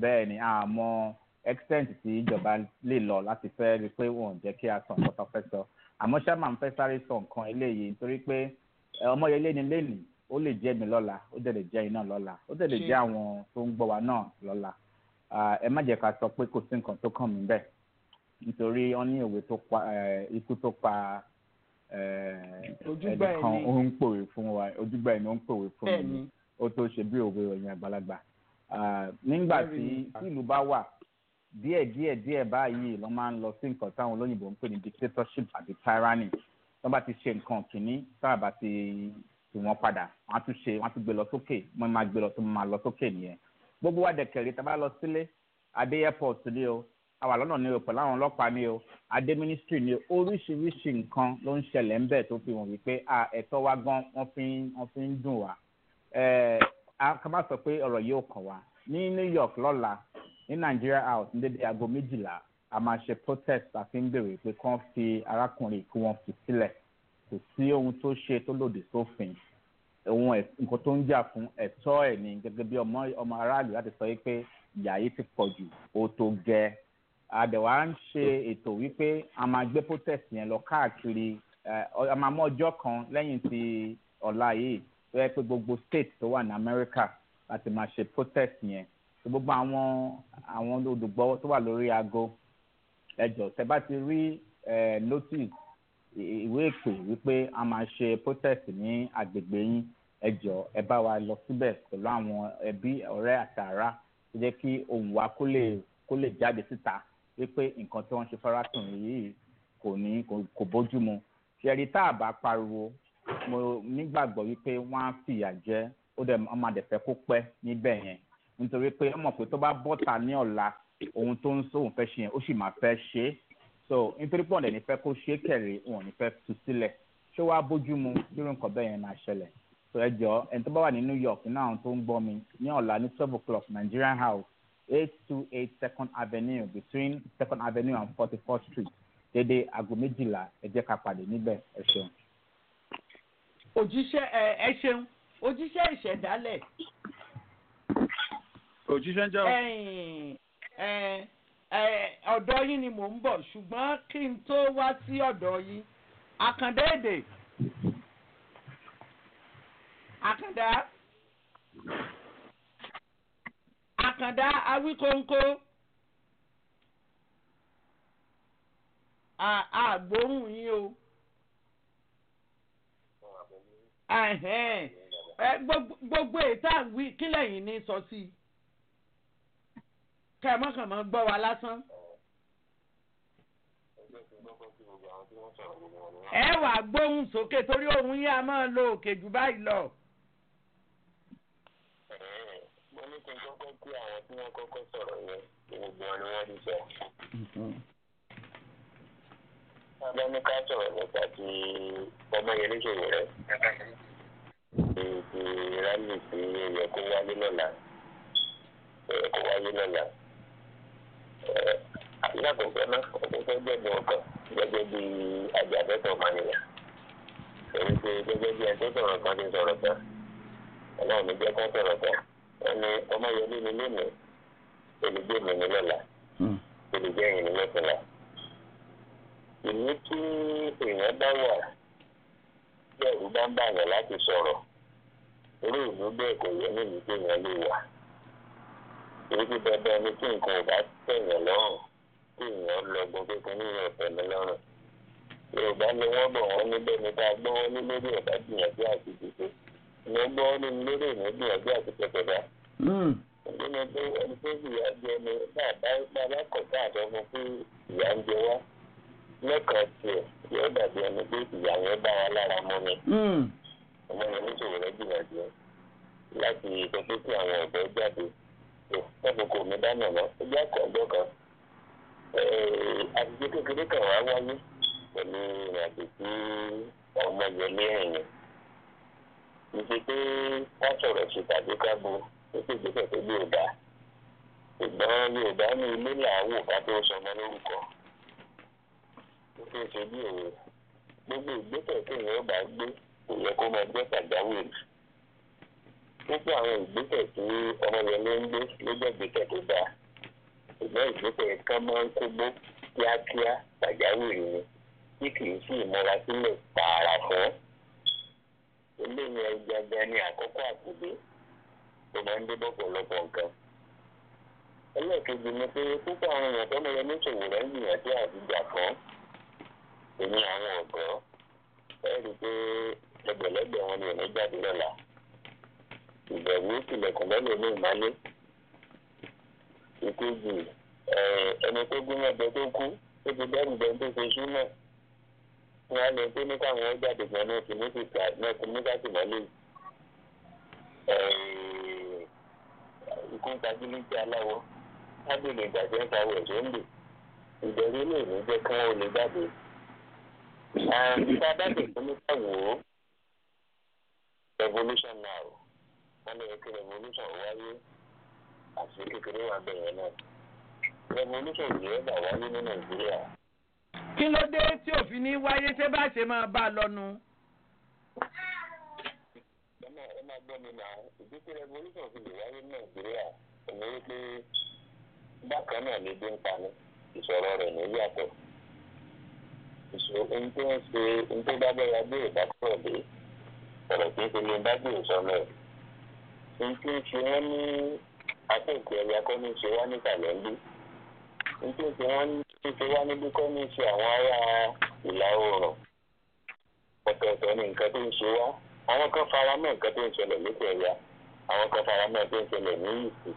I: bẹ́ẹ̀ ni àmọ́ extent tí ìjọba lè lọ láti fẹ́ rí pé wọn ò jẹ́ kí a sọ nǹkan tó fẹ́ sọ àmọ́ ṣá máa ń fẹ́ sáré sọ nǹkan eléyìí nítorí pé eh, ọmọyẹlé ni lẹ́nìí ó lè jẹ́ mi lọ́la ó dẹ̀ lè jẹ́ iná lọ́la ó dẹ̀ lè jẹ́ àwọn tó ń gbọ́ wa náà lọ́la ah, ẹ má jẹ́ ká sọ pé kò sí nǹkan tó kàn mí bẹ́ẹ̀ nítorí wọ́n ní òwe tó pa eh, ikú tó pa eh,
E: ẹnìkan ó ń
I: pòwe fún wa ojúgbà ẹni ó ń pòwe fún mi ó tó ṣe bí òwe ọ̀yìn àgbàlagbà ah, nígbà tí ìlú bá wà díẹ̀ díẹ̀ díẹ̀ báyìí ló máa ń lọ sí nǹkan táwọn olóyìnbó ń pè ní dictatorship àti tyranny tó bá ti ṣe nǹkan kìíní sábà bá ti tì wọ́n padà wọ́n á tún ṣe wọ́n á tún gbé lọ sókè wọ́n máa gbé lọ tó máa lọ sókè nìyẹn gbogbo wa dẹ̀kẹ̀rẹ̀ tá a bá lọ sílé adé airport ni o àwa lọ́nà ni o pẹ̀lú àwọn ọlọ́pàá ni o adé mínísítírì ni o oríṣiríṣi nǹkan ló ń ṣẹlẹ̀ ńbẹ̀ tó fi hàn wípé ẹ̀tọ́ wa gan wọ́n fi wọ́n fi ń dùn wá ká má sọ pé ọ̀rọ̀ yìí ò kàn wá ní New York lọ́la ní Nigeria house ní dédé aago méjìlá a máa ṣe protest àti ń béèrè pé kán fi arákùnrin kí wọ́n fi sílẹ̀ kò sí ohun tó ṣe tó lòdì sófin ohun nǹkan tó ń jà fún ẹ̀tọ́ ẹ̀ ní gẹ́gẹ́ bí ọmọ aráàlú láti sọ wípé ìyà yìí ti pọ̀ jù ó tó gẹ́ẹ́ àdẹ̀wà ń ṣe ètò wípé a máa gbé protest yẹn lọ káàkiri eh, a máa mú ọjọ́ kan lẹ́yìn ti ọ̀la yìí tó yẹ pé gbogbo state tó wà ní Amẹ́ríkà láti máa ṣe protest yẹn tó gbogbo àwọn àwọn olùgbọ́wọ́ tó wà lórí aago ẹjọ́ tẹ́ bá ti rí eh, notice ìwé ìpè wípé a máa ṣe protest ní agbègbè yín ẹjọ́ ẹ bá wa lọ síbẹ̀ pẹ̀lú àwọn ẹbí ọ̀rẹ́ àtàrà tó jẹ́ kí ohùn wa kó lè kó lè jáde síta wípé nǹkan tí wọ́n ṣe farakùnrin yìí kò ní kò bójú mu ṣẹ̀rí tá a bá pariwo mo nígbàgbọ́ wípé wọ́n á fìyà jẹ ó dẹ̀ ọmọ àdẹ̀fẹ́ kó pẹ́ níbẹ̀ yẹn nítorí pé ọmọ pé tó bá bọ́ta ní ọ̀la ohun tó ń sọ òun fẹ́ ṣe yẹn ó sì máa fẹ́ ṣe é so nítorí pọ̀ lẹ́ni fẹ́ kó ṣe é kẹ̀rí wọn ò ní fẹ́ tú sílẹ̀ ṣé wàá bójú mu lórí nǹkan bẹ́ẹ̀ yẹn máa ṣẹlẹ̀ so ẹ jọ ẹni tó bá wà ní New York náà àwọn tó ń gbọ́ mi ní ọ̀la ní twelve o'clock Nigerian house 828 second avenue between second avenue and forty fourth street dédé aago méjìlá ẹ jẹ́ ká pàdé níbẹ̀ ẹ ṣeun.
B: òjíṣẹ́ ẹ ẹ ṣeun òjíṣẹ́ ìṣẹ̀dálẹ̀. òjíṣẹ́ ń jẹ́ ọ. ọ̀dọ̀ yín ni mò ń bọ̀ ṣùgbọ́n kí n tó wá sí ọ̀dọ̀ yín àkàndá èdè
C: àkàndá àkàndá awíkóńkó
B: àgbóhùn yín o gbogbo ètò àwí kílẹ̀ yìí ní sọ sí i kẹ̀mọ́kànmọ́ gbọ́ wa lásán.
F: ẹ wàá
C: gbóhùn sókè torí òun yìí a máa lo òkè jù báyìí lọ.
F: ní kí n kọ́kọ́ kí àwọn tí wọ́n kọ́kọ́ sọ̀rọ̀ yẹn kí gbogbo wọn ni wọ́n rí sọ. Bàbá mi ká sọ̀rọ̀ nípa ti ọmọ yẹn níṣòro rẹ̀. Ètò rálì sí ẹ̀yẹ kó wáyé lọ́la. Ẹ̀yẹ kó wáyé lọ́la. Alákọ̀ọ́kọ́ náà, ọ̀kọ́kọ́ gbẹ̀dọ̀ ọkàn gẹ́gẹ́ bí àjàbẹ́tọ̀ ọmọnìyàn. Èyí ti gẹ́gẹ́ bí ẹ̀ńtọ́ sọ̀rọ̀ kan ti sọ̀rọ̀ kan. Ọlọ́run mi jẹ́ kọ́ sọ̀rọ̀ kan ẹni ọmọyẹlé ni lónìí olùgbé mi ni lọ́la olùgbé hmm. yìí ni lọ́tọ̀la. ìlú tí èèyàn bá wà bí ẹ̀rù bá ń bà yàn láti sọ̀rọ̀ orí ìlú bẹ́ẹ̀ kò yẹ níbi tí èèyàn lè wà. ìrètí dandan ni kí nǹkan ò bá tẹ̀yàn lọ́rùn kí èèyàn lọ gbogbo kan ní ọ̀sẹ̀ mi lọ́rùn. yorùbá ni wọ́n bọ̀ wọ́n níbẹ̀ nípa gbọ́wọ́ ní lórí ọ̀dá gbìyànjú àti ìdìbò ìyẹn gbọ́ ní lórí ìwé gbìyànjú àti pẹ̀tẹ̀dá. Hmm. nínú pé ẹni tó fi ìyá jẹ ni náà bá bá kọ̀ọ̀kan àjọ fún pé ìyá ń jẹ wá lẹ́kọ̀ọ́ tiẹ̀ yóò dàbí ẹni pé ìyá yẹn bá wa lára mọ́ ni. Hmm. ọmọ yẹn níṣòro rẹ gbìyànjú láti ìtọ́jú sí àwọn ọ̀dọ́ jáde ẹ̀fọ̀kọ̀ mi dáná lọ ó jẹ́ àkọ́jọ́ kan àtijọ́ kékeré kan wá wáyé pẹ̀lú ìrìnàjò tí ọmọ yẹn lé ẹ̀yìn. ìfi pé wọ́n sọ̀rọ̀ sí tàbí kábo wípé sì tó gbé e ò ìgbọ́n ṣùgbọ́n Yorùbá ní ilé làwò ká tó sọmọ lórúkọ ó tó bí òwe gbogbo ìgbésẹ̀ tí gbé kò kó máa gbé pàjáwìrì gbogbo àwọn tí ń gbé tó kan máa ń kíákíá pàjáwìrì ni eléyìí ẹgbẹgbẹ ní àkọ́kọ́ àkùdé tó máa ń dé bọ́pọ̀lọpọ̀ nǹkan. ẹlẹ́ẹ̀kejì ni pé púpọ̀ àwọn èèyàn tó lọ́yẹ níṣòwò rẹ̀ ń gbìyànjú àdúgbà kan èmi àwọn ọ̀gọ́ ẹ rí i pé ẹgbẹ̀lẹ́gbẹ̀ wọn ni òní jáde lọ́la ìbẹ̀wò ìkìlẹ̀kùn lọ́lẹ̀ ní ìmọ̀lé. ìkejì ẹni tó gún ẹgbẹ́ tó kú ó ti dẹ́rù bẹ́ẹ̀ tó ṣe sún náà wọn ní pé nípa àwọn jáde gan náà kìíní ti kà náà kìíní ká sì mọ́lẹ̀ ikú tajúlé jẹ́ aláwọ̀ tábìlì ìgbàjẹ́ ń pawọ́ ẹ̀jẹ̀ ń lò ìbẹ̀rù ilé ìlú jẹ́ kí wọ́n lè jáde. nípa bá tẹ̀sí nípa wò ó revolution now wọ́n lè kí revolution wáyé àti kékeré wà bẹ̀rẹ̀ náà revolution yìí ẹ̀ bà wáyé ní nàìjíríà
C: kí ló dé tí òfin ní wáyé ṣé bá ṣe máa bá a lọ́nu.
F: ẹ máa gbọ́ mi náà ìdí revolution fi lè wáyé nàìjíríà ẹ̀mí wípé bákan náà lè dé ń pa ní ìṣòro rẹ̀ ní yàtọ̀ ìṣòro ohun tó ń ṣe ohun tó bá bẹ́ẹ̀ yàgbé ìbákọ̀rọ̀ dé ọ̀rọ̀ tí ń fi lè bá gbé ìsọmọ ẹ̀ ohun ń ṣe wọ́n ní akẹ́kọ̀ọ́ ẹ̀yà kọ́ ní ṣe wá ní kàlẹ́ńdì nítorí tí wọ́n ti wá níbi kọ́ ní ti àwọn ará ìlà oòrùn ọ̀tọ̀ọ̀tọ̀ ni nǹkan tó ń ṣe wá àwọn kan fara mọ́ nǹkan tó ń ṣẹlẹ̀ lókè ẹ̀yà àwọn kan fara mọ́ tó ń ṣẹlẹ̀ ní ìsì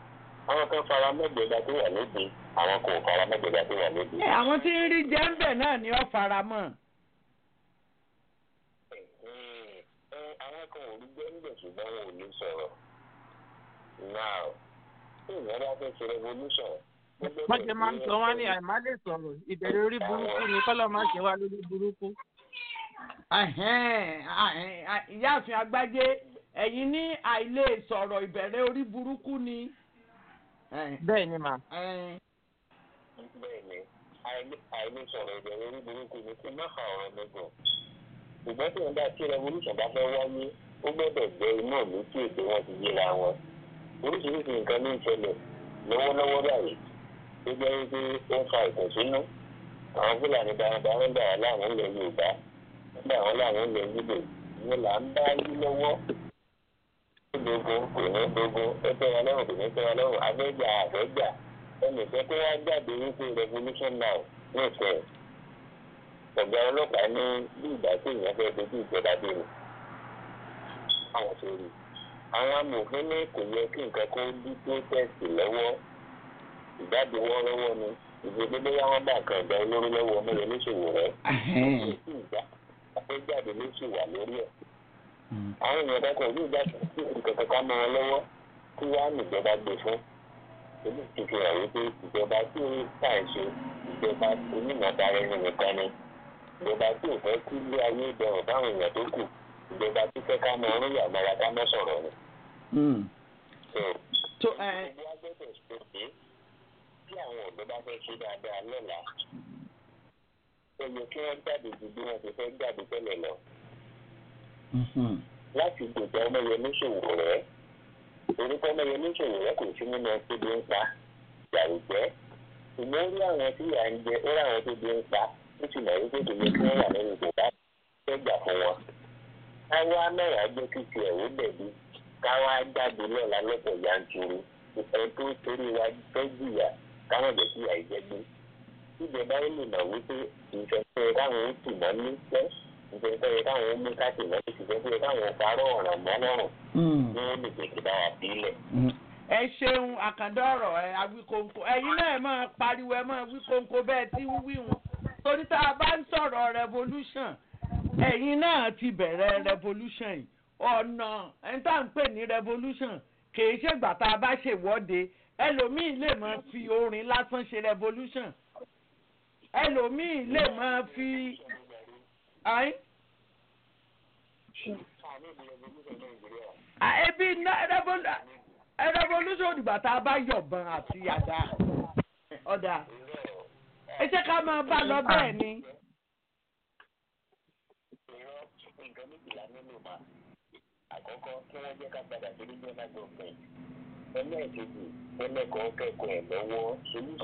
F: àwọn kan fara mọ́ ìgbéga tó wà níbi àwọn kò fara mọ́ tó wà níbi. àwọn tí
B: ń rí jẹ́ńbẹ̀ náà ni ó fara mọ́.
F: àwọn kan ò rí jẹ́ńbẹ̀ ṣùgbọ́n wọn ò ní sọ̀rọ̀ náà tí ìyẹn bá fẹ́ ṣe revolution
E: wọ́n ṣe máa ń sọ wọ́n ní àìmá lè
J: sọ̀rọ̀ ìbẹ̀rẹ̀ orí burúkú ni kọ́lọ́ máa
B: ṣe wá lórí burúkú. ìyáàfin agbájé ẹ̀yin ní àìlè sọ̀rọ̀ ìbẹ̀rẹ̀ orí burúkú ni. bẹ́ẹ̀ ni mà.
F: bẹ́ẹ̀ ni àìlè sọ̀rọ̀ ìbẹ̀rẹ̀ orí burúkú ni kí n má fa ọ̀rọ̀ mi gọ̀. ṣùgbọ́n tí wọ́n bá tí revolution bá fẹ́ wáyé ó gbọ́dọ̀ gbé inú ìlú tí èdè wọn ti yíra wọn oríṣiríṣi nǹkan ní ìṣẹ̀lẹ̀ lọ́wọ́lọ́wọ́ báyìí tó jẹ́ wípé ó ń fa ìkùnsínú àwọn fúlàní darandaran dà wọ́n ilẹ̀ yorùbá dà wọ́n láàmú ilẹ̀ yíbò ni là ń bá yí lọ́wọ́ gbogbo kò ní gbogbo ó tẹ́ wọn kò ní tẹ́ wọn abẹ́jà àbẹ́jà ẹnìkan tó wá jáde wípé revolution now ní ọ̀gá ọlọ́pàá ní bí ìgbà tí èèyàn fẹ́ dojú ìjọba dèrò àwọn tó àwọn amòfin ní kò yẹ kí nǹkan kó dúró tẹ̀sí lọ́wọ́ ìjáde wọ́ọ́rọ́wọ́ ni ìgbòdúdó yà wọ́n bá kan ìgbà olórí lọ́wọ́ rẹ̀ ló sì wà lórí ẹ̀. Hmm. àwọn èèyàn ká wọn lọ́wọ́ kí wàá nìjọba gbé fún. èmi ti fi hàn wípé ìjọba tí ó ìjọba onímọ̀tara ẹni nìkan ni ìjọba tí ò fẹ́ kí ilé ayé báwọn èèyàn tó kù ìjọba tí fẹ́ ká mọ orí ká àwọn ọ̀dọ́ bá fẹ́ ṣe dáadáa lọ́la ó yẹ kí wọ́n jáde ju bí wọ́n ti fẹ́ jáde tẹ́lẹ̀ lọ. Mm-hmm. láti gbèjà ọmọyẹmí ṣòwò rẹ̀ orúkọ ọmọyẹmí ṣòwò rẹ̀ kò sí nínú ẹgbẹ́ bí ń pa jàrùjẹ́ ṣùgbọ́n ó rí àwọn tí ìyà ń jẹ ó rí àwọn tó bí ń pa ó sì mọ̀ wípé kò yẹ kí wọ́n wà lẹ́yìn ìgbà fẹ́ gbà fún wọn. káwá mẹ́rà jẹ́ kí tiẹ̀ ó dẹ̀bi káwá jáde lọ́la lọ́pọ̀ yanturu ẹ̀kọ́ torí wa fẹ́ jìyà káwọn jẹ́ kí àìjẹ́gbé ìjọba yìí lè mọ̀ wípé ìjọba yẹ káwọn ó tì mọ́ ní pẹ́ ìjọba yẹ káwọn ó mú káàtì mọ́ ní ìjọba yẹ káwọn ó parọ́ ọ̀ràn mọ́ lọ́rùn ní hmm. wọ́n lè tètè bá wa sílẹ̀.
A: Hmm.
B: ẹ ṣeun àkàndá ẹ awíkóńkó ẹ̀yin náà ẹ máa pariwo ẹ máa wíkóńkó bẹ́ẹ̀ tí wíwí wọn torí tá a bá ń sọ̀rọ̀ revolution ẹ̀yin náà ti bẹ̀rẹ̀ revolution yìí ọ̀nà ẹni tá à ń pè ní revolution kì í ṣègbà tá a bá ṣèwọ́de ẹlòmíì lè máa fi orin lásán ṣe revolution ẹlòmíì lè máa fi ayin. Ah, ebi eh, revolution ìgbà tá a bá yọ̀bọ̀n àti àdá ọ̀dà ẹ jẹ́ ká máa bá lọ bẹ́ẹ̀ ni.
F: àkọ́kọ́ kí wọ́n jẹ́ ká padà sí ní jẹ́ ká ẹlẹ́ẹ̀kejì ẹlẹ́kọ̀ọ́ kẹ́kọ̀ọ́ ẹ̀ lọ́wọ́.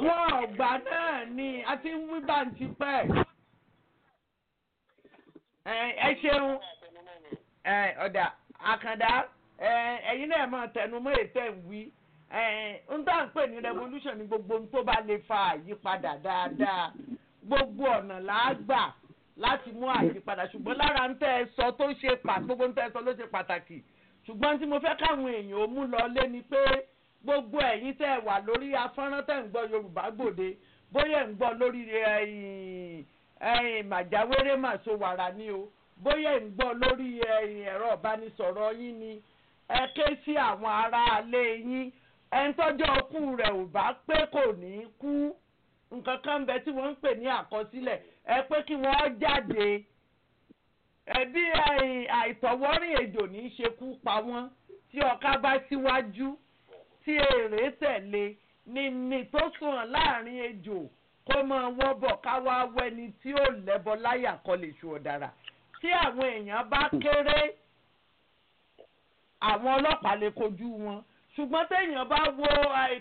F: wọn
B: ọgbà náà ni a ti ń wí bá ń ti pẹ́. ẹ ṣeun ọ̀dà àkàndá ẹ̀yin náà máa tẹnumọ́ ètò ẹ̀ wí n tá à ń pè ní revolution ní gbogbo ohun tó bá lè fa àyípadà dáadáa gbogbo ọ̀nà làá gbà láti mú àyípadà ṣùgbọ́n lára ń tẹ́ ẹ sọ tó ṣe pàtó gbogbo ń tẹ́ ẹ sọ ló ṣe pàtàkì ṣùgbọ́n tí mo fẹ́ káwọn èèyàn ó mú lọ lé ni pé gbogbo ẹ̀yin tẹ́ ẹ wà lórí afọ́nrán tẹ́ ń gbọ́ yorùbá gbòde bóyá ń gbọ́ lórí eh, eh, màjáwéré màsowàrà ni o bóyá ń gbọ́ lórí eh, ẹ̀rọ ìbánisọ̀rọ̀ yín ni ẹ ké sí àwọn aráalé yín ẹni tọ́jọ́ ọkù rẹ̀ ò bá pé kò ní kú nǹkan kan bẹ tí wọ́n ń pè ní àkọsílẹ̀ ẹ pé kí wọ́n jáde ẹbí àìtọ̀wọ́rìn ejò ní í ṣekú pa wọ́n tí ọká bá síwájú tí èrè tẹ̀lé ní ní tó sùn láàrin ejò kó máa wọ́n bọ̀ ká wá wẹ́ni tí ó lẹ́bọ láyà kọ́ lè ṣu ọ̀dàrà tí àwọn èèyàn bá kéré àwọn ọlọ́pàá lè kojú wọn ṣùgbọ́n téèyàn bá wo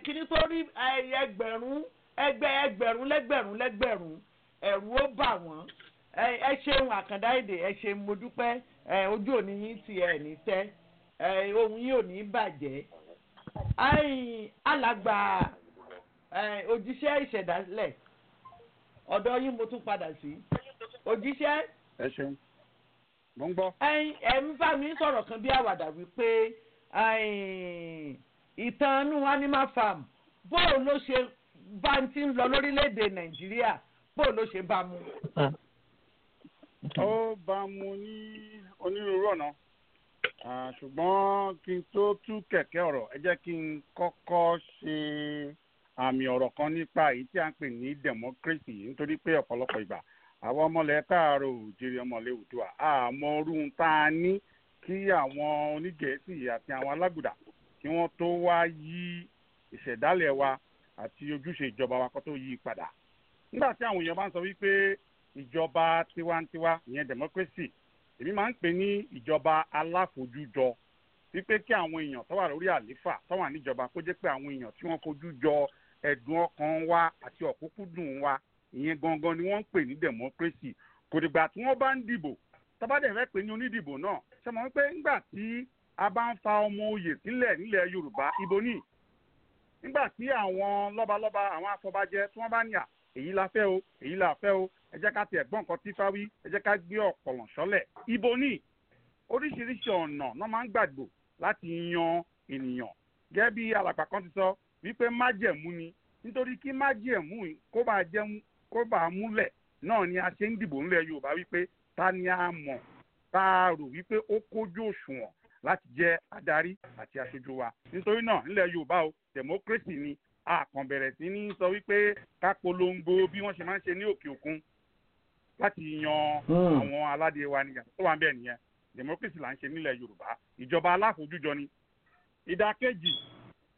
B: kíní tó rí ẹgbẹ̀rún ẹgbẹ̀ ẹgbẹ̀rún lẹ́gbẹ̀rún lẹ́gbẹ̀rún ẹ̀rù ó bà wọ́n ẹ ṣeun àkàndá èdè ẹ ṣeun mo dúpẹ́ ojú òní yín ti ẹ̀ ní tẹ́ ohun yìí ò ní bàjẹ́ alàgbà òjíṣẹ́ ìṣẹ̀dálẹ̀ ọ̀dọ̀ yín mo tún padà sí òjíṣẹ́.
H: ẹ ṣeun mo ń gbọ́.
B: ẹ ń bá mi sọ̀rọ̀ kan bí àwàdà wípé ìtànnú animal farm bóò ló ṣe bá ń ti ń lọ lórílẹ̀‐èdè nàìjíríà
H: bóò ló ṣe bá mu ó mhm. bá mu ní onírúurú ọ̀nà ṣùgbọ́n kí n tó tú kẹ̀kẹ́ ọ̀rọ̀ ẹ jẹ́ kí n kọ́kọ́ ṣe àmì ọ̀rọ̀ kan nípa èyí tí a ń pè ní democracy nítorí pé ọ̀pọ̀lọpọ̀ ìgbà àwọn ọmọlẹ̀ káàárọ̀ òjèrè ọmọlẹ̀ òdùà àmọ́ orú tá a ní kí àwọn onígẹ̀ẹ́sì àti àwọn alágùdà kí wọ́n tó wá yí ìṣẹ̀dálẹ̀ wa àti ojúṣe ìjọba wa kó tó yí padà nígbà tí àwọn èèyàn bá ń sọ wípé ìjọba tiwantiwa ìyẹn democracy èmi máa ń pè ní ìjọba aláfojújọ wípé kí àwọn èèyàn tó wà lórí àlééfà tó wà níjọba kó jẹ́ pé àwọn èèyàn tí wọ́n fojú jọ ẹ̀dùn ọkàn wa àti ọ̀kúnkúndùn wa ìyẹn gangan ni wọ́n ń pè ní democracy kò dìgbà tí wọ́n bá ń dìbò tọ́bádẹ̀ fẹ́ pè ní onídìbò náà ṣe mọ̀ wípé ńgbà tí a bá ń fa ọmọ oyè sílẹ̀ nílẹ̀ yorùbá ibo ní nígbà tí àwọn lọ́balọ́ba àwọn afọbajẹ tí wọ́n bá ní à èyí la fẹ́ o èyí la fẹ́ o ẹ jẹ́ ká tiẹ̀ gbọ́ nǹkan tífá wí ẹ jẹ́ ká gbé ọ̀pọ̀lọ̀ sọ́lẹ̀. ibo ni oríṣiríṣi ọ̀nà náà máa ń gbàgbọ́ láti yan ènìyàn gẹ́gẹ́ bí alàgbà kan ti sọ wípé májẹ̀mú ni nítorí kí májẹ̀mú kó bá jẹ́ kó bá múlẹ̀ náà ni a ṣe ń dìbò ńlẹ̀ yorùbá wípé ta ni a mọ̀ tá a rò wípé ó kójú òṣùwọ̀n láti jẹ́ adarí àti aṣojú wa nítorí náà ńlẹ̀ yorùbá o democracy ni àkàn bẹ̀rẹ̀ sí ní sọ wípé ká polongo bí wọ́n ṣe máa ń ṣe ní òkè òkun láti yan hmm. àwọn aládé wa nìyà tó wà ń bẹ̀ nìyẹn democracy là ń ṣe nílẹ̀ yorùbá ìjọba aláfojújọ ni ìdàkejì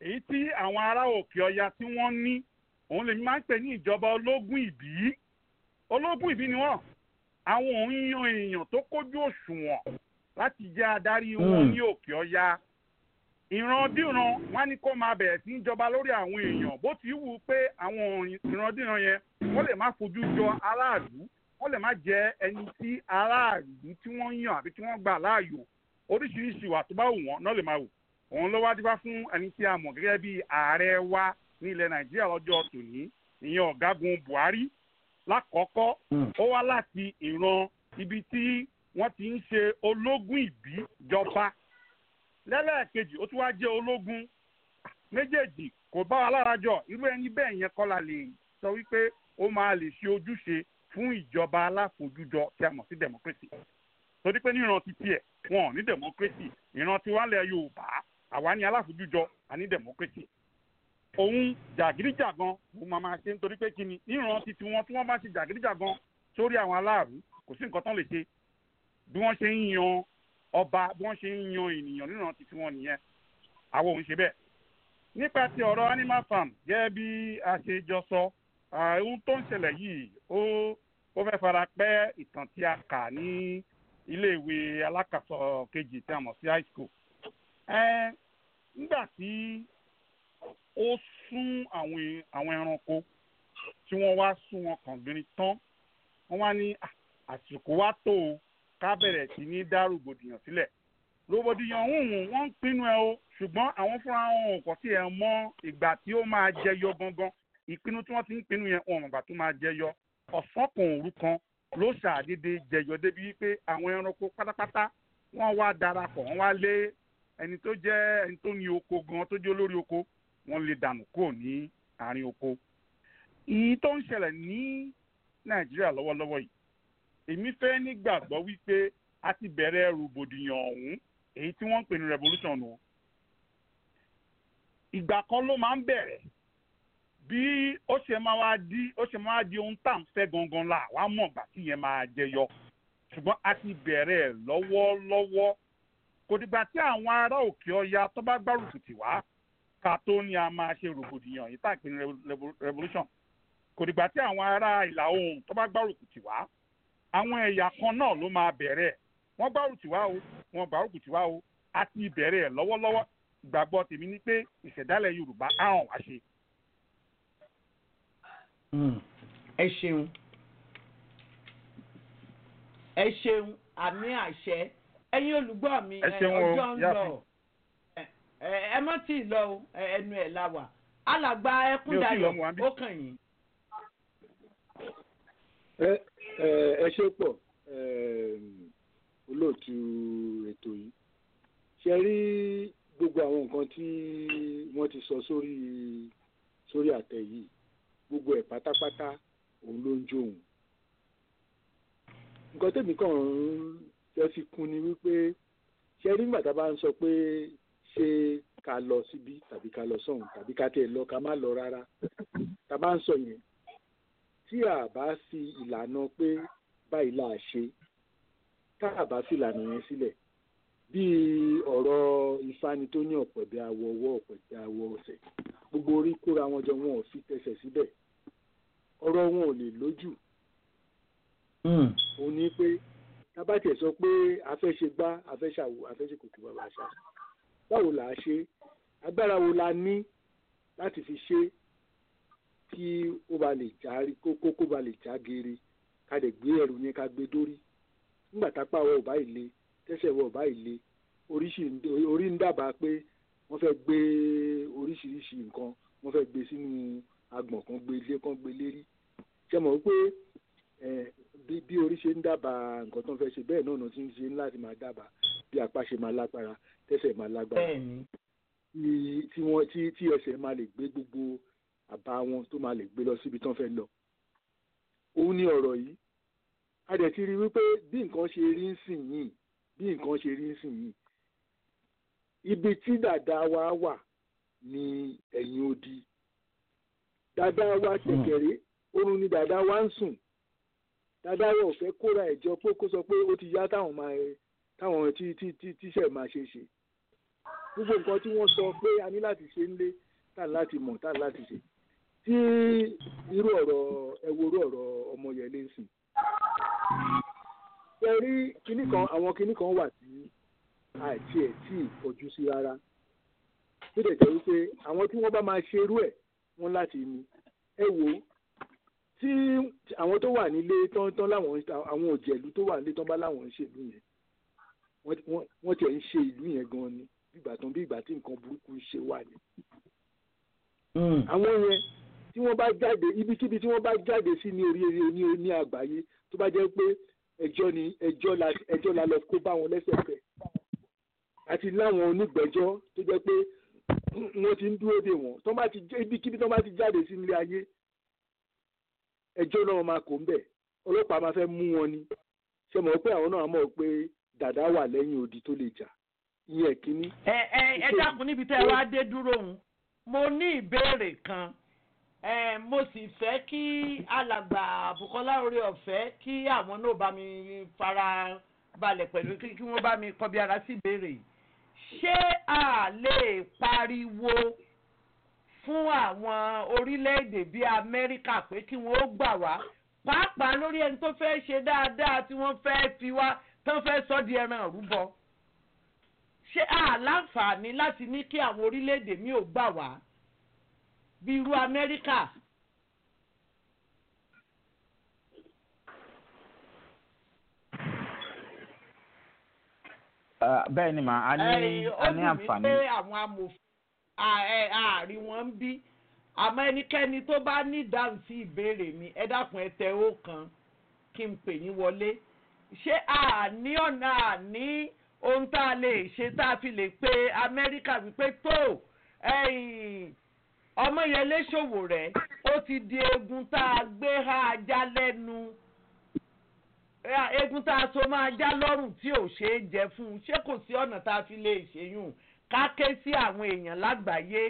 H: èyí tí àwọn ará òkè ọya tí wọ́n ní òun lèmi máa ń pè ní ìjọba ológun ìbí ológun ìbí ni wọ́n àwọn òun yan èèyàn tó kójú òṣùwọ̀n láti jẹ́ adarí wọn hmm. ní òkè ọya ìrandíran wọn ní kó máa bẹ̀rẹ̀ sí í jọba lórí àwọn èèyàn bó ti wù ú pé àwọn ìrandíran yẹn wọ́n lè má fojú jọ aráàlú wọ́n lè má jẹ́ ẹni tí aráàlú tí wọ́n yàn àbí tí wọ́n gbà láàyò oríṣiríṣi ìwà tó bá wù wọ́n náà lè máa wù òun ló wá dípá fún ẹni tí a mọ̀ gẹ́gẹ́ bí ààrẹ wa ní ilẹ̀ nàìjíríà lọ́jọ́ tòní ìyẹn ọ̀gágun buhari lákọ̀ọ́kọ́ hmm. ó wá láti ìran ibi tí wọ́n ti ń ṣe ológun ìbíjọba lẹ́lẹ́ẹ̀kejì ó tún wá jẹ́ ológun méjèèjì kò bá wa lára jọ irú ẹni bẹ́ẹ̀ yẹn kọ́ la lè sọ wípé ó máa lè ṣe ojúṣe fún ìjọba aláfojújọ tí a mọ̀ sí democracy torí pé ní ìran ti tiẹ̀ wọn ò ní democracy ìran tiwa lẹ̀ Yorùbá àwa ní aláfojújọ àní democracy òun jàgídíjàgan òun máa máa ṣe nítorí pé kíni níran ti tiwọn tí wọ́n bá ṣe jàgídíjàgan sórí àwọn aláàrú kò sí nǹkan tán lè ṣe bí wọ́n ṣe ń yan ọba bí wọ́n ṣe ń yan ènìyàn nínú ti tiwọn nìyẹn àwọn òun ṣe bẹ́ẹ̀. nípa ti ọ̀rọ̀ animal farm gẹ́gẹ́ bí a ṣe jọ sọ ohun tó ń ṣẹlẹ̀ yìí ó ó fẹ́ fara pẹ́ ìtàn tí a kà ní iléèwé alákàtọ́ kejì tí a mọ̀ sí high school. nígbà tí ó sún àwọn ẹranko tí wọ́n wá sún wọn kàn gbìnrín tán wọ́n wá ní àsìkò wá tó o ká bẹ̀rẹ̀ sí ní dá rògbòdìyàn sílẹ̀ rògbòdìyàn ọ̀hún wọ́n ń pinnu ẹ̀ o ṣùgbọ́n àwọn fúnra wọn ò kọ́ sí ẹ̀ mọ ìgbà tí ó máa jẹyọ gangan ìpinnu tí wọ́n ti ń pinnu yẹn wọn bàbà tó máa jẹyọ ọ̀sán kan òru kan ló ṣàdédé jẹyọ débi wípé àwọn ẹranko pátápátá wọ́n wá darapọ̀ wọ́n wá lé ẹni tó jẹ́ ẹni tó ní oko gan tó jẹ́ olórí oko wọ́n lè dànù kúrò ní àárín oko. ìyí tó ń ṣẹlẹ̀ ní nàìjíríà lọ́wọ́lọ́wọ́ yìí èmi fẹ́ nígbàgbọ́ wípé a ti bẹ̀rẹ̀ rògbòdìyàn ọ̀hún èyí tí wọ́n ń pè ní revolution o ìgbà kan ló máa ń bẹ̀rẹ̀ bí ó ṣe máa wá di ó ṣe máa di ohun tá à ń fẹ́ gangan la wàá mọ̀ gbà tí yẹn máa jẹyọ ṣùgbọ́n a ti bẹ̀rẹ̀ lọ́wọ́lọ́wọ́ kò dìgbà tí àwọn ará òkè ọya tó bá gbárùkù tì wá ká tó ní a máa ṣe rògbòdìyàn yìí tá à ń pè ní revolution kò dìgbà tí àwọn ará ìlà oòrùn tó bá gbárùkù tì wá àwọn ẹ̀yà kan náà ló máa bẹ̀rẹ̀ wọ́n gbárù tì wá o wọ́n gbárù tì wá o àti ìbẹ̀rẹ̀ ẹ̀ lọ́wọ́lọ́wọ́ ìgbàgbọ́ tèmi ni pé ìṣẹ̀dálẹ̀ Yorùbá á hàn wá ṣe.
B: Hmm. ẹ ṣeun ẹ ṣeun àmì àṣẹ ẹ̀yin olùgbọ́ mi ọjọ́ ń lọ ẹ mọ́ tí ì lọ ẹnu ẹ̀ la wà alàgbà ẹkúndayọ̀ ó kàn yín
G: ẹ ṣe pọ̀ olóòtú ètò yìí ṣe rí gbogbo àwọn nǹkan tí wọ́n ti sọ sórí sórí àtẹ yìí gbogbo ẹ̀ pátápátá òun ló ń jó òun nǹkan tèmi kàn ń fẹ́ fi kún ni wípé ṣe rí nígbà tá a bá ń sọ pé ṣé ká lọ síbí tàbí ká lọ sọ́hùn tàbí ká tiẹ̀ lọ ká má lọ rárá tá a bá ń sọ yẹn tí a bá fi ìlànà pé báyìí là á ṣe tá a bá fi ìlànà yẹn sílẹ̀ bíi ọ̀rọ̀ ìfani tó ní ọ̀pẹ̀bẹ̀ awọ ọwọ́ ọ̀pẹ̀bẹ̀ awọ ọ̀sẹ̀ gbogbo orí kóra wọn jọ wọn ò fi tẹsẹ̀ síbẹ̀ ọ̀rọ̀ wọn ò lè lójú
A: ó hmm.
G: ní pé tábàtẹ̀ sọ pé a fẹ́ ṣe gbá a fẹ́ ṣàwò a fẹ́ ṣe kòkò bàbá ṣá báwo là á ṣe agbára wo la ní láti fi ṣe é kí ó ba lè já kókó kó ba lè já geere ká lè gbé ẹrù yẹn ká gbé dórí nígbà tápá wọ ọba ìle tẹsẹ̀ wọ ọba ìle orí ń dábàá pé wọ́n fẹ́ gbé oríṣiríṣi nǹkan wọ́n fẹ́ gbé sínú agbọ̀n kan gbé ilé kan gbé lérí ṣe mọ̀ pé bí orí ṣe ń dábàá nǹkan tó ń fẹ́ ṣe bẹ́ẹ̀ náà ti ń ṣe láti máa dábàá bí apá ṣe máa lágbára tẹsẹ̀ máa lágbára tí ẹsẹ̀ máa lè gbé gbogbo àbá wọn tó máa lè gbé lọ síbi tán fẹ́ lọ òun ni ọ̀rọ̀ yìí a dẹ̀ ti rí wípé bí nǹkan ṣe rí ń bí nǹkan ṣe rí ń ibi tí dàda wa wà ní ẹ̀yìn odi dàda wa hmm. kékeré oorun ni dàda wa ń sùn dàda wa ò fẹ́ kóra ẹ̀jọ pé kó sọ pé ó ti yá táwọn máa táwọn tí tí tí tíṣẹ̀ máa ṣe ṣe gbogbo nǹkan tí wọ́n sọ pé a ní láti ṣe ń lé tá láti mọ̀ tá láti ṣe tí irú ọ̀rọ̀ ẹ̀wòrú ọ̀rọ̀ ọmọyẹlé ń sìn. ṣe rí kinní kan àwọn kinní kan wà tí àìtí ẹ̀ tí ìfojú sí rárá tó dẹ̀ jẹ́ wípé àwọn tí wọ́n bá máa ṣe irú ẹ̀ wọ́n láti ní ẹ wò ó tí àwọn tó wà nílé tán tán láwọn àwọn òjẹ̀lú tó wà nílé tán bá láwọn ń ṣèlú yẹn wọ́n tiẹ̀ ń ṣe ìlú yẹn gan ni bí ìgbà tán bí ìgbà tí nǹkan burúkú ń ṣe wà ní. Hmm. àwọn yẹn tí wọ́n bá jáde ibikíbi tí wọ́n bá jáde sí ní orí eré ní ní àgbáyé tó bá jẹ́ pé ẹjọ́ ni ẹjọ́ la ẹjọ́ la lọ kó bá wọn lẹ́sẹ̀kẹ́ àti láwọn onígbẹ́jọ́ tó jẹ́ pé wọ́n ti ń dúró dè wọ́n tó bá ti ibikíbi tó bá ti jáde sí nílé ayé ẹjọ́ náà máa kó ń bẹ̀ ọlọ́pàá máa fẹ́ mú wọn ni ṣe mọ̀ pé àwọn náà mọ̀ pé dàdá wà lẹ́yìn odi tó lè jà ìyẹn kínní. ẹ
B: ẹ ẹ dákun níbi tẹ́ ẹ wá dé
C: dúró
G: òun
B: mo ní ìbéèrè kan mo sì fẹ́ kí alàgbà Bùkọ́lá orí ọ̀fẹ́ kí àwọn náà bá mi fara balẹ̀ pẹ̀lú kí wọ́n bá mi kọbi ara sí ìbéèrè ṣé a lè pariwo fún àwọn orílẹ̀-èdè bíi Amẹ́ríkà pé kí wọ́n ó gbà wá pàápàá lórí ẹni tó fẹ́ ṣe dáadáa tí wọ́n fẹ́ fi wá tó fẹ́ sọ di ẹran àrúbọ ṣé a láǹfààní láti ní kí àwọn orílẹ̀-èdè mi ò gbà wá bíi irú amẹ́ríkà
I: bẹ́ẹ̀ ni mà á ní á ní àǹfààní. ó dùn mí pé
B: àwọn amòfin ààrí wọn ń bí àmọ́ ẹnikẹ́ni tó bá ní ìdáhùn sí ìbéèrè mi ẹ dákun ẹ tẹ ó kan kí n pè yín wọlé ṣé àní ọ̀nà àní ohun tá a lè ṣe tá a fi lè pe amẹ́ríkà wípé tó ọmọyẹlé ṣòwò rẹ̀ ó ti di eegun tá a gbé ha ajá lẹ́nu eegun tá a so máa já lọ́rùn tí ò ṣeé jẹ fún un ṣé kò sí ọ̀nà tá a fi lè ṣèyún ká ké sí àwọn èèyàn lágbàáyé.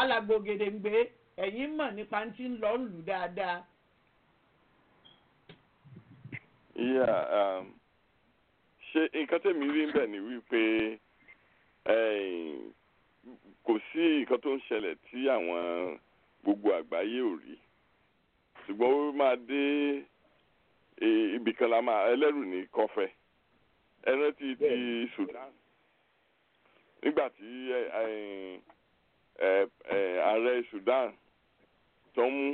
B: alàgbò gèdèǹgbé ẹ̀yin mọ̀ nípa ti ń lọ lù dáadáa.
K: Um, ṣé nǹkan tẹ̀mí rí ń bẹ̀ ni wípé kò sí nǹkan tó ń ṣẹlẹ̀ tí àwọn gbogbo àgbáyé ò rí ṣùgbọ́n ó máa dé e, ibì kan la máa ẹlẹ́rù ní kọfẹ ẹran ti ti Sudan nígbà tí ààrẹ Sudan tó ń mú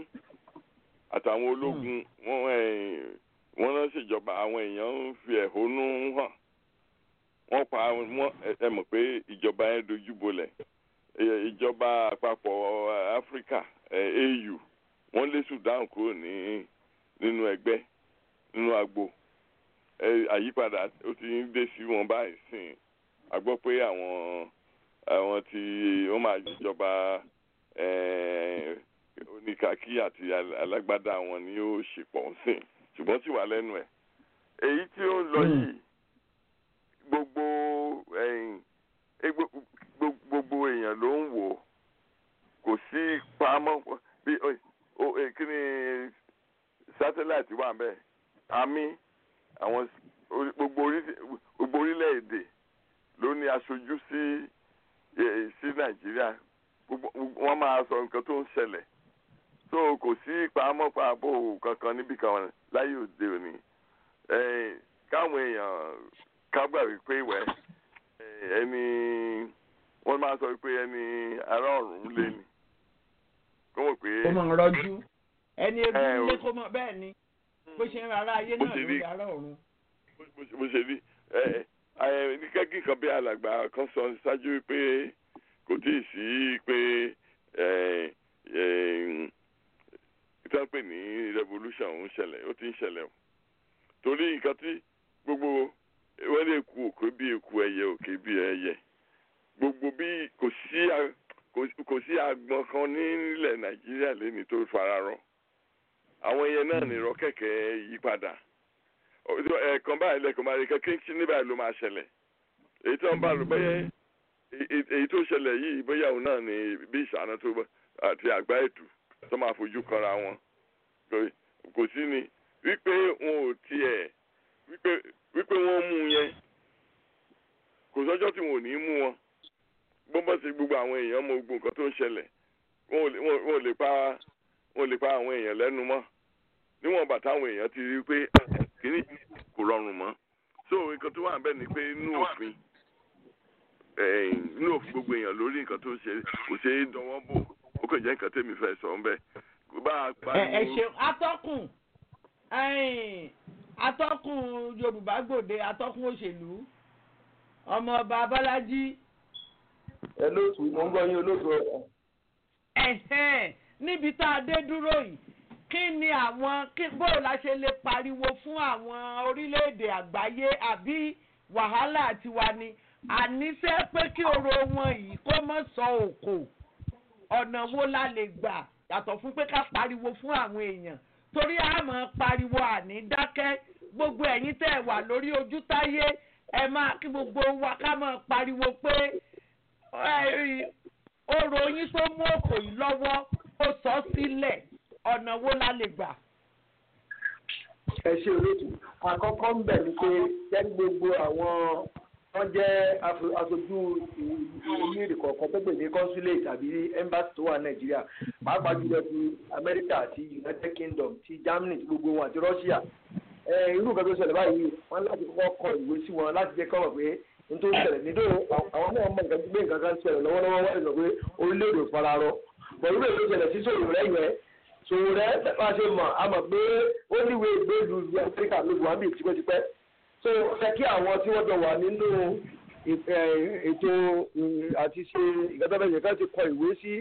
K: àtàwọn ológun hmm. wọn ránṣẹ́ ìjọba àwọn èèyàn ń fi ẹ̀hónú hàn wọ́n pa wọ́n ẹ mọ̀ pé ìjọba yẹn dojú bolẹ̀ ìjọba àpapọ̀ áfíríkà au wọ́n lé Sudan kúrò ní nínú ẹgbẹ́ nínú agbo àyípadà ó ti ń dé sí wọn báyìí sìn a gbọ́ pé àwọn àwọn tí wọ́n máa jọba oníkàkí àti alágbádá wọn ni ó ṣèpọ̀ sìn ṣùgbọ́n sì wà lẹ́nu ẹ̀ èyí tí ó ń lọ hmm. yìí gbogbo gbogbo èèyàn ló ń wò kò sí pamọ́ bí kí ni sátáláìtì wà bẹ́ẹ̀ àmì àwọn gbogbo orílẹ̀-èdè ló ní aṣojú sí sí nàìjíríà wọ́n máa sọ nǹkan tó ń ṣẹlẹ̀ so kò sí pamọ́ pàbó kankan níbìkan láyé òde òní káwọn èèyàn kágbà wípé wẹ́ eh, ẹni wọ́n máa sọ wípé ẹni ará ọ̀run lé ni kó wọ́n pé. ó mọ̀ ń rọjú ẹni ebi ilé eh, kó
B: mọ̀ bẹ́ẹ̀ ni hmm. bó ṣe ń ra ará ayé
G: náà lórí ará ọ̀run.
K: mo ṣe rí eh, ní kẹ́kì kan bí alàgbà kan sọ ṣáájú pé kò tí ì sí pé ìtàn pè ní revolution ń ṣẹlẹ̀ ó ti ń ṣẹlẹ̀ o torí nǹkan tí gbogbo wọn eku okoro bi eku ẹyẹ òkè bi ẹyẹ gbogbo bí kò sí kò sí agbọn kan nílẹ̀ nàìjíríà lẹ́ni tó fara rọ àwọn ẹyẹ náà nìrọ kẹ̀kẹ́ yípadà ẹ̀ẹ̀kan báyìí lẹ́kọ̀ọ́ máa rí kẹ́kẹ́ kí ní báyìí ló máa ṣẹlẹ̀ èyí tó ń bá lò bẹ́yẹ èyí tó ṣẹlẹ̀ yìí bóyá òun náà ni bí ìṣáná tó àti àgbá ètù tó máa fojú kanra wọn kò sí ni wípé wọn ò tiẹ̀ wípé wípé wọ́n mú un yẹn kò sọ́jọ́ tí wọn ò ní mú wọn bó bá ṣe gbogbo àwọn èèyàn mọ gbogbo nǹkan tó ń ṣẹlẹ̀ wọn ò lè pa wọn ò lè pa àwọn èèyàn lẹ́nu mọ́ níwọ̀n bàtà àwọn èèyàn ti rí i pé ah, kìíní kò rọrùn mọ́ so nǹkan tó wà ń bẹ̀ ni pé inú òfin eh, inú òfin gbogbo èèyàn lórí nǹkan tó ṣe kò ṣe é dánwọ́ bò ó kàn jẹ́ nǹkan tèmi fẹ́ sọ ń bẹ̀. ẹ ṣeun
B: atọ́kùn atọ́kùn Yorùbá Gbòde atọ́kùn òṣèlú ọmọọba Bọ́lájí.
G: ẹ lóṣù mo ń gbọ́ yín olóṣù ọ̀rọ̀.
B: ẹ̀hẹ́n níbi tá a dé dúró yìí kí ni àwọn bóò la ṣe lè pariwo fún àwọn orílẹ̀-èdè àgbáyé àbí wàhálà tiwa ni àníṣe pé kí oró wọn yìí kó mọ̀ sọ òkò ọ̀nà wo la lè gbà yàtọ̀ fún pé ká pariwo fún àwọn èèyàn torí àmọ́ pariwo àní dákẹ́ gbogbo ẹ̀yin tẹ́ ẹ wà lórí ojú táyé ẹ máa kí gbogbo wa ká máa pariwo pé oró yín tó mú òkò yìí lọ́wọ́ ó sọ sílẹ̀ ọ̀nà wo la lè gbà.
D: ẹ ṣe olóòtú
G: àkọ́kọ́ ń bẹ̀ ni pé jẹ́ gbogbo àwọn wọ́n jẹ́ aṣojú orílẹ̀-èdè kọ̀ọ̀kan tó gbèdé consulate àbí embassy tó wà nàìjíríà
F: pàápàá jùlọ ti america àti united kingdom ti germany ti gbogbo wọn àti russia irú nǹkan tó ṣẹlẹ̀ báyìí wọ́n láti kọ́kọ́ kọ ìwé sí wọn láti jẹ́ kọ́mọ̀ pé n tó ṣẹlẹ̀ nídò àwọn náà mọ nǹkan gbé nǹkan kan ṣẹlẹ̀ lọ́wọ́lọ́wọ́ wọ́n sọ pé orílẹ̀-èdè fararọ pẹ̀lú èdè tó ṣẹlẹ̀ sí sòrò rẹ̀ yẹn sòrò rẹ̀ bá mọ̀ a pé ó níwèé gbé so ṣe kí àwọn tí wọ́n jọ wà nínú ètò àti ṣe ìgbàdàbẹ̀yẹ kan ti kọ ìwé sí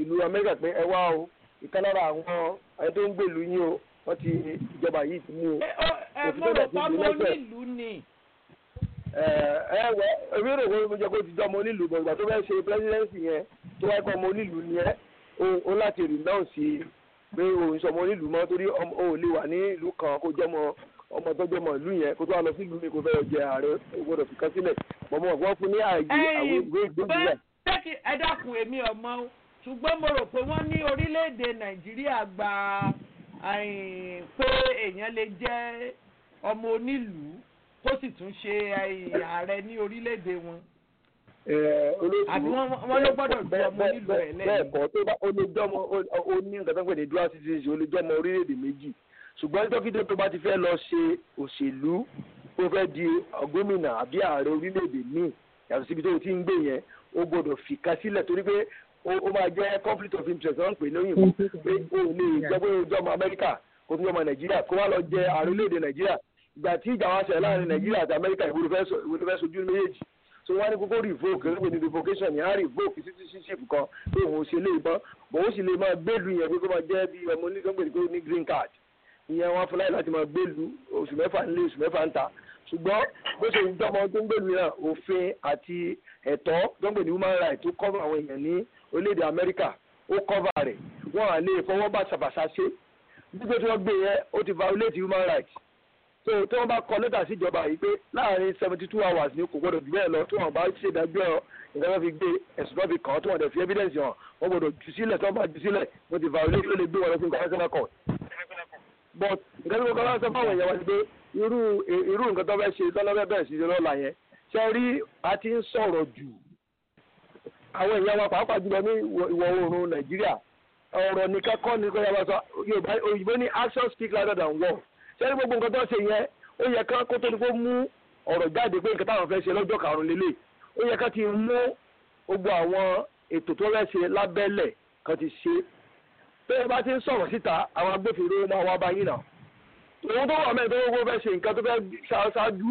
F: ìlú amẹ́ríkà pé ẹ wá o ìkan lára àwọn ẹni tó ń gbèlú yín o wọ́n ti ìjọba yìí ti mú o. ẹ mo rò pa mo nílùú ni. ẹ ẹ wẹ èmi rò pé mo jẹ kó ti jọ mo nílùú bọ̀ ìgbà tó fẹ́ ṣe pírẹ́sidẹ́ǹsì yẹn tó wáá kọ́ mo nílùú ni ẹ o láti rìn náà sí i pé òun sọ mo nílùú mọ́ torí o ò lè wà ní ìlú kan kó jẹ́ mọ́ ọmọ tó jẹ́ mọ̀lú yẹn kó tó wà lọ sí ìlú mi kó fẹ́ẹ́ jẹ ààrẹ gbọ́dọ̀ fi kan sílẹ̀ mọ̀mọ́ wọ́n fún ní ààyè àwọn ìwé ìgbésílẹ̀.
B: ẹ dákun èmi ọmọ o ṣùgbọ́n mo rò pé wọ́n ní orílẹ̀-èdè nàìjíríà gba pé èèyàn lè jẹ́ ọmọ onílùú kó sì tún ṣe ààrẹ ní orílẹ̀-èdè wọn
F: àbí wọn ló gbọdọ gbọ ọmọ nílùú ẹ lẹyìn. bẹẹ kọ tó bá ó lè jọmọ ó ní nǹkan tó ń pè ní dual citizenship ó lè jọmọ orílẹ̀-èdè méjì ṣùgbọ́n dókítà tó bá ti fẹ́ lọ
G: ṣe òṣèlú tó fẹ́ di gómìnà àbí ààrẹ orílẹ̀-èdè míì yàtọ̀ síbi tó ti ń gbé yẹn ó gbọ́dọ̀ fìkà sílẹ̀ torí pé ó máa jẹ́ conflict of interest wọ́n ń pè lóyìnbó pé
F: o ò lè jẹ́ pé o jọ ọmọ amẹ́ríkà kó fi ọmọ nàìjíríà kó wá lọ jẹ ààrẹ orílẹ̀-èdè nàìjíríà ìgbà tí ìjà wa ṣẹlẹ̀ láàrin nàìjíríà àti amẹ́ríkà ìwúlò fẹ́ sojú méjèèjì so wọ́n ní kókó revoke ẹgbẹ́ revocation ní á revoke citizenship kan pé òun ò ṣe lè mọ́ bọ̀ ó sì lè máa gbẹ́dùn yẹn pé green card ìyẹn wọn fúnra láti máa gbèlú oṣù mẹ́fà nílé oṣù mẹ́fà ń ta ṣùgbọ́n bó ṣe ń tọ́mọ tó ń gbèlú náà òfin àti ẹ̀tọ́ tó ní human rights tó cover àwọn èèyàn ní orílẹ̀-èdè Amẹ́ríkà ó cover rẹ̀ wọ́n à lè fọwọ́ bá ṣàbàṣà ṣe gbígbé tí wọ́n gbé yẹn ó ti violate human rights so tí wọ́n bá kọ lẹ́tà síjọba yìí pé láàrin seventy two hours ni kò gbọ́dọ̀ jù bẹ́ẹ̀ lọ tí wọ́n bá ṣèdájọ́ nǹkan tó fi gbé ẹ̀sùn tó fi kàn án tí wọ́n dẹ̀ fi evidence hàn wọ́n gbọ́dọ̀ jù sílẹ̀ tí wọ́n bá jù sílẹ̀ wọ́n ti violate ló lè gbé wọn lọ sí nǹkan ẹ̀sìn náà kọ̀ but nǹkan tí mo kọ́ sọ fáwọn èèyàn wa ni pé irú irú nǹkan tó fẹ́ ṣe lọ́lọ́fẹ́ bẹ̀rẹ̀ sí ṣe lọ́la yẹn ṣe rí a ti ń sọ̀rọ̀ jù àwọn èèyàn wa pàápàá jùlọ ní ìwọ̀ oòrùn nàìjíríà ọ̀rọ̀ nìkan kọ́ ni kò yẹ wá sọ yorùbá òyìnbó ní action speak louder than words ṣe rí gbogbo nǹkan tó ṣe yẹn ó yẹ ká kó tó ní kó mú ọ̀rọ̀ jáde pé nǹkan táwọn fẹ́ ṣe lọ́jọ́ karùn-ún lélẹ̀ bẹ́ẹ̀ bá ti ń sọ̀rọ̀ síta àwọn agbófinró máa wá bá yín náà òun tó wà mẹ́rin tó gbogbo fẹ́ ṣe nǹkan tó fẹ́ ṣáájú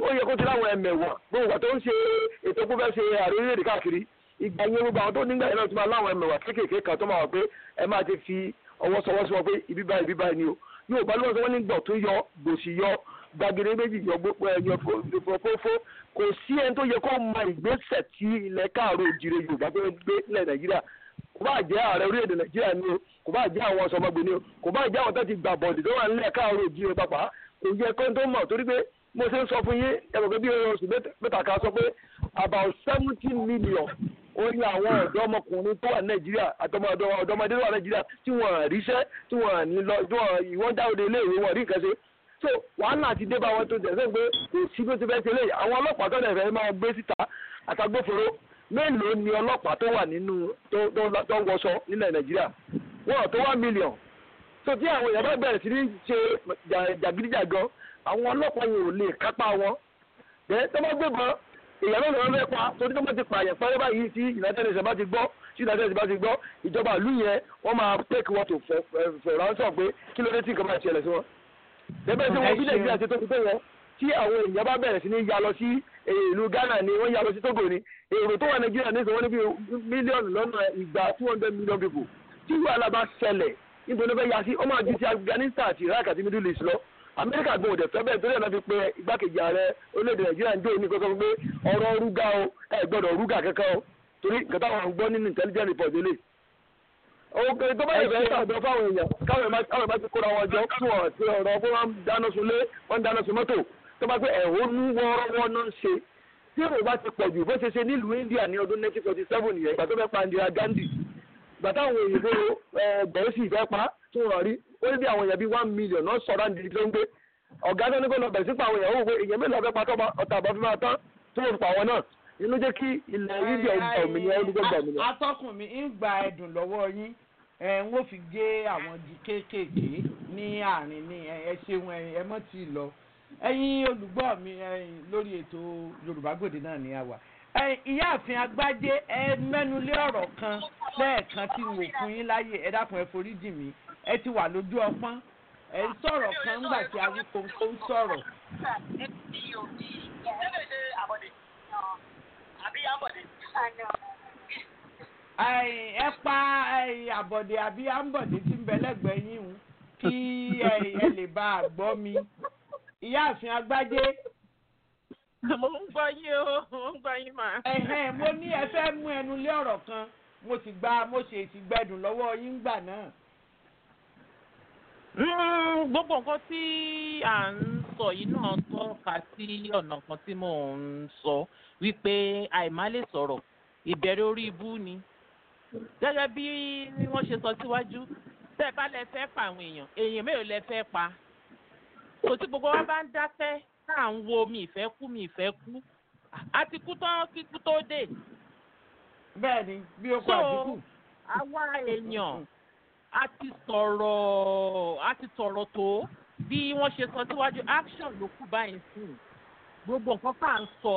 F: ó yẹ kó ti láwọn ẹ̀mẹ̀wà gbogbo tó ń ṣe ètò gbogbo fẹ́ ṣe ààrẹ orílẹ̀-èdè káàkiri ìgbà yẹn gbogbo àwọn tó nígbà yẹn náà ti máa láwọn ẹ̀mẹ̀wà kéékèèké kan tó máa wà pé ẹ máa ti fi ọwọ́ sọwọ́ sí wọn pé ibi báyìí ibi báyìí ni o kò sí ẹni tó yẹ kó mọ ìgbésẹ̀ tí ilẹ̀ káàró òjìrè Yorùbá gbé lẹ̀ Nàìjíríà kò bá jẹ́ ààrẹ orílẹ̀-èdè nàìjíríà ni o kò bá jẹ́ àwọn ọ̀sọ́mọgbè ni o kò bá jẹ́ àwọn tó ti gbà bọ̀dì tó wà nílẹ̀ káàárọ̀ òjìrè pàpà kò yẹ kó tó mọ̀ torí pé mo ṣe ń sọ fún yín ẹ̀rọ pé bí oṣù mẹ́ta ká sọ pé about seventy million ó ní àwọn ọ̀dọ́ ọmọkùnrin tó wà nàìjíríà àtọmọdé tó wà nàìjíríà tí wọ́n ríṣẹ́ tí wọ́n ní lọ tí wọ́n ìwọ́n dáwọ́de iléèwé wọn rí nǹkan ṣe so wàhálà ti dé bá wọn tó tẹ̀sán pé kò sí bó ti fẹ́ ṣe lé àwọn ọlọ́pàá tó dẹ̀ fẹ́ máa gbé síta àtàgbófinró mélòó ni ọlọ́pàá tó wà nínú tó ń wọṣọ nílẹ̀ nàìjíríà wọn tó wá mílíọ̀n tó tí àwọn èèyàn bá bẹ̀rẹ̀ sí ní ṣe jàgídíjàgan àwọn ọlọ́pàá yẹn ò lè kápá wọn bẹ́ẹ̀ tó bá gbébọn èèyàn náà lọ́wọ́ fẹ́ torí tó bá ti pààyàn pẹ́rẹ́ báyìí tí united nations bá ti gbọ́ tí united nations bá ti gbọ́ ìjọba ìlú yẹn wọ́n máa take wọn to for eh, ransom pé kí ló dé tí nǹkan bá ṣẹlẹ̀ ìlú Ghana ni wọ́n yàgò sí Togo ni èrò tó wà Nàìjíríà ní ìsọ̀wọ́n ní bíi mílíọ̀nù lọ́nà ìgbà two hundred million people tí wàhálà bá ṣẹlẹ̀ níbo ló fẹ́ yá sí ó máa ju ti Afghanistan àti Iraq àti Middle East lọ Amẹ́ríkà gbọ́n òdẹ̀ fẹ́ bẹ́ẹ̀ torí ẹ̀ náà fi pe igbákejì ààrẹ orílẹ̀-èdè Nàìjíríà ń dé ní kankan pé ọ̀rọ̀ rúgà o ẹ̀ gbọ́dọ̀ rúgà kankan o torí nǹkan táwọn ń gbọ́ nínú intelligence report lélẹ̀ òkè tó bá yẹ fẹ́ sàdọ̀ fáwọn èèyàn káwọn ẹ̀ máa ti kóra wọn jọ fún ọ̀rọ̀ tí ọ̀rọ̀ fún wọn dáná sunlé wọn dáná sun mọ́tò tó bá pé ẹ̀hónú wọ́ọ́rọ́wọ́ náà ń ṣe tí èrò bá ti pọ̀ jù bó ṣe ṣe nílùú India ní ọdún 1947 nìyẹn ìgbà tó fẹ́ pa Indira Gandhi ìgbà táwọn òyìnbó gbẹ̀rẹ́sì ìfẹ́ pa tún rọ̀ rí ó ní bí àwọn èèyàn bíi one million náà sọ̀rọ̀ àǹdí tó ń gbé ọ̀gá tó ní kó lọ bẹ̀rẹ̀ sí pa àwọn èèyàn ó wò pé èèyàn mélòó fẹ́ pa tọ́ba ọ̀tá àbọ̀ fi máa tán tó wọ́n pa àwọn náà
C: inú jẹ́ kí ilẹ̀ India òmìnira olùgbẹ́gbẹ́ òmìnira.
B: atọ́kùn mi ń gba ẹ̀yin olùgbọ́ mi lórí ètò Yorùbá Gbòde náà ni a wà ìyáàfin agbájé ẹ mẹ́nulé ọ̀rọ̀ kan lẹ́ẹ̀kan tí wò fún yín láyè ẹ dákun ẹ forí jì mí ẹ ti wà lójú ọpọ́n ẹ ń sọ̀rọ̀ kan ńgbà tí awíkóńkó ń sọ̀rọ̀. ẹ pa àbọ̀dé àbí àǹbọ̀dé tí ń bẹ lẹ́gbẹ̀ẹ́ yín kí ẹ lè bá a gbọ́ mi ìyáàfin agbájé. mo ń gbọ́ yín o mo ń gbọ́ yín mà. mo ní ẹ fẹ́ mú ẹnu lé ọ̀rọ̀ kan mo sì gba mo ṣe ìtìgbẹ́dùn lọ́wọ́ yín gbà náà.
J: Hmm, gbogbo nǹkan tí à ń sọ yìí náà tọ́ka sí ọ̀nà kan tí mò ń sọ wípé àìmá lè sọ̀rọ̀ ìbẹ̀rẹ̀ orí ibú ni gẹ́gẹ́ bí wọ́n ṣe sọ síwájú tẹ́ẹ̀ bá lẹ fẹ́ pa àwọn èèyàn èèyàn mélòó lẹ fẹ́ pa kò sí gbogbo wa bá ń dákẹ́ tá à ń wo mi ìfẹ́ kú mi ìfẹ́ kú àti kú tán kíkú tó dé. bẹ́ẹ̀ni bí o kọ àdínkù. so
C: àwa èèyàn
J: a ti sọ̀rọ̀ a ti sọ̀rọ̀ tó bí wọ́n ṣe sọ síwájú action ló kù báyìí sí gbogbo nǹkan tá à ń sọ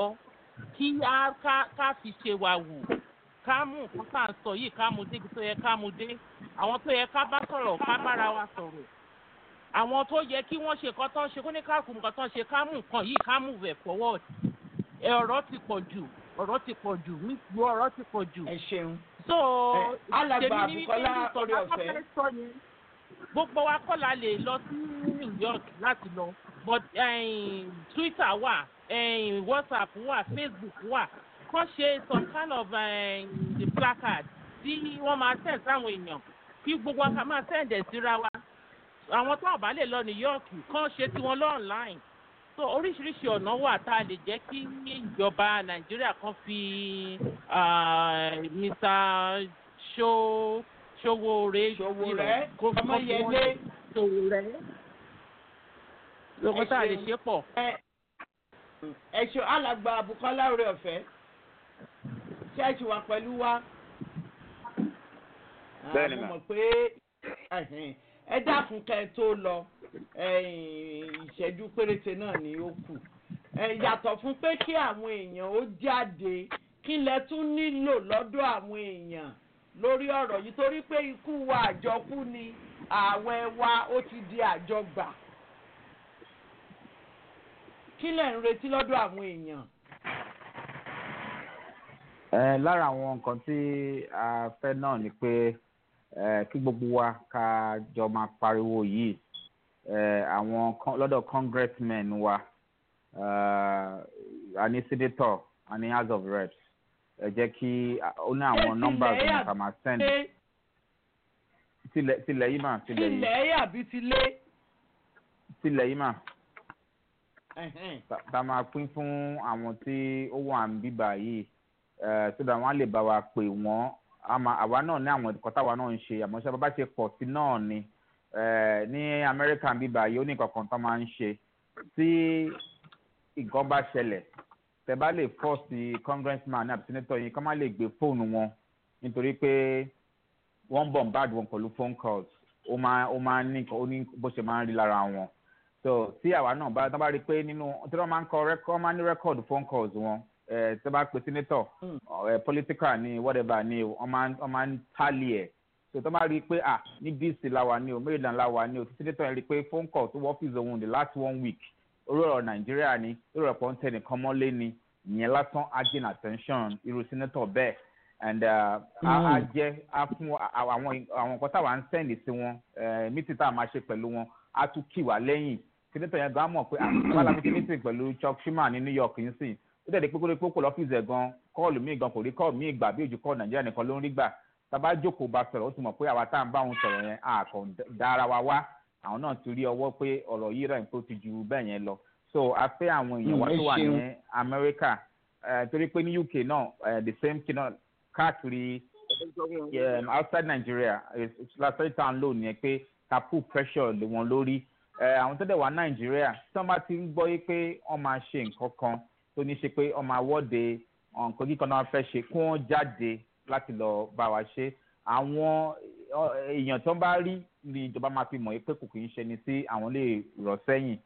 J: kí á ká fi ṣe wà wù ká mú nǹkan tá à ń sọ yìí ká mú dé ibi tó yẹ ká mú dé àwọn tó yẹ ká bá sọ̀rọ̀ ká bára wa sọ̀rọ̀ àwọn tó yẹ kí wọ́n ṣe nǹkan tán ṣe kó ní ká kùn nǹkan ṣe ká nǹkan yìí ká mú forward ọ̀rọ̀ ti pọ̀ jù ọ̀rọ̀ ti pọ̀ jù wíwú ọ̀rọ̀ ti pọ̀ jù. ẹ ṣeun. so tèmi ní wípé ìsọ̀rọ̀ sọ ni gbogbo wa kọ́ la lè lọ sí new york láti lọ but eh, twitter wà eh, whatsapp wà facebook wà kọ́ ṣe some kind of eh, placard tí wọ́n máa send sáwọn èèyàn kí gbogbo wa ká síra wa àwọn tó àbá lè lọ new york kàn ṣe tiwọn lọ online so oríṣiríṣi ọ̀nà wà tá a lè jẹ́ kí ìjọba nàìjíríà kan fi mr ṣó ṣòwòrè ṣòwòrè ọmọyẹlé ṣòwòrè lóko tá a lè ṣe pọ̀.
B: ẹ̀ṣọ́ alàgbà bukola orí ọ̀fẹ́ ṣẹ́ẹ̀ṣì wà pẹ̀lú wa. bẹ́ẹ̀ ni mà ẹ dákun kẹ ẹ tó lọ ìṣẹ́jú péréte náà ni ó kù yàtọ̀ fún pé kí àwọn èèyàn ó jáde kí lẹ tún nílò lọ́dọ̀ àwọn èèyàn lórí ọ̀rọ̀ yìí torí pé ikú wa àjọkú ni ààwẹ̀ wa ó ti di àjọgbà kí lẹ̀ ń retí lọ́dọ̀ àwọn èèyàn.
I: lára àwọn nǹkan tí a fẹ́ náà ni pé kí gbogbo wa ká jọ máa pariwo yìí àwọn lọ́dọ̀ congressmen wa a ní senator a ní house of reps ẹ jẹ́ kí ó ní àwọn numbers wọn kà máa send tilẹ̀ yìí mà tilẹ̀ yìí tilẹ̀
B: yìí àbí tilẹ̀
I: tilẹ̀ yìí mà ta máa pín fún àwọn tí ó wà ń bíbà yìí sódà wọn á lè bá wa pè wọ́n ama àwa náà ní àwọn ẹ̀kọ́ táwa náà ń ṣe àmọ́ ṣe bá ṣe pọ̀ sí náà ni ní amẹ́ríkà ń bíbá yìí ó ní kankan tó máa ń ṣe tí nǹkan bá ṣẹlẹ̀ tẹ bá lè fọ́ọ̀sì congressman àti senator yìí ká má lè gbé fóònù wọn nítorí pé wọ́n bọ̀ ń bá àdùn pẹ̀lú phone calls ó máa ó máa ní ó ní bó ṣe máa ń rí lára wọn so tí àwa náà bá tán bá rí i pé nínú tí wọ́n máa ń kọ wọ́n máa ń ní rẹ́kọ̀dù phone calls wọn tó bá pe senator hmm. political ni whatever ni o wọ́n máa ń tálì ẹ̀ so tó máa rí i pé ah ní dc làwà ni o maryland làwà ni o tí senator yẹn rí i pé phone call tó wọ́fíìsì òun the last one week orí ọ̀rọ̀ nàìjíríà ni orí ọ̀pọ̀ ń tẹnì kan mọ́lé ni ìyẹn lásán á gain attention irú senator bẹ́ẹ̀ and á uh, hmm. jẹ́ á fún àwọn nǹkan táwa ń sẹ́ǹdì sí wọn mítì tá a máa ṣe pẹ̀lú wọn á tún kì wá lẹ́yìn senator yẹn gan mọ̀ pé àwọn alábíkí mítì pẹ̀lú chuck schumer ní new york yìí sìn ó dẹ̀ di pé kórí pópò lọ́fíìsì ẹ̀ gan kọ́ọ̀lù míì gan kò rí kọ́ọ̀lù míì gbà bí ojú kọ́ọ̀lù nàìjíríà nìkan ló ń rí gbà tábà jókòó bá sọ̀rọ̀ ó ti mọ̀ pé àwa tá à ń bá òun sọ̀rọ̀ yẹn àkọ́ dára wa wá àwọn náà ti rí ọwọ́ pé ọ̀rọ̀ yìí rẹ̀ tó ti ju bẹ́ẹ̀ yẹn lọ so a fẹ́ àwọn èèyàn wa mm, tó wà ní amẹ́ríkà torí pé ní uk náà the same thing náà káàkiri um, outside nigeria lasari town ló ní ẹ pé ká put pressure lé wọn lórí àwọn tó dẹ̀ wà nàìjíríà tí wọ́n bá ti ń gbọ́ yé pé wọ́n máa ṣe nǹkan kan tó ní ṣe pé ọmọ àwọ́de nǹkan kíkan náà fẹ́ ṣe kí wọ́n jáde láti lọ bá wa ṣe àwọn èèyàn tó ń bá rí ni ìjọba máa fi mọ̀ pé kò kì í ṣe ni tí àwọn lè rọ̀ sẹ́yìn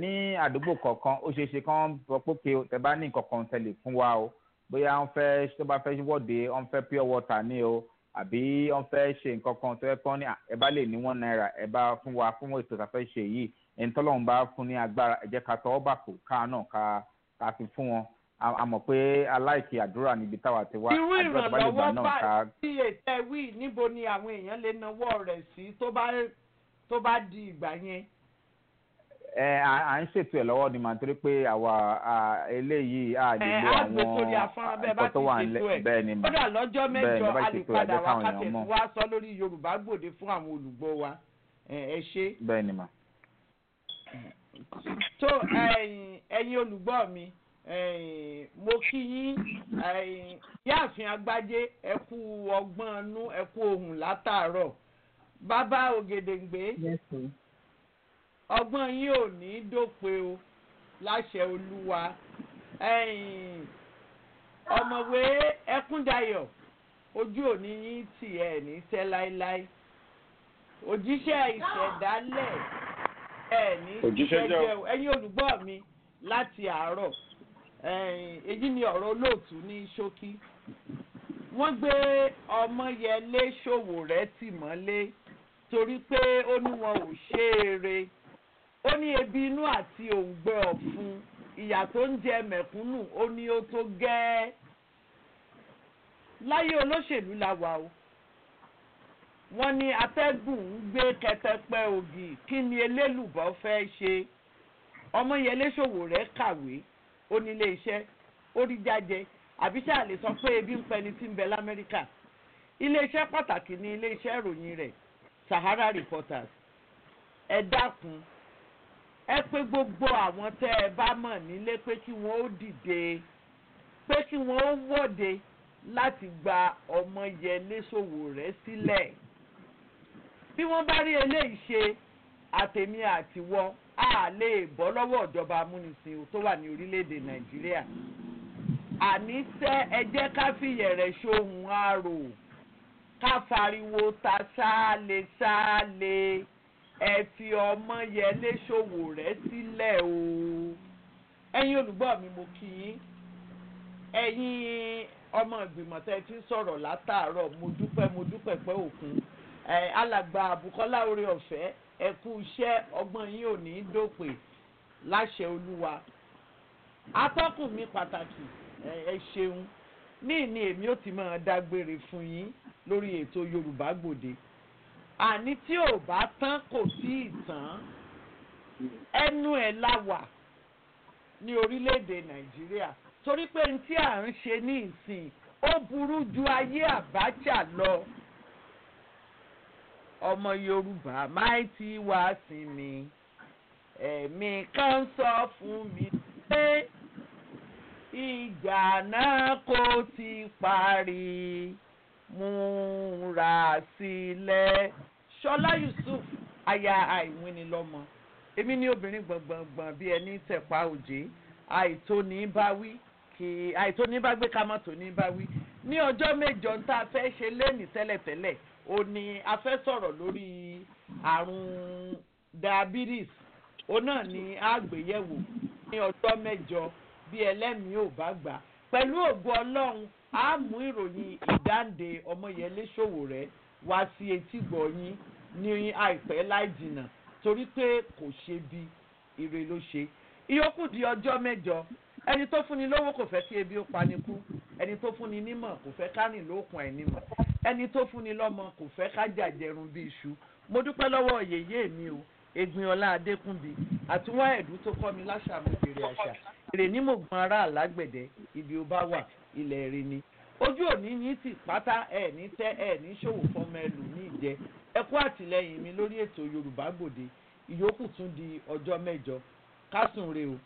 I: ní àdúgbò kọ̀ọ̀kan ó ṣeé ṣe kán sọ pé kí ẹ bá ní nǹkan kan tẹ̀lé fún wa o bóyá wọ́n fẹ́ tó bá fẹ́ wọ́de wọ́n fẹ́ pure water ní o àbí wọ́n fẹ́ ṣe nǹkan kan tó yẹ kán ní ẹ bá lè ní one naira ẹ bá fún wa fún ètò ìtàfẹ́ ṣe yìí ẹni tọ́lọ́run bá fún ní agbára ẹ ká tọ́ ọ́ bàkù káà náà ká ká fi fún wọn a mọ̀ pé aláìkí àdúrà níbi táwa ti wá àdúrà tó bá lè gbà náà ká. irú ìrànlọ́wọ́ bá
B: sí ètò níbo ni àwọn èèyàn lè náwó rẹ̀ sí tó bá di ìgbà yẹn.
I: ẹ à ń ṣètò ẹ lọ́wọ́ ni màá torí pé àwa eléyìí a lè lo àwọn
H: ẹ̀kọ́ tó wà nílẹ̀ bẹ́ẹ̀ ni bẹ́ẹ̀ ni bá ti ṣètò ẹ̀ bẹ́ẹ̀ ni bá ti ṣètò ẹ̀ bẹ́ẹ̀ káwọn èèyàn sọ lórí yorùbá
B: gbòde fún àwọn olùgbọ́ wa ẹ ṣe. bẹ́ẹ̀ ni mà tó ẹ̀yin olùgbọ́ mi mo kí yín yáàfin agbájé ẹ kú ọgbọ́n inú ẹ kú ohùn látàárọ̀ bàbá ògèdèǹgbé ọgbọ́n yín ò ní dópin o láṣẹ olúwa ọ̀mọ̀wé ẹkúndayọ̀ ojú òní yín tì ẹ̀ ní sẹ́ láéláé òjíṣẹ́ ìṣẹ̀dálẹ̀ ẹ̀ẹ́ni ìṣẹ́jẹ́ ẹ̀yin olùgbọ́ mi láti àárọ̀ èyí ni ọ̀rọ̀ olóòtú ní ṣókí wọ́n gbé ọmọyẹlé ṣòwò rẹ̀ tì mọ́lé torí pé ó ní wọn ò ṣe eré ó ní ebi inú àti òǹgbẹ ọ̀fun ìyà tó ń jẹ mẹ̀kúnnù ó ní ó tó gẹ́ẹ́ láyé olóṣèlú la wà o wọ́n ní atẹ́gùn ń gbé kẹtẹpẹ ògì kí ni elélùbọ́ fẹ́ ṣe ọmọyẹlé Ṣòwòrẹ́ kàwé onílé iṣẹ́ oríjájẹ àbíṣà lè sọ pé ebi ń pẹni tí ń bẹ lamẹ́ríkà iléeṣẹ́ pàtàkì ni iléeṣẹ́ ìròyìn rẹ̀ Sahara Reporters ẹ dákun ẹ pé gbogbo àwọn tẹ́ ẹ bá mọ̀ nílé pé kí wọ́n ó dìde pé kí wọ́n ó wọ́de láti gba ọmọyẹlé Ṣòwòrẹ́ sílẹ̀. Si bí wọ́n bá rí eléyìí ṣe àtẹ̀mí àtiwọ́ a lè bọ́ lọ́wọ́ ìjọba amúnisìn tó wà ní orílẹ̀-èdè nàìjíríà àní sẹ́ ẹ jẹ́ ká fìyẹ̀rẹ̀ ṣohun àrò ká fariwo ta ṣáálé ṣáálé ẹ fi ọmọ yẹlé ṣòwò rẹ sílẹ̀ o ẹ̀yin olùgbọ́ mi mo kì í ẹ̀yin ọmọ ìgbìmọ̀ tẹ́ ti ń sọ̀rọ̀ látàárọ̀ mo dúpẹ́ mo dúpẹ́ pẹ́ òkun alàgbà àbùkọ́lá orí ọ̀fẹ́ ẹ̀kú iṣẹ́ ọgbọ́n yín ò ní dópè láṣẹ olúwa atọ́kùn mi pàtàkì ẹ ṣeun ní ìní èmi ò ti máa dágbére fún yín lórí ètò yorùbá gbòde àní tí ò bá tán kò sí ìtàn ẹnu ẹ̀ la wà ní orílẹ̀-èdè nàìjíríà torí pé ní tí à ń ṣe ní ìsìn ó burú ju ayé àbájá lọ ọmọ yorùbá máìtì wá sí mi ẹ̀mí kan sọ fún mi pé ìjà náà kò ti parí múra sílẹ̀ ṣọlá yusuf aya àìwínilọ́mọ èmi ní obìnrin gbọ̀ngbọ̀ngbọ̀n bí ẹni tẹ̀pá òjé àìtóní bá wí kì í àìtóní bá gbé kámọ́ tóní bá wí ní ọjọ́ mẹ́jọ tá a fẹ́ ṣe léènì tẹ́lẹ̀tẹ́lẹ̀ ó ní a fẹ́ sọ̀rọ̀ lórí àrùn diabetes ó náà ní àgbéyẹ̀wò ní ọjọ́ mẹ́jọ bí ẹlẹ́mìí ò bá gbà pẹ̀lú ògo ọlọ́run á mú ìròyìn ìdáǹdè ọmọyẹlé ṣòwò rẹ wá sí etígbọ̀ yín ní àìpẹ́ láì jìnnà torí pé kò ṣe bí ire ló ṣe ìyókù di ọjọ́ mẹ́jọ ẹni tó fúnni lówó kò fẹ́ kí ebi ó pani kú ẹni tó fúnni nímọ̀ kò fẹ́ kárìn lókun ẹ̀ nímọ̀ ẹni tó fúnni lọ́mọ kò fẹ́ ká jàjẹrun bí iṣu mo dúpẹ́ lọ́wọ́ yèyé mi o egbin ọlá adékùnbí àtiwá ẹ̀dú tó kọ́ mi láṣà mo fèrè àṣà èrè ní mo gbọ́n ara àlágbẹ̀dẹ ibi ó bá wà ilẹ̀ rí ni ojú òní yín tì pátá ẹ̀ ní tẹ́ ẹ̀ ní ṣòwò fọmọ ẹlù ní ìjẹ ẹ kú àtìlẹyìn mi lórí ètò yorùbá gbòde ìyókù tún di ọjọ́ mẹ́jọ kásùn re o.